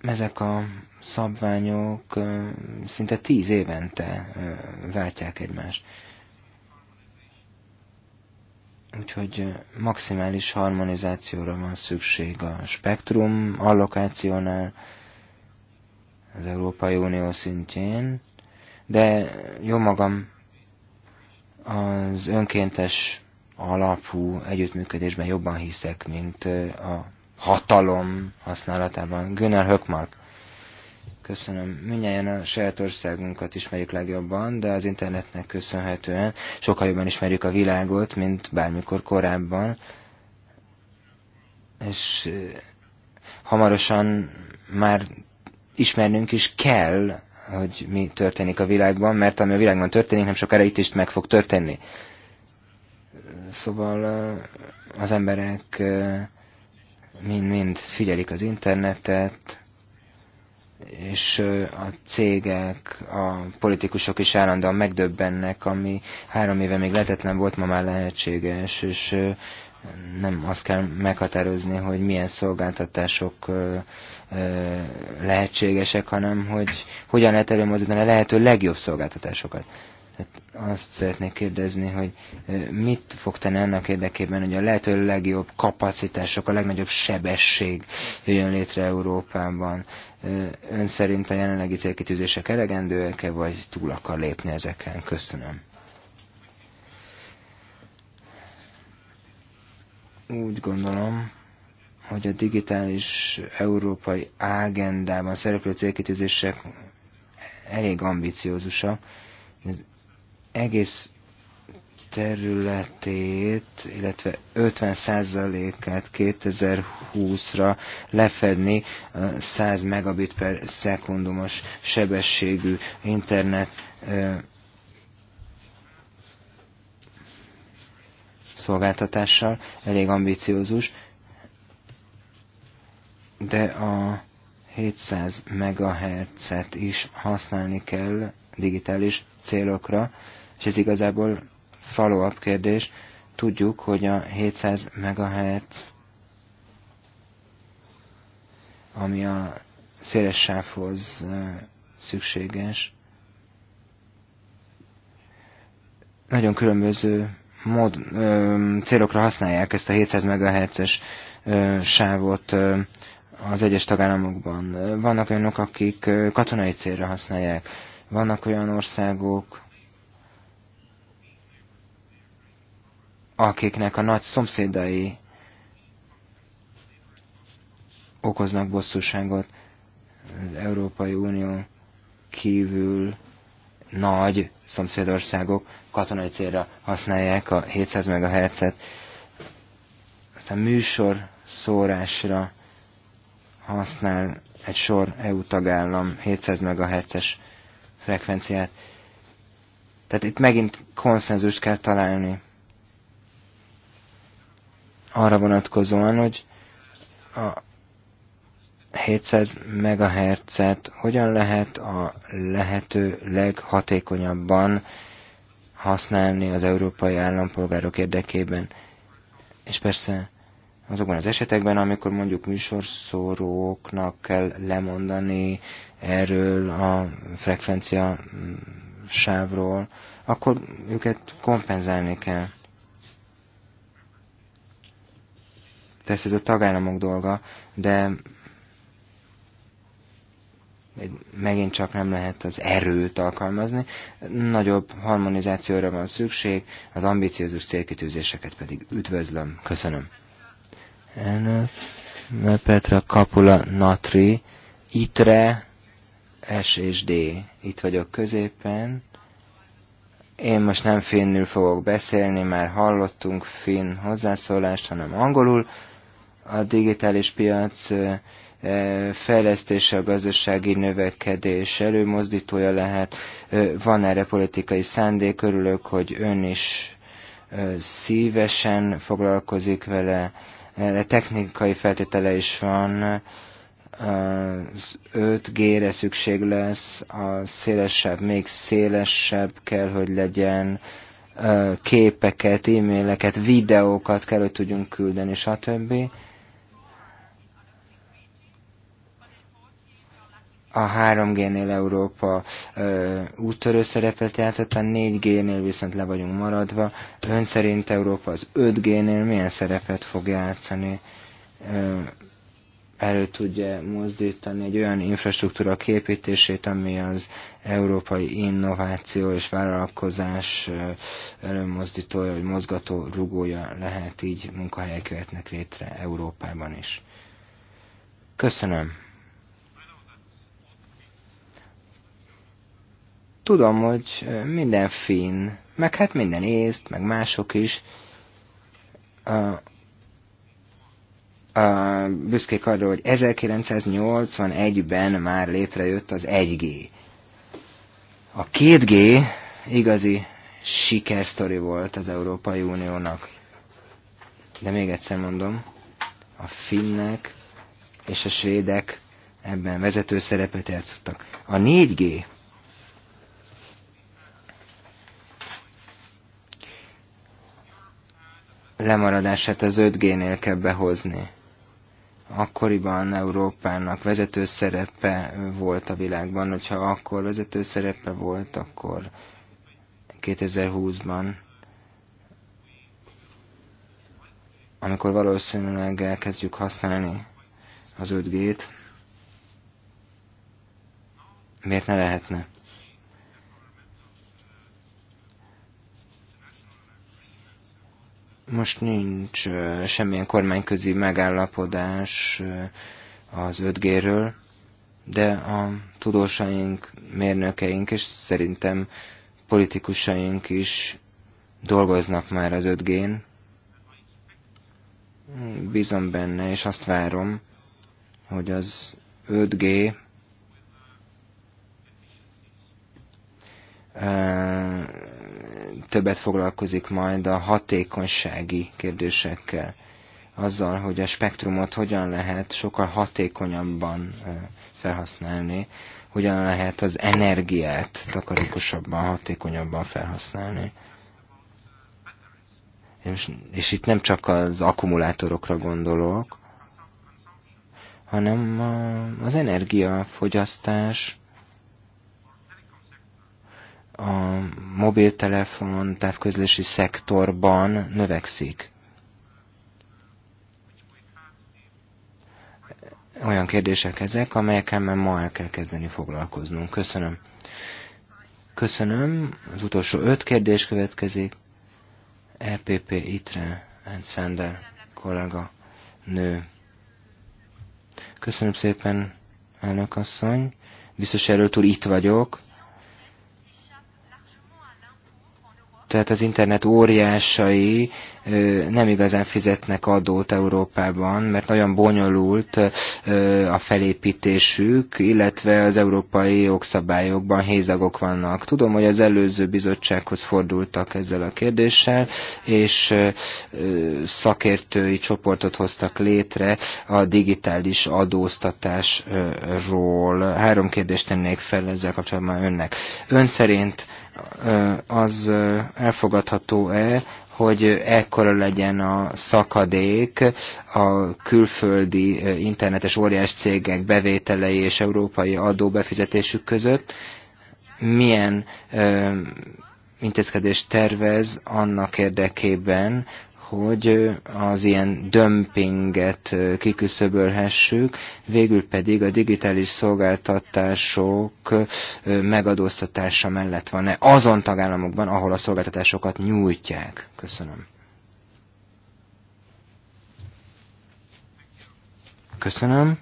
Ezek a szabványok szinte tíz évente váltják egymást. Úgyhogy maximális harmonizációra van szükség a spektrum allokációnál az Európai Unió szintjén, de jó magam az önkéntes alapú együttműködésben jobban hiszek, mint a hatalom használatában. Gunnar Höckmark. Köszönöm. Mindjárt a saját országunkat ismerjük legjobban, de az internetnek köszönhetően sokkal jobban ismerjük a világot, mint bármikor korábban. És hamarosan már ismernünk is kell, hogy mi történik a világban, mert ami a világban történik, nem sokára itt is meg fog történni. Szóval az emberek mind-mind figyelik az internetet, és a cégek, a politikusok is állandóan megdöbbennek, ami három éve még lehetetlen volt, ma már lehetséges, és nem azt kell meghatározni, hogy milyen szolgáltatások lehetségesek, hanem hogy hogyan lehet előmozdítani a lehető legjobb szolgáltatásokat. Tehát azt szeretnék kérdezni, hogy mit fog tenni annak érdekében, hogy a lehető legjobb kapacitások, a legnagyobb sebesség jöjjön létre Európában. Ön szerint a jelenlegi célkitűzések elegendőek-e, vagy túl akar lépni ezeken? Köszönöm. Úgy gondolom, hogy a digitális európai ágendában szereplő célkitűzések elég ambiciózusak. Ez egész területét, illetve 50%-át 2020-ra lefedni 100 megabit per szekundumos sebességű internet szolgáltatással, elég ambiciózus, de a 700 MHz-et is használni kell digitális célokra, és ez igazából follow-up kérdés, tudjuk, hogy a 700 MHz, ami a széles sávhoz szükséges, nagyon különböző mód, ö, célokra használják ezt a 700 MHz-es sávot ö, az egyes tagállamokban. Vannak olyanok, akik katonai célra használják. Vannak olyan országok, akiknek a nagy szomszédai okoznak bosszúságot az Európai Unió kívül nagy szomszédországok katonai célra használják a 700 MHz-et, aztán műsor szórásra használ egy sor EU tagállam 700 MHz-es frekvenciát. Tehát itt megint konszenzust kell találni arra vonatkozóan, hogy a 700 MHz-et hogyan lehet a lehető leghatékonyabban használni az európai állampolgárok érdekében. És persze azokban az esetekben, amikor mondjuk műsorszóróknak kell lemondani erről a frekvencia mm, sávról, akkor őket kompenzálni kell. Persze ez a tagállamok dolga, de megint csak nem lehet az erőt alkalmazni. Nagyobb harmonizációra van szükség, az ambiciózus célkitűzéseket pedig üdvözlöm. Köszönöm. Elnök, Petra Kapula Natri, Itre, S és D. Itt vagyok középen. Én most nem finnül fogok beszélni, már hallottunk finn hozzászólást, hanem angolul a digitális piac fejlesztése a gazdasági növekedés előmozdítója lehet. Van erre politikai szándék, örülök, hogy ön is szívesen foglalkozik vele, de technikai feltétele is van, az 5G-re szükség lesz, a szélesebb, még szélesebb kell, hogy legyen, képeket, e-maileket, videókat kell, hogy tudjunk küldeni, stb. a 3G-nél Európa ö, úttörő szerepet játszott, a 4G-nél viszont le vagyunk maradva. Ön szerint Európa az 5G-nél milyen szerepet fog játszani? Ö, elő tudja mozdítani egy olyan infrastruktúra képítését, ami az európai innováció és vállalkozás előmozdítója, vagy mozgató rugója lehet, így munkahelyek jöhetnek létre Európában is. Köszönöm! Tudom, hogy minden finn, meg hát minden észt, meg mások is a, a, büszkék arra, hogy 1981-ben már létrejött az 1G. A 2G igazi sikersztori volt az Európai Uniónak. De még egyszer mondom, a finnek és a svédek ebben vezető szerepet játszottak. A 4G lemaradását az 5G-nél kell behozni. Akkoriban Európának vezető szerepe volt a világban, hogyha akkor vezető szerepe volt, akkor 2020-ban, amikor valószínűleg elkezdjük használni az 5G-t, miért ne lehetne? Most nincs semmilyen kormányközi megállapodás az 5G-ről, de a tudósaink, mérnökeink és szerintem politikusaink is dolgoznak már az 5G-n. Bízom benne, és azt várom, hogy az 5G többet foglalkozik majd a hatékonysági kérdésekkel, azzal, hogy a spektrumot hogyan lehet sokkal hatékonyabban felhasználni, hogyan lehet az energiát takarékosabban, hatékonyabban felhasználni. És, és itt nem csak az akkumulátorokra gondolok, hanem az energiafogyasztás, a mobiltelefon távközlési szektorban növekszik. Olyan kérdések ezek, amelyekkel már ma el kell kezdeni foglalkoznunk. Köszönöm. Köszönöm. Az utolsó öt kérdés következik. EPP Itre and Sander kollega nő. Köszönöm szépen, elnök asszony. Biztos erőt itt vagyok. Tehát az internet óriásai nem igazán fizetnek adót Európában, mert nagyon bonyolult a felépítésük, illetve az európai jogszabályokban hézagok vannak. Tudom, hogy az előző bizottsághoz fordultak ezzel a kérdéssel, és szakértői csoportot hoztak létre a digitális adóztatásról. Három kérdést tennék fel ezzel kapcsolatban önnek. Ön szerint az elfogadható-e, hogy ekkora legyen a szakadék a külföldi internetes óriás cégek bevételei és európai adóbefizetésük között, milyen intézkedést tervez annak érdekében, hogy az ilyen dömpinget kiküszöbölhessük, végül pedig a digitális szolgáltatások megadóztatása mellett van-e azon tagállamokban, ahol a szolgáltatásokat nyújtják. Köszönöm. Köszönöm.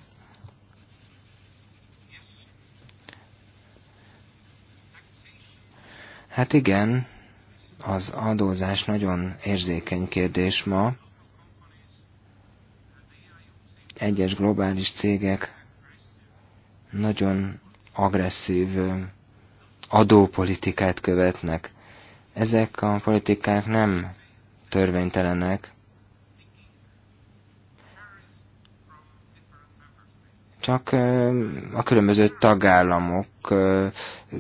Hát igen, az adózás nagyon érzékeny kérdés ma. Egyes globális cégek nagyon agresszív adópolitikát követnek. Ezek a politikák nem törvénytelenek, csak a különböző tagállamok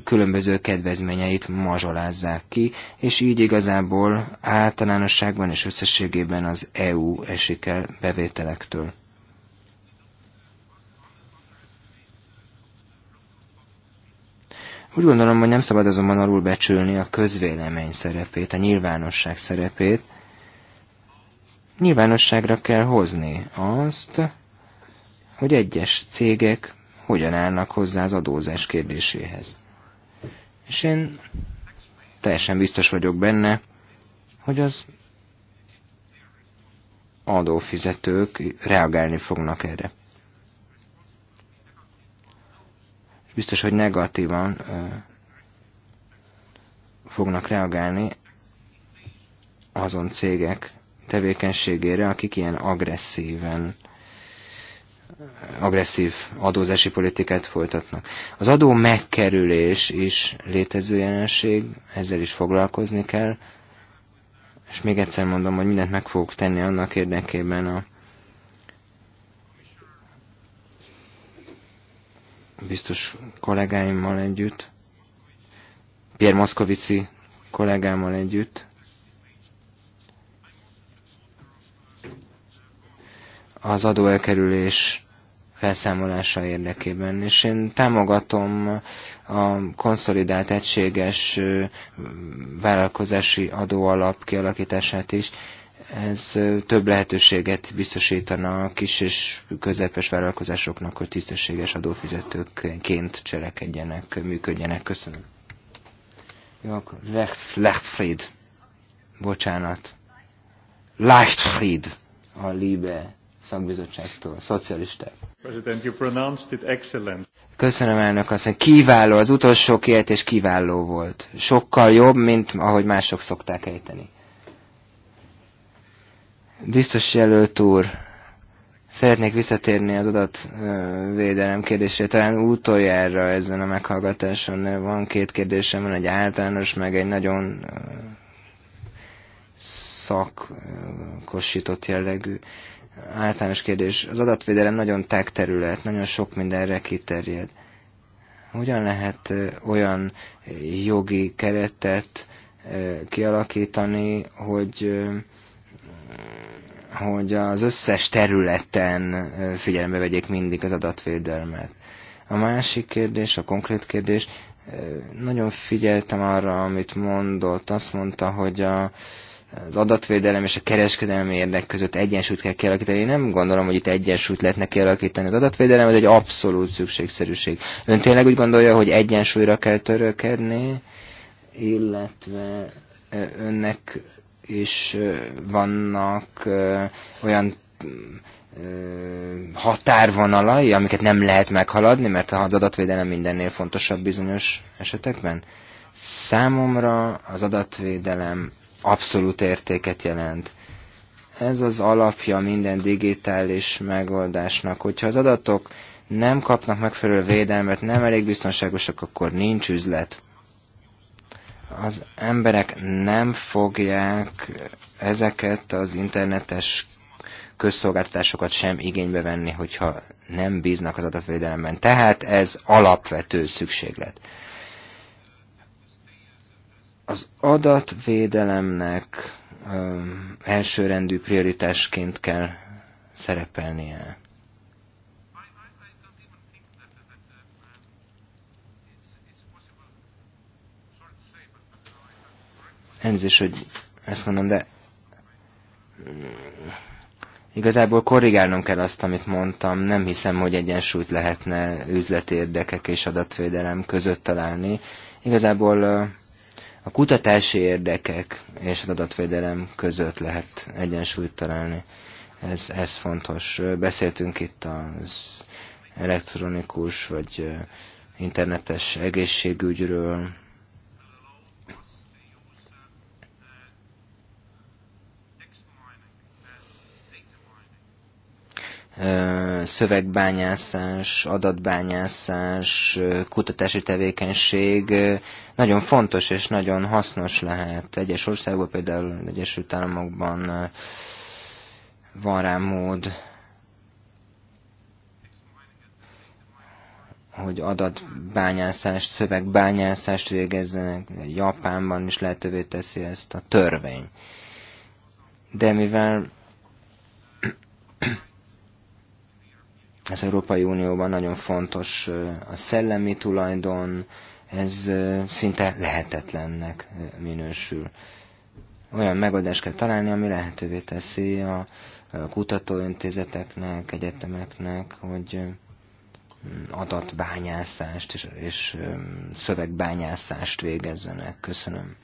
különböző kedvezményeit mazsolázzák ki, és így igazából általánosságban és összességében az EU esik el bevételektől. Úgy gondolom, hogy nem szabad azonban alul becsülni a közvélemény szerepét, a nyilvánosság szerepét. Nyilvánosságra kell hozni azt, hogy egyes cégek hogyan állnak hozzá az adózás kérdéséhez. És én teljesen biztos vagyok benne, hogy az adófizetők reagálni fognak erre. És biztos, hogy negatívan ö, fognak reagálni azon cégek tevékenységére, akik ilyen agresszíven agresszív adózási politikát folytatnak. Az adó megkerülés is létező jelenség, ezzel is foglalkozni kell, és még egyszer mondom, hogy mindent meg fogok tenni annak érdekében a biztos kollégáimmal együtt, Pierre Moszkovici kollégámmal együtt, az adóelkerülés felszámolása érdekében. És én támogatom a konszolidált egységes vállalkozási adóalap kialakítását is. Ez több lehetőséget biztosítana a kis és közepes vállalkozásoknak, hogy tisztességes adófizetőként cselekedjenek, működjenek. Köszönöm. Jó, akkor Lecht, Lechtfried. Bocsánat. Leichtfried a Liebe szakbizottságtól, szocialisták. President, you pronounced it excellent. Köszönöm elnök asszony, kiváló, az utolsó kiejtés kiváló volt. Sokkal jobb, mint ahogy mások szokták ejteni. Biztos jelölt úr, szeretnék visszatérni az adatvédelem kérdésére. Talán utoljára ezen a meghallgatáson van két kérdésem, van egy általános, meg egy nagyon szakkosított jellegű általános kérdés. Az adatvédelem nagyon tág terület, nagyon sok mindenre kiterjed. Hogyan lehet olyan jogi keretet kialakítani, hogy hogy az összes területen figyelembe vegyék mindig az adatvédelmet. A másik kérdés, a konkrét kérdés, nagyon figyeltem arra, amit mondott. Azt mondta, hogy a az adatvédelem és a kereskedelmi érdek között egyensúlyt kell kialakítani. Én nem gondolom, hogy itt egyensúlyt lehetne kialakítani. Az adatvédelem ez egy abszolút szükségszerűség. Ön tényleg úgy gondolja, hogy egyensúlyra kell törökedni, illetve e, önnek is e, vannak e, olyan határvonalai, amiket nem lehet meghaladni, mert az adatvédelem mindennél fontosabb bizonyos esetekben? Számomra az adatvédelem abszolút értéket jelent. Ez az alapja minden digitális megoldásnak. Hogyha az adatok nem kapnak megfelelő védelmet, nem elég biztonságosak, akkor nincs üzlet. Az emberek nem fogják ezeket az internetes közszolgáltatásokat sem igénybe venni, hogyha nem bíznak az adatvédelemben. Tehát ez alapvető szükséglet az adatvédelemnek elsőrendű prioritásként kell szerepelnie. Elnézést, hogy ezt mondom, de mm, igazából korrigálnom kell azt, amit mondtam. Nem hiszem, hogy egyensúlyt lehetne üzleti érdekek és adatvédelem között találni. Igazából a kutatási érdekek és az adatvédelem között lehet egyensúlyt találni. Ez, ez fontos. Beszéltünk itt az elektronikus vagy internetes egészségügyről, szövegbányászás, adatbányászás, kutatási tevékenység nagyon fontos és nagyon hasznos lehet. Egyes országban, például Egyesült Államokban van rá mód, hogy adatbányászást, szövegbányászást végezzenek. Japánban is lehetővé teszi ezt a törvény. De mivel az Európai Unióban nagyon fontos a szellemi tulajdon, ez szinte lehetetlennek minősül. Olyan megoldást kell találni, ami lehetővé teszi a kutatóintézeteknek, egyetemeknek, hogy adatbányászást és, és szövegbányászást végezzenek. Köszönöm.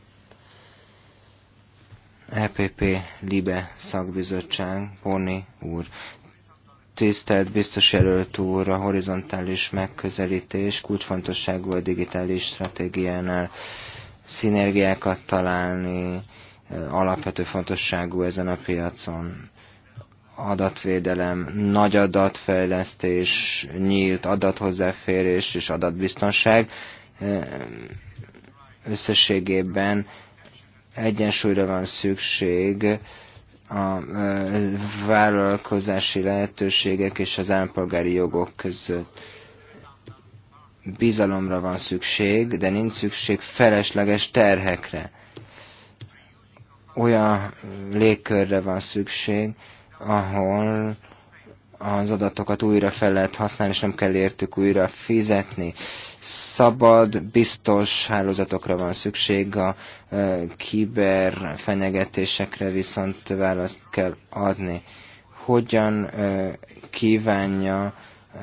EPP Libe szakbizottság, Porni úr. Tisztelt biztos jelölt úr, a horizontális megközelítés kulcsfontosságú a digitális stratégiánál szinergiákat találni, alapvető fontosságú ezen a piacon adatvédelem, nagy adatfejlesztés, nyílt adathozzáférés és adatbiztonság összességében egyensúlyra van szükség a vállalkozási lehetőségek és az állampolgári jogok között. Bizalomra van szükség, de nincs szükség felesleges terhekre. Olyan légkörre van szükség, ahol az adatokat újra fel lehet használni, és nem kell értük újra fizetni. Szabad, biztos hálózatokra van szükség, a kiber fenyegetésekre viszont választ kell adni. Hogyan kívánja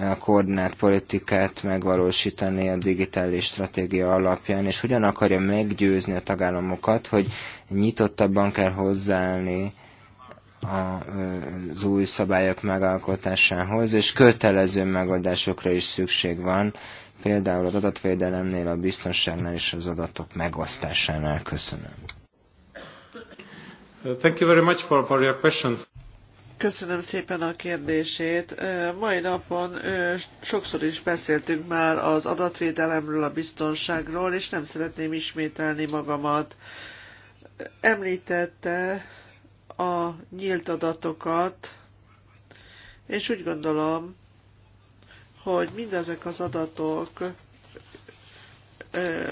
a koordinált politikát megvalósítani a digitális stratégia alapján, és hogyan akarja meggyőzni a tagállamokat, hogy nyitottabban kell hozzáállni az új szabályok megalkotásához, és kötelező megoldásokra is szükség van például az adatvédelemnél, a biztonságnál és az adatok megosztásánál. Köszönöm. Uh, thank you very much for, for your question. Köszönöm szépen a kérdését. Uh, mai napon uh, sokszor is beszéltünk már az adatvédelemről, a biztonságról, és nem szeretném ismételni magamat. Említette a nyílt adatokat, és úgy gondolom, hogy mindezek az adatok,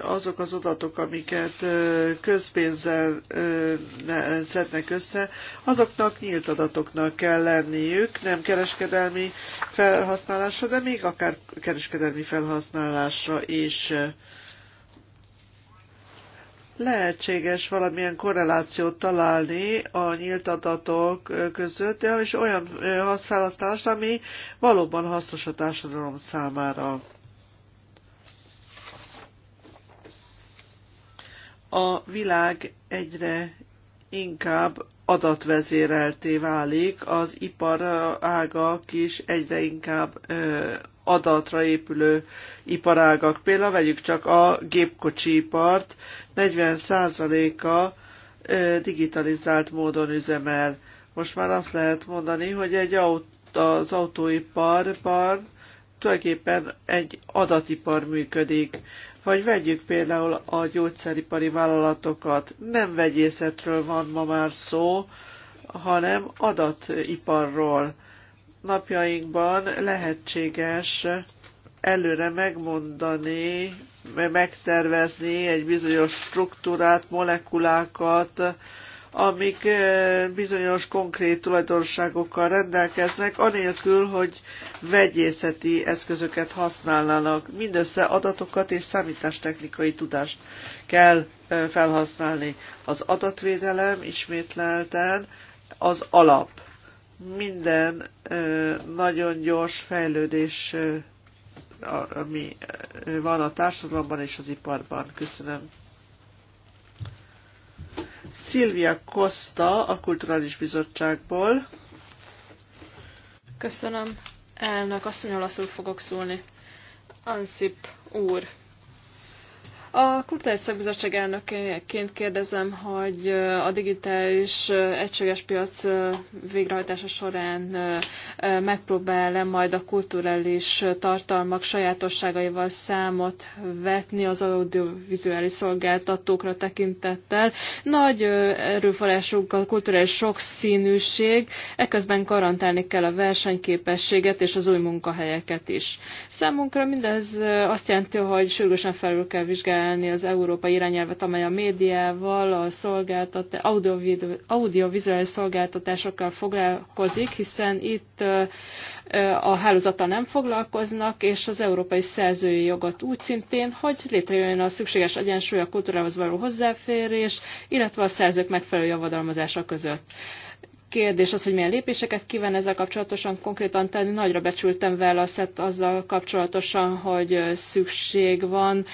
azok az adatok, amiket közpénzzel szednek össze, azoknak nyílt adatoknak kell lenniük, nem kereskedelmi felhasználásra, de még akár kereskedelmi felhasználásra is lehetséges valamilyen korrelációt találni a nyílt adatok között, és olyan felhasználást, ami valóban hasznos a társadalom számára. A világ egyre inkább adatvezérelté válik, az ipar ágak is egyre inkább adatra épülő iparágak. Például vegyük csak a ipart, 40%-a digitalizált módon üzemel. Most már azt lehet mondani, hogy egy aut- az autóiparban tulajdonképpen egy adatipar működik. Vagy vegyük például a gyógyszeripari vállalatokat. Nem vegyészetről van ma már szó, hanem adatiparról napjainkban lehetséges előre megmondani, megtervezni egy bizonyos struktúrát, molekulákat, amik eh, bizonyos konkrét tulajdonságokkal rendelkeznek, anélkül, hogy vegyészeti eszközöket használnának. Mindössze adatokat és számítástechnikai tudást kell eh, felhasználni. Az adatvédelem ismétlelten az alap minden nagyon gyors fejlődés, ami van a társadalomban és az iparban. Köszönöm. Szilvia Costa a Kulturális Bizottságból. Köszönöm. Elnök, asszony olaszul fogok szólni. Ansip úr, a Kulturális Szakbizottság elnökeként kérdezem, hogy a digitális egységes piac végrehajtása során megpróbál-e majd a kulturális tartalmak sajátosságaival számot vetni az audiovizuális szolgáltatókra tekintettel. Nagy erőforrásunk a kulturális sokszínűség, ekközben garantálni kell a versenyképességet és az új munkahelyeket is. Számunkra mindez azt jelenti, hogy sürgősen felül kell vizsgálni vizsgálni az európai irányelvet, amely a médiával, a szolgáltatá... audiovizuális szolgáltatásokkal foglalkozik, hiszen itt a hálózata nem foglalkoznak, és az európai szerzői jogot úgy szintén, hogy létrejön a szükséges egyensúly a kultúrához való hozzáférés, illetve a szerzők megfelelő javadalmazása között. Kérdés az, hogy milyen lépéseket kíván ezzel kapcsolatosan konkrétan tenni. Nagyra becsültem válaszát azzal kapcsolatosan, hogy szükség van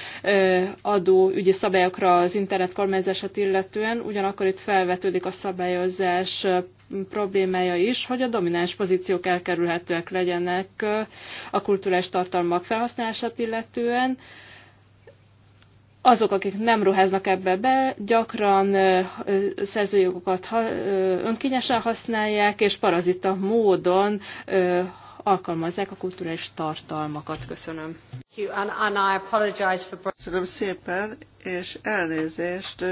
adó, ügyi szabályokra az internet kormányzását illetően. Ugyanakkor itt felvetődik a szabályozás problémája is, hogy a domináns pozíciók elkerülhetőek legyenek a kulturális tartalmak felhasználását illetően azok, akik nem ruháznak ebbe be, gyakran szerzőjogokat önkényesen használják, és parazita módon alkalmazzák a kulturális tartalmakat. Köszönöm. Köszönöm szépen, és elnézést.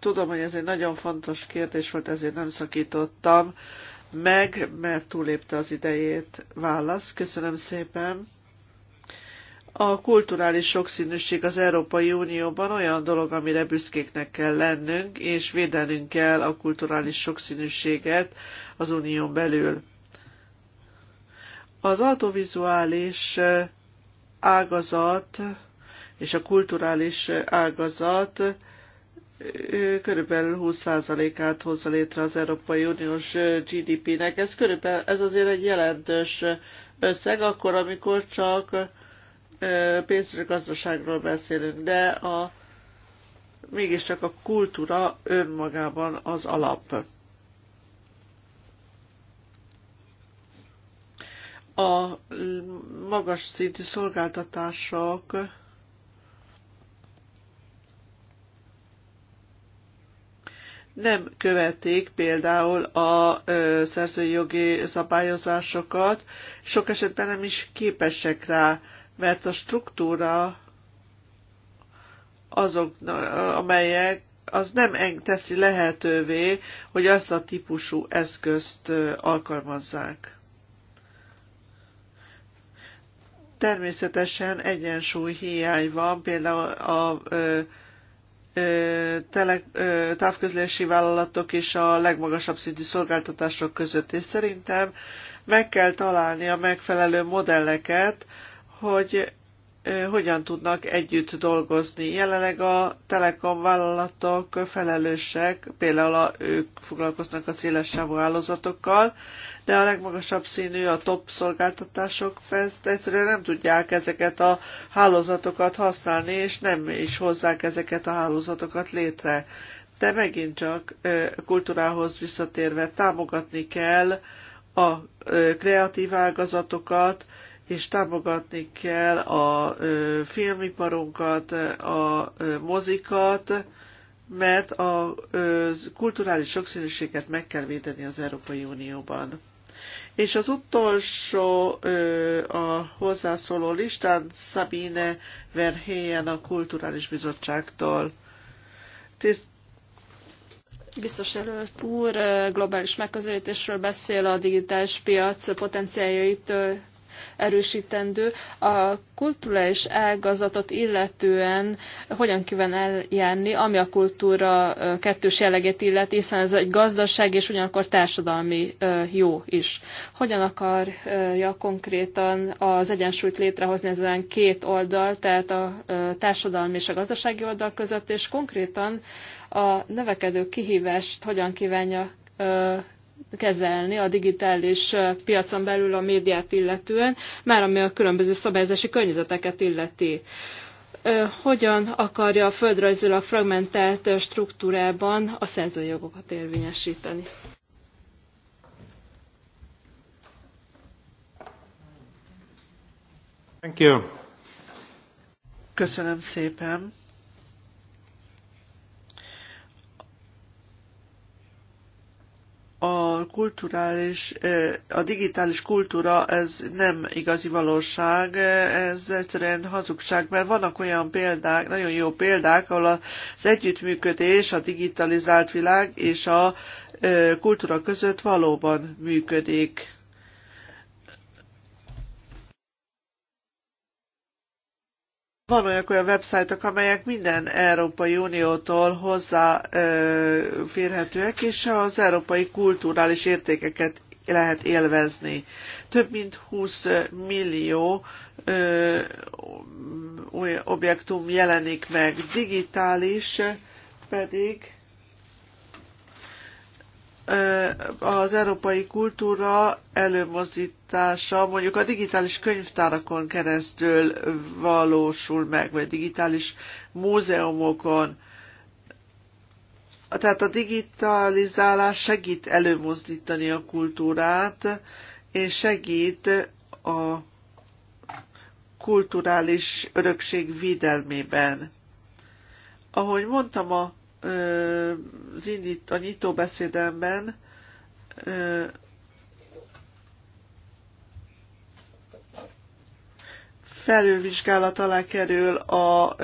Tudom, hogy ez egy nagyon fontos kérdés volt, ezért nem szakítottam meg, mert túlépte az idejét. Válasz. Köszönöm szépen. A kulturális sokszínűség az Európai Unióban olyan dolog, amire büszkéknek kell lennünk, és védenünk kell a kulturális sokszínűséget az unión belül. Az autovizuális ágazat és a kulturális ágazat körülbelül 20%-át hozza létre az Európai Uniós GDP-nek. Ez, körülbelül, ez azért egy jelentős összeg, akkor, amikor csak pénzügyi gazdaságról beszélünk, de a, mégiscsak a kultúra önmagában az alap. a magas szintű szolgáltatások nem követik például a ö, jogi szabályozásokat, sok esetben nem is képesek rá mert a struktúra azok, amelyek az nem teszi lehetővé, hogy azt a típusú eszközt alkalmazzák. Természetesen egyensúly hiány van, például a ö, ö, tele, ö, távközlési vállalatok és a legmagasabb szintű szolgáltatások között, és szerintem meg kell találni a megfelelő modelleket, hogy hogyan tudnak együtt dolgozni. Jelenleg a telekom vállalatok felelősek, például a, ők foglalkoznak a széles sávú hálózatokkal, de a legmagasabb színű a top szolgáltatások, ezt egyszerűen nem tudják ezeket a hálózatokat használni, és nem is hozzák ezeket a hálózatokat létre. De megint csak kultúrához visszatérve támogatni kell a kreatív ágazatokat, és támogatni kell a filmiparunkat, a mozikat, mert a kulturális sokszínűséget meg kell védeni az Európai Unióban. És az utolsó a hozzászóló listán Sabine Verheyen a Kulturális Bizottságtól. Tiszt Biztos előtt úr globális megközelítésről beszél a digitális piac potenciáljait erősítendő. A kulturális ágazatot illetően hogyan kíván eljárni, ami a kultúra kettős jellegét illeti, hiszen ez egy gazdaság és ugyanakkor társadalmi jó is. Hogyan akarja konkrétan az egyensúlyt létrehozni ezen két oldal, tehát a társadalmi és a gazdasági oldal között, és konkrétan a növekedő kihívást hogyan kívánja kezelni a digitális piacon belül a médiát illetően, már ami a különböző szabályozási környezeteket illeti. Hogyan akarja a földrajzilag fragmentált struktúrában a szerzőjogokat érvényesíteni? Thank you. Köszönöm szépen. a kulturális, a digitális kultúra ez nem igazi valóság, ez egyszerűen hazugság, mert vannak olyan példák, nagyon jó példák, ahol az együttműködés, a digitalizált világ és a kultúra között valóban működik. Van olyan websájtok, amelyek minden Európai Uniótól hozzáférhetőek, és az európai kulturális értékeket lehet élvezni. Több mint 20 millió ö, objektum jelenik meg, digitális pedig az európai kultúra előmozdítása mondjuk a digitális könyvtárakon keresztül valósul meg, vagy digitális múzeumokon. Tehát a digitalizálás segít előmozdítani a kultúrát, és segít a kulturális örökség védelmében. Ahogy mondtam a az indít, a nyitó beszédemben felülvizsgálat alá kerül a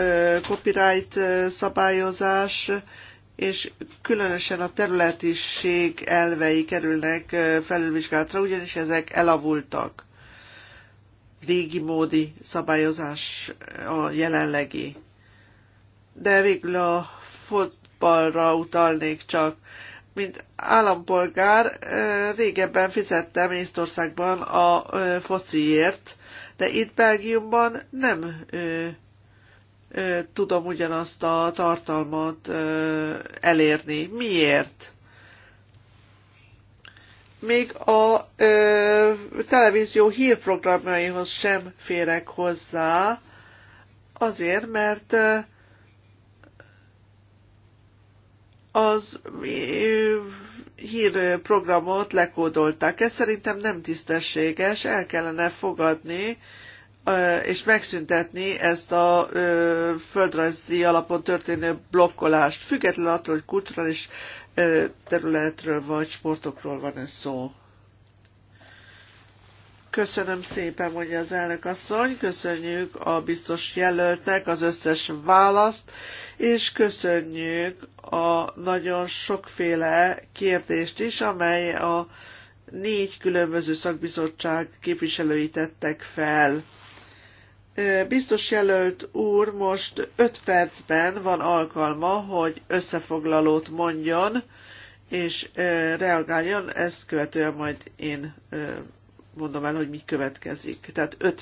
copyright szabályozás, és különösen a területiség elvei kerülnek felülvizsgálatra, ugyanis ezek elavultak. Régi módi szabályozás a jelenlegi. De végül a balra utalnék csak. Mint állampolgár régebben fizettem Észtországban a fociért, de itt Belgiumban nem tudom ugyanazt a tartalmat elérni. Miért? Még a ö, televízió hírprogramjaihoz sem férek hozzá, azért, mert az hírprogramot lekódolták. Ez szerintem nem tisztességes, el kellene fogadni és megszüntetni ezt a földrajzi alapon történő blokkolást, független attól, hogy kulturális területről vagy sportokról van ez szó. Köszönöm szépen, mondja az elnök asszony, köszönjük a biztos jelöltek az összes választ, és köszönjük a nagyon sokféle kérdést is, amely a négy különböző szakbizottság képviselői tettek fel. Biztos jelölt úr most 5 percben van alkalma, hogy összefoglalót mondjon, és reagáljon, ezt követően majd én mondom el, hogy mi következik. Tehát öt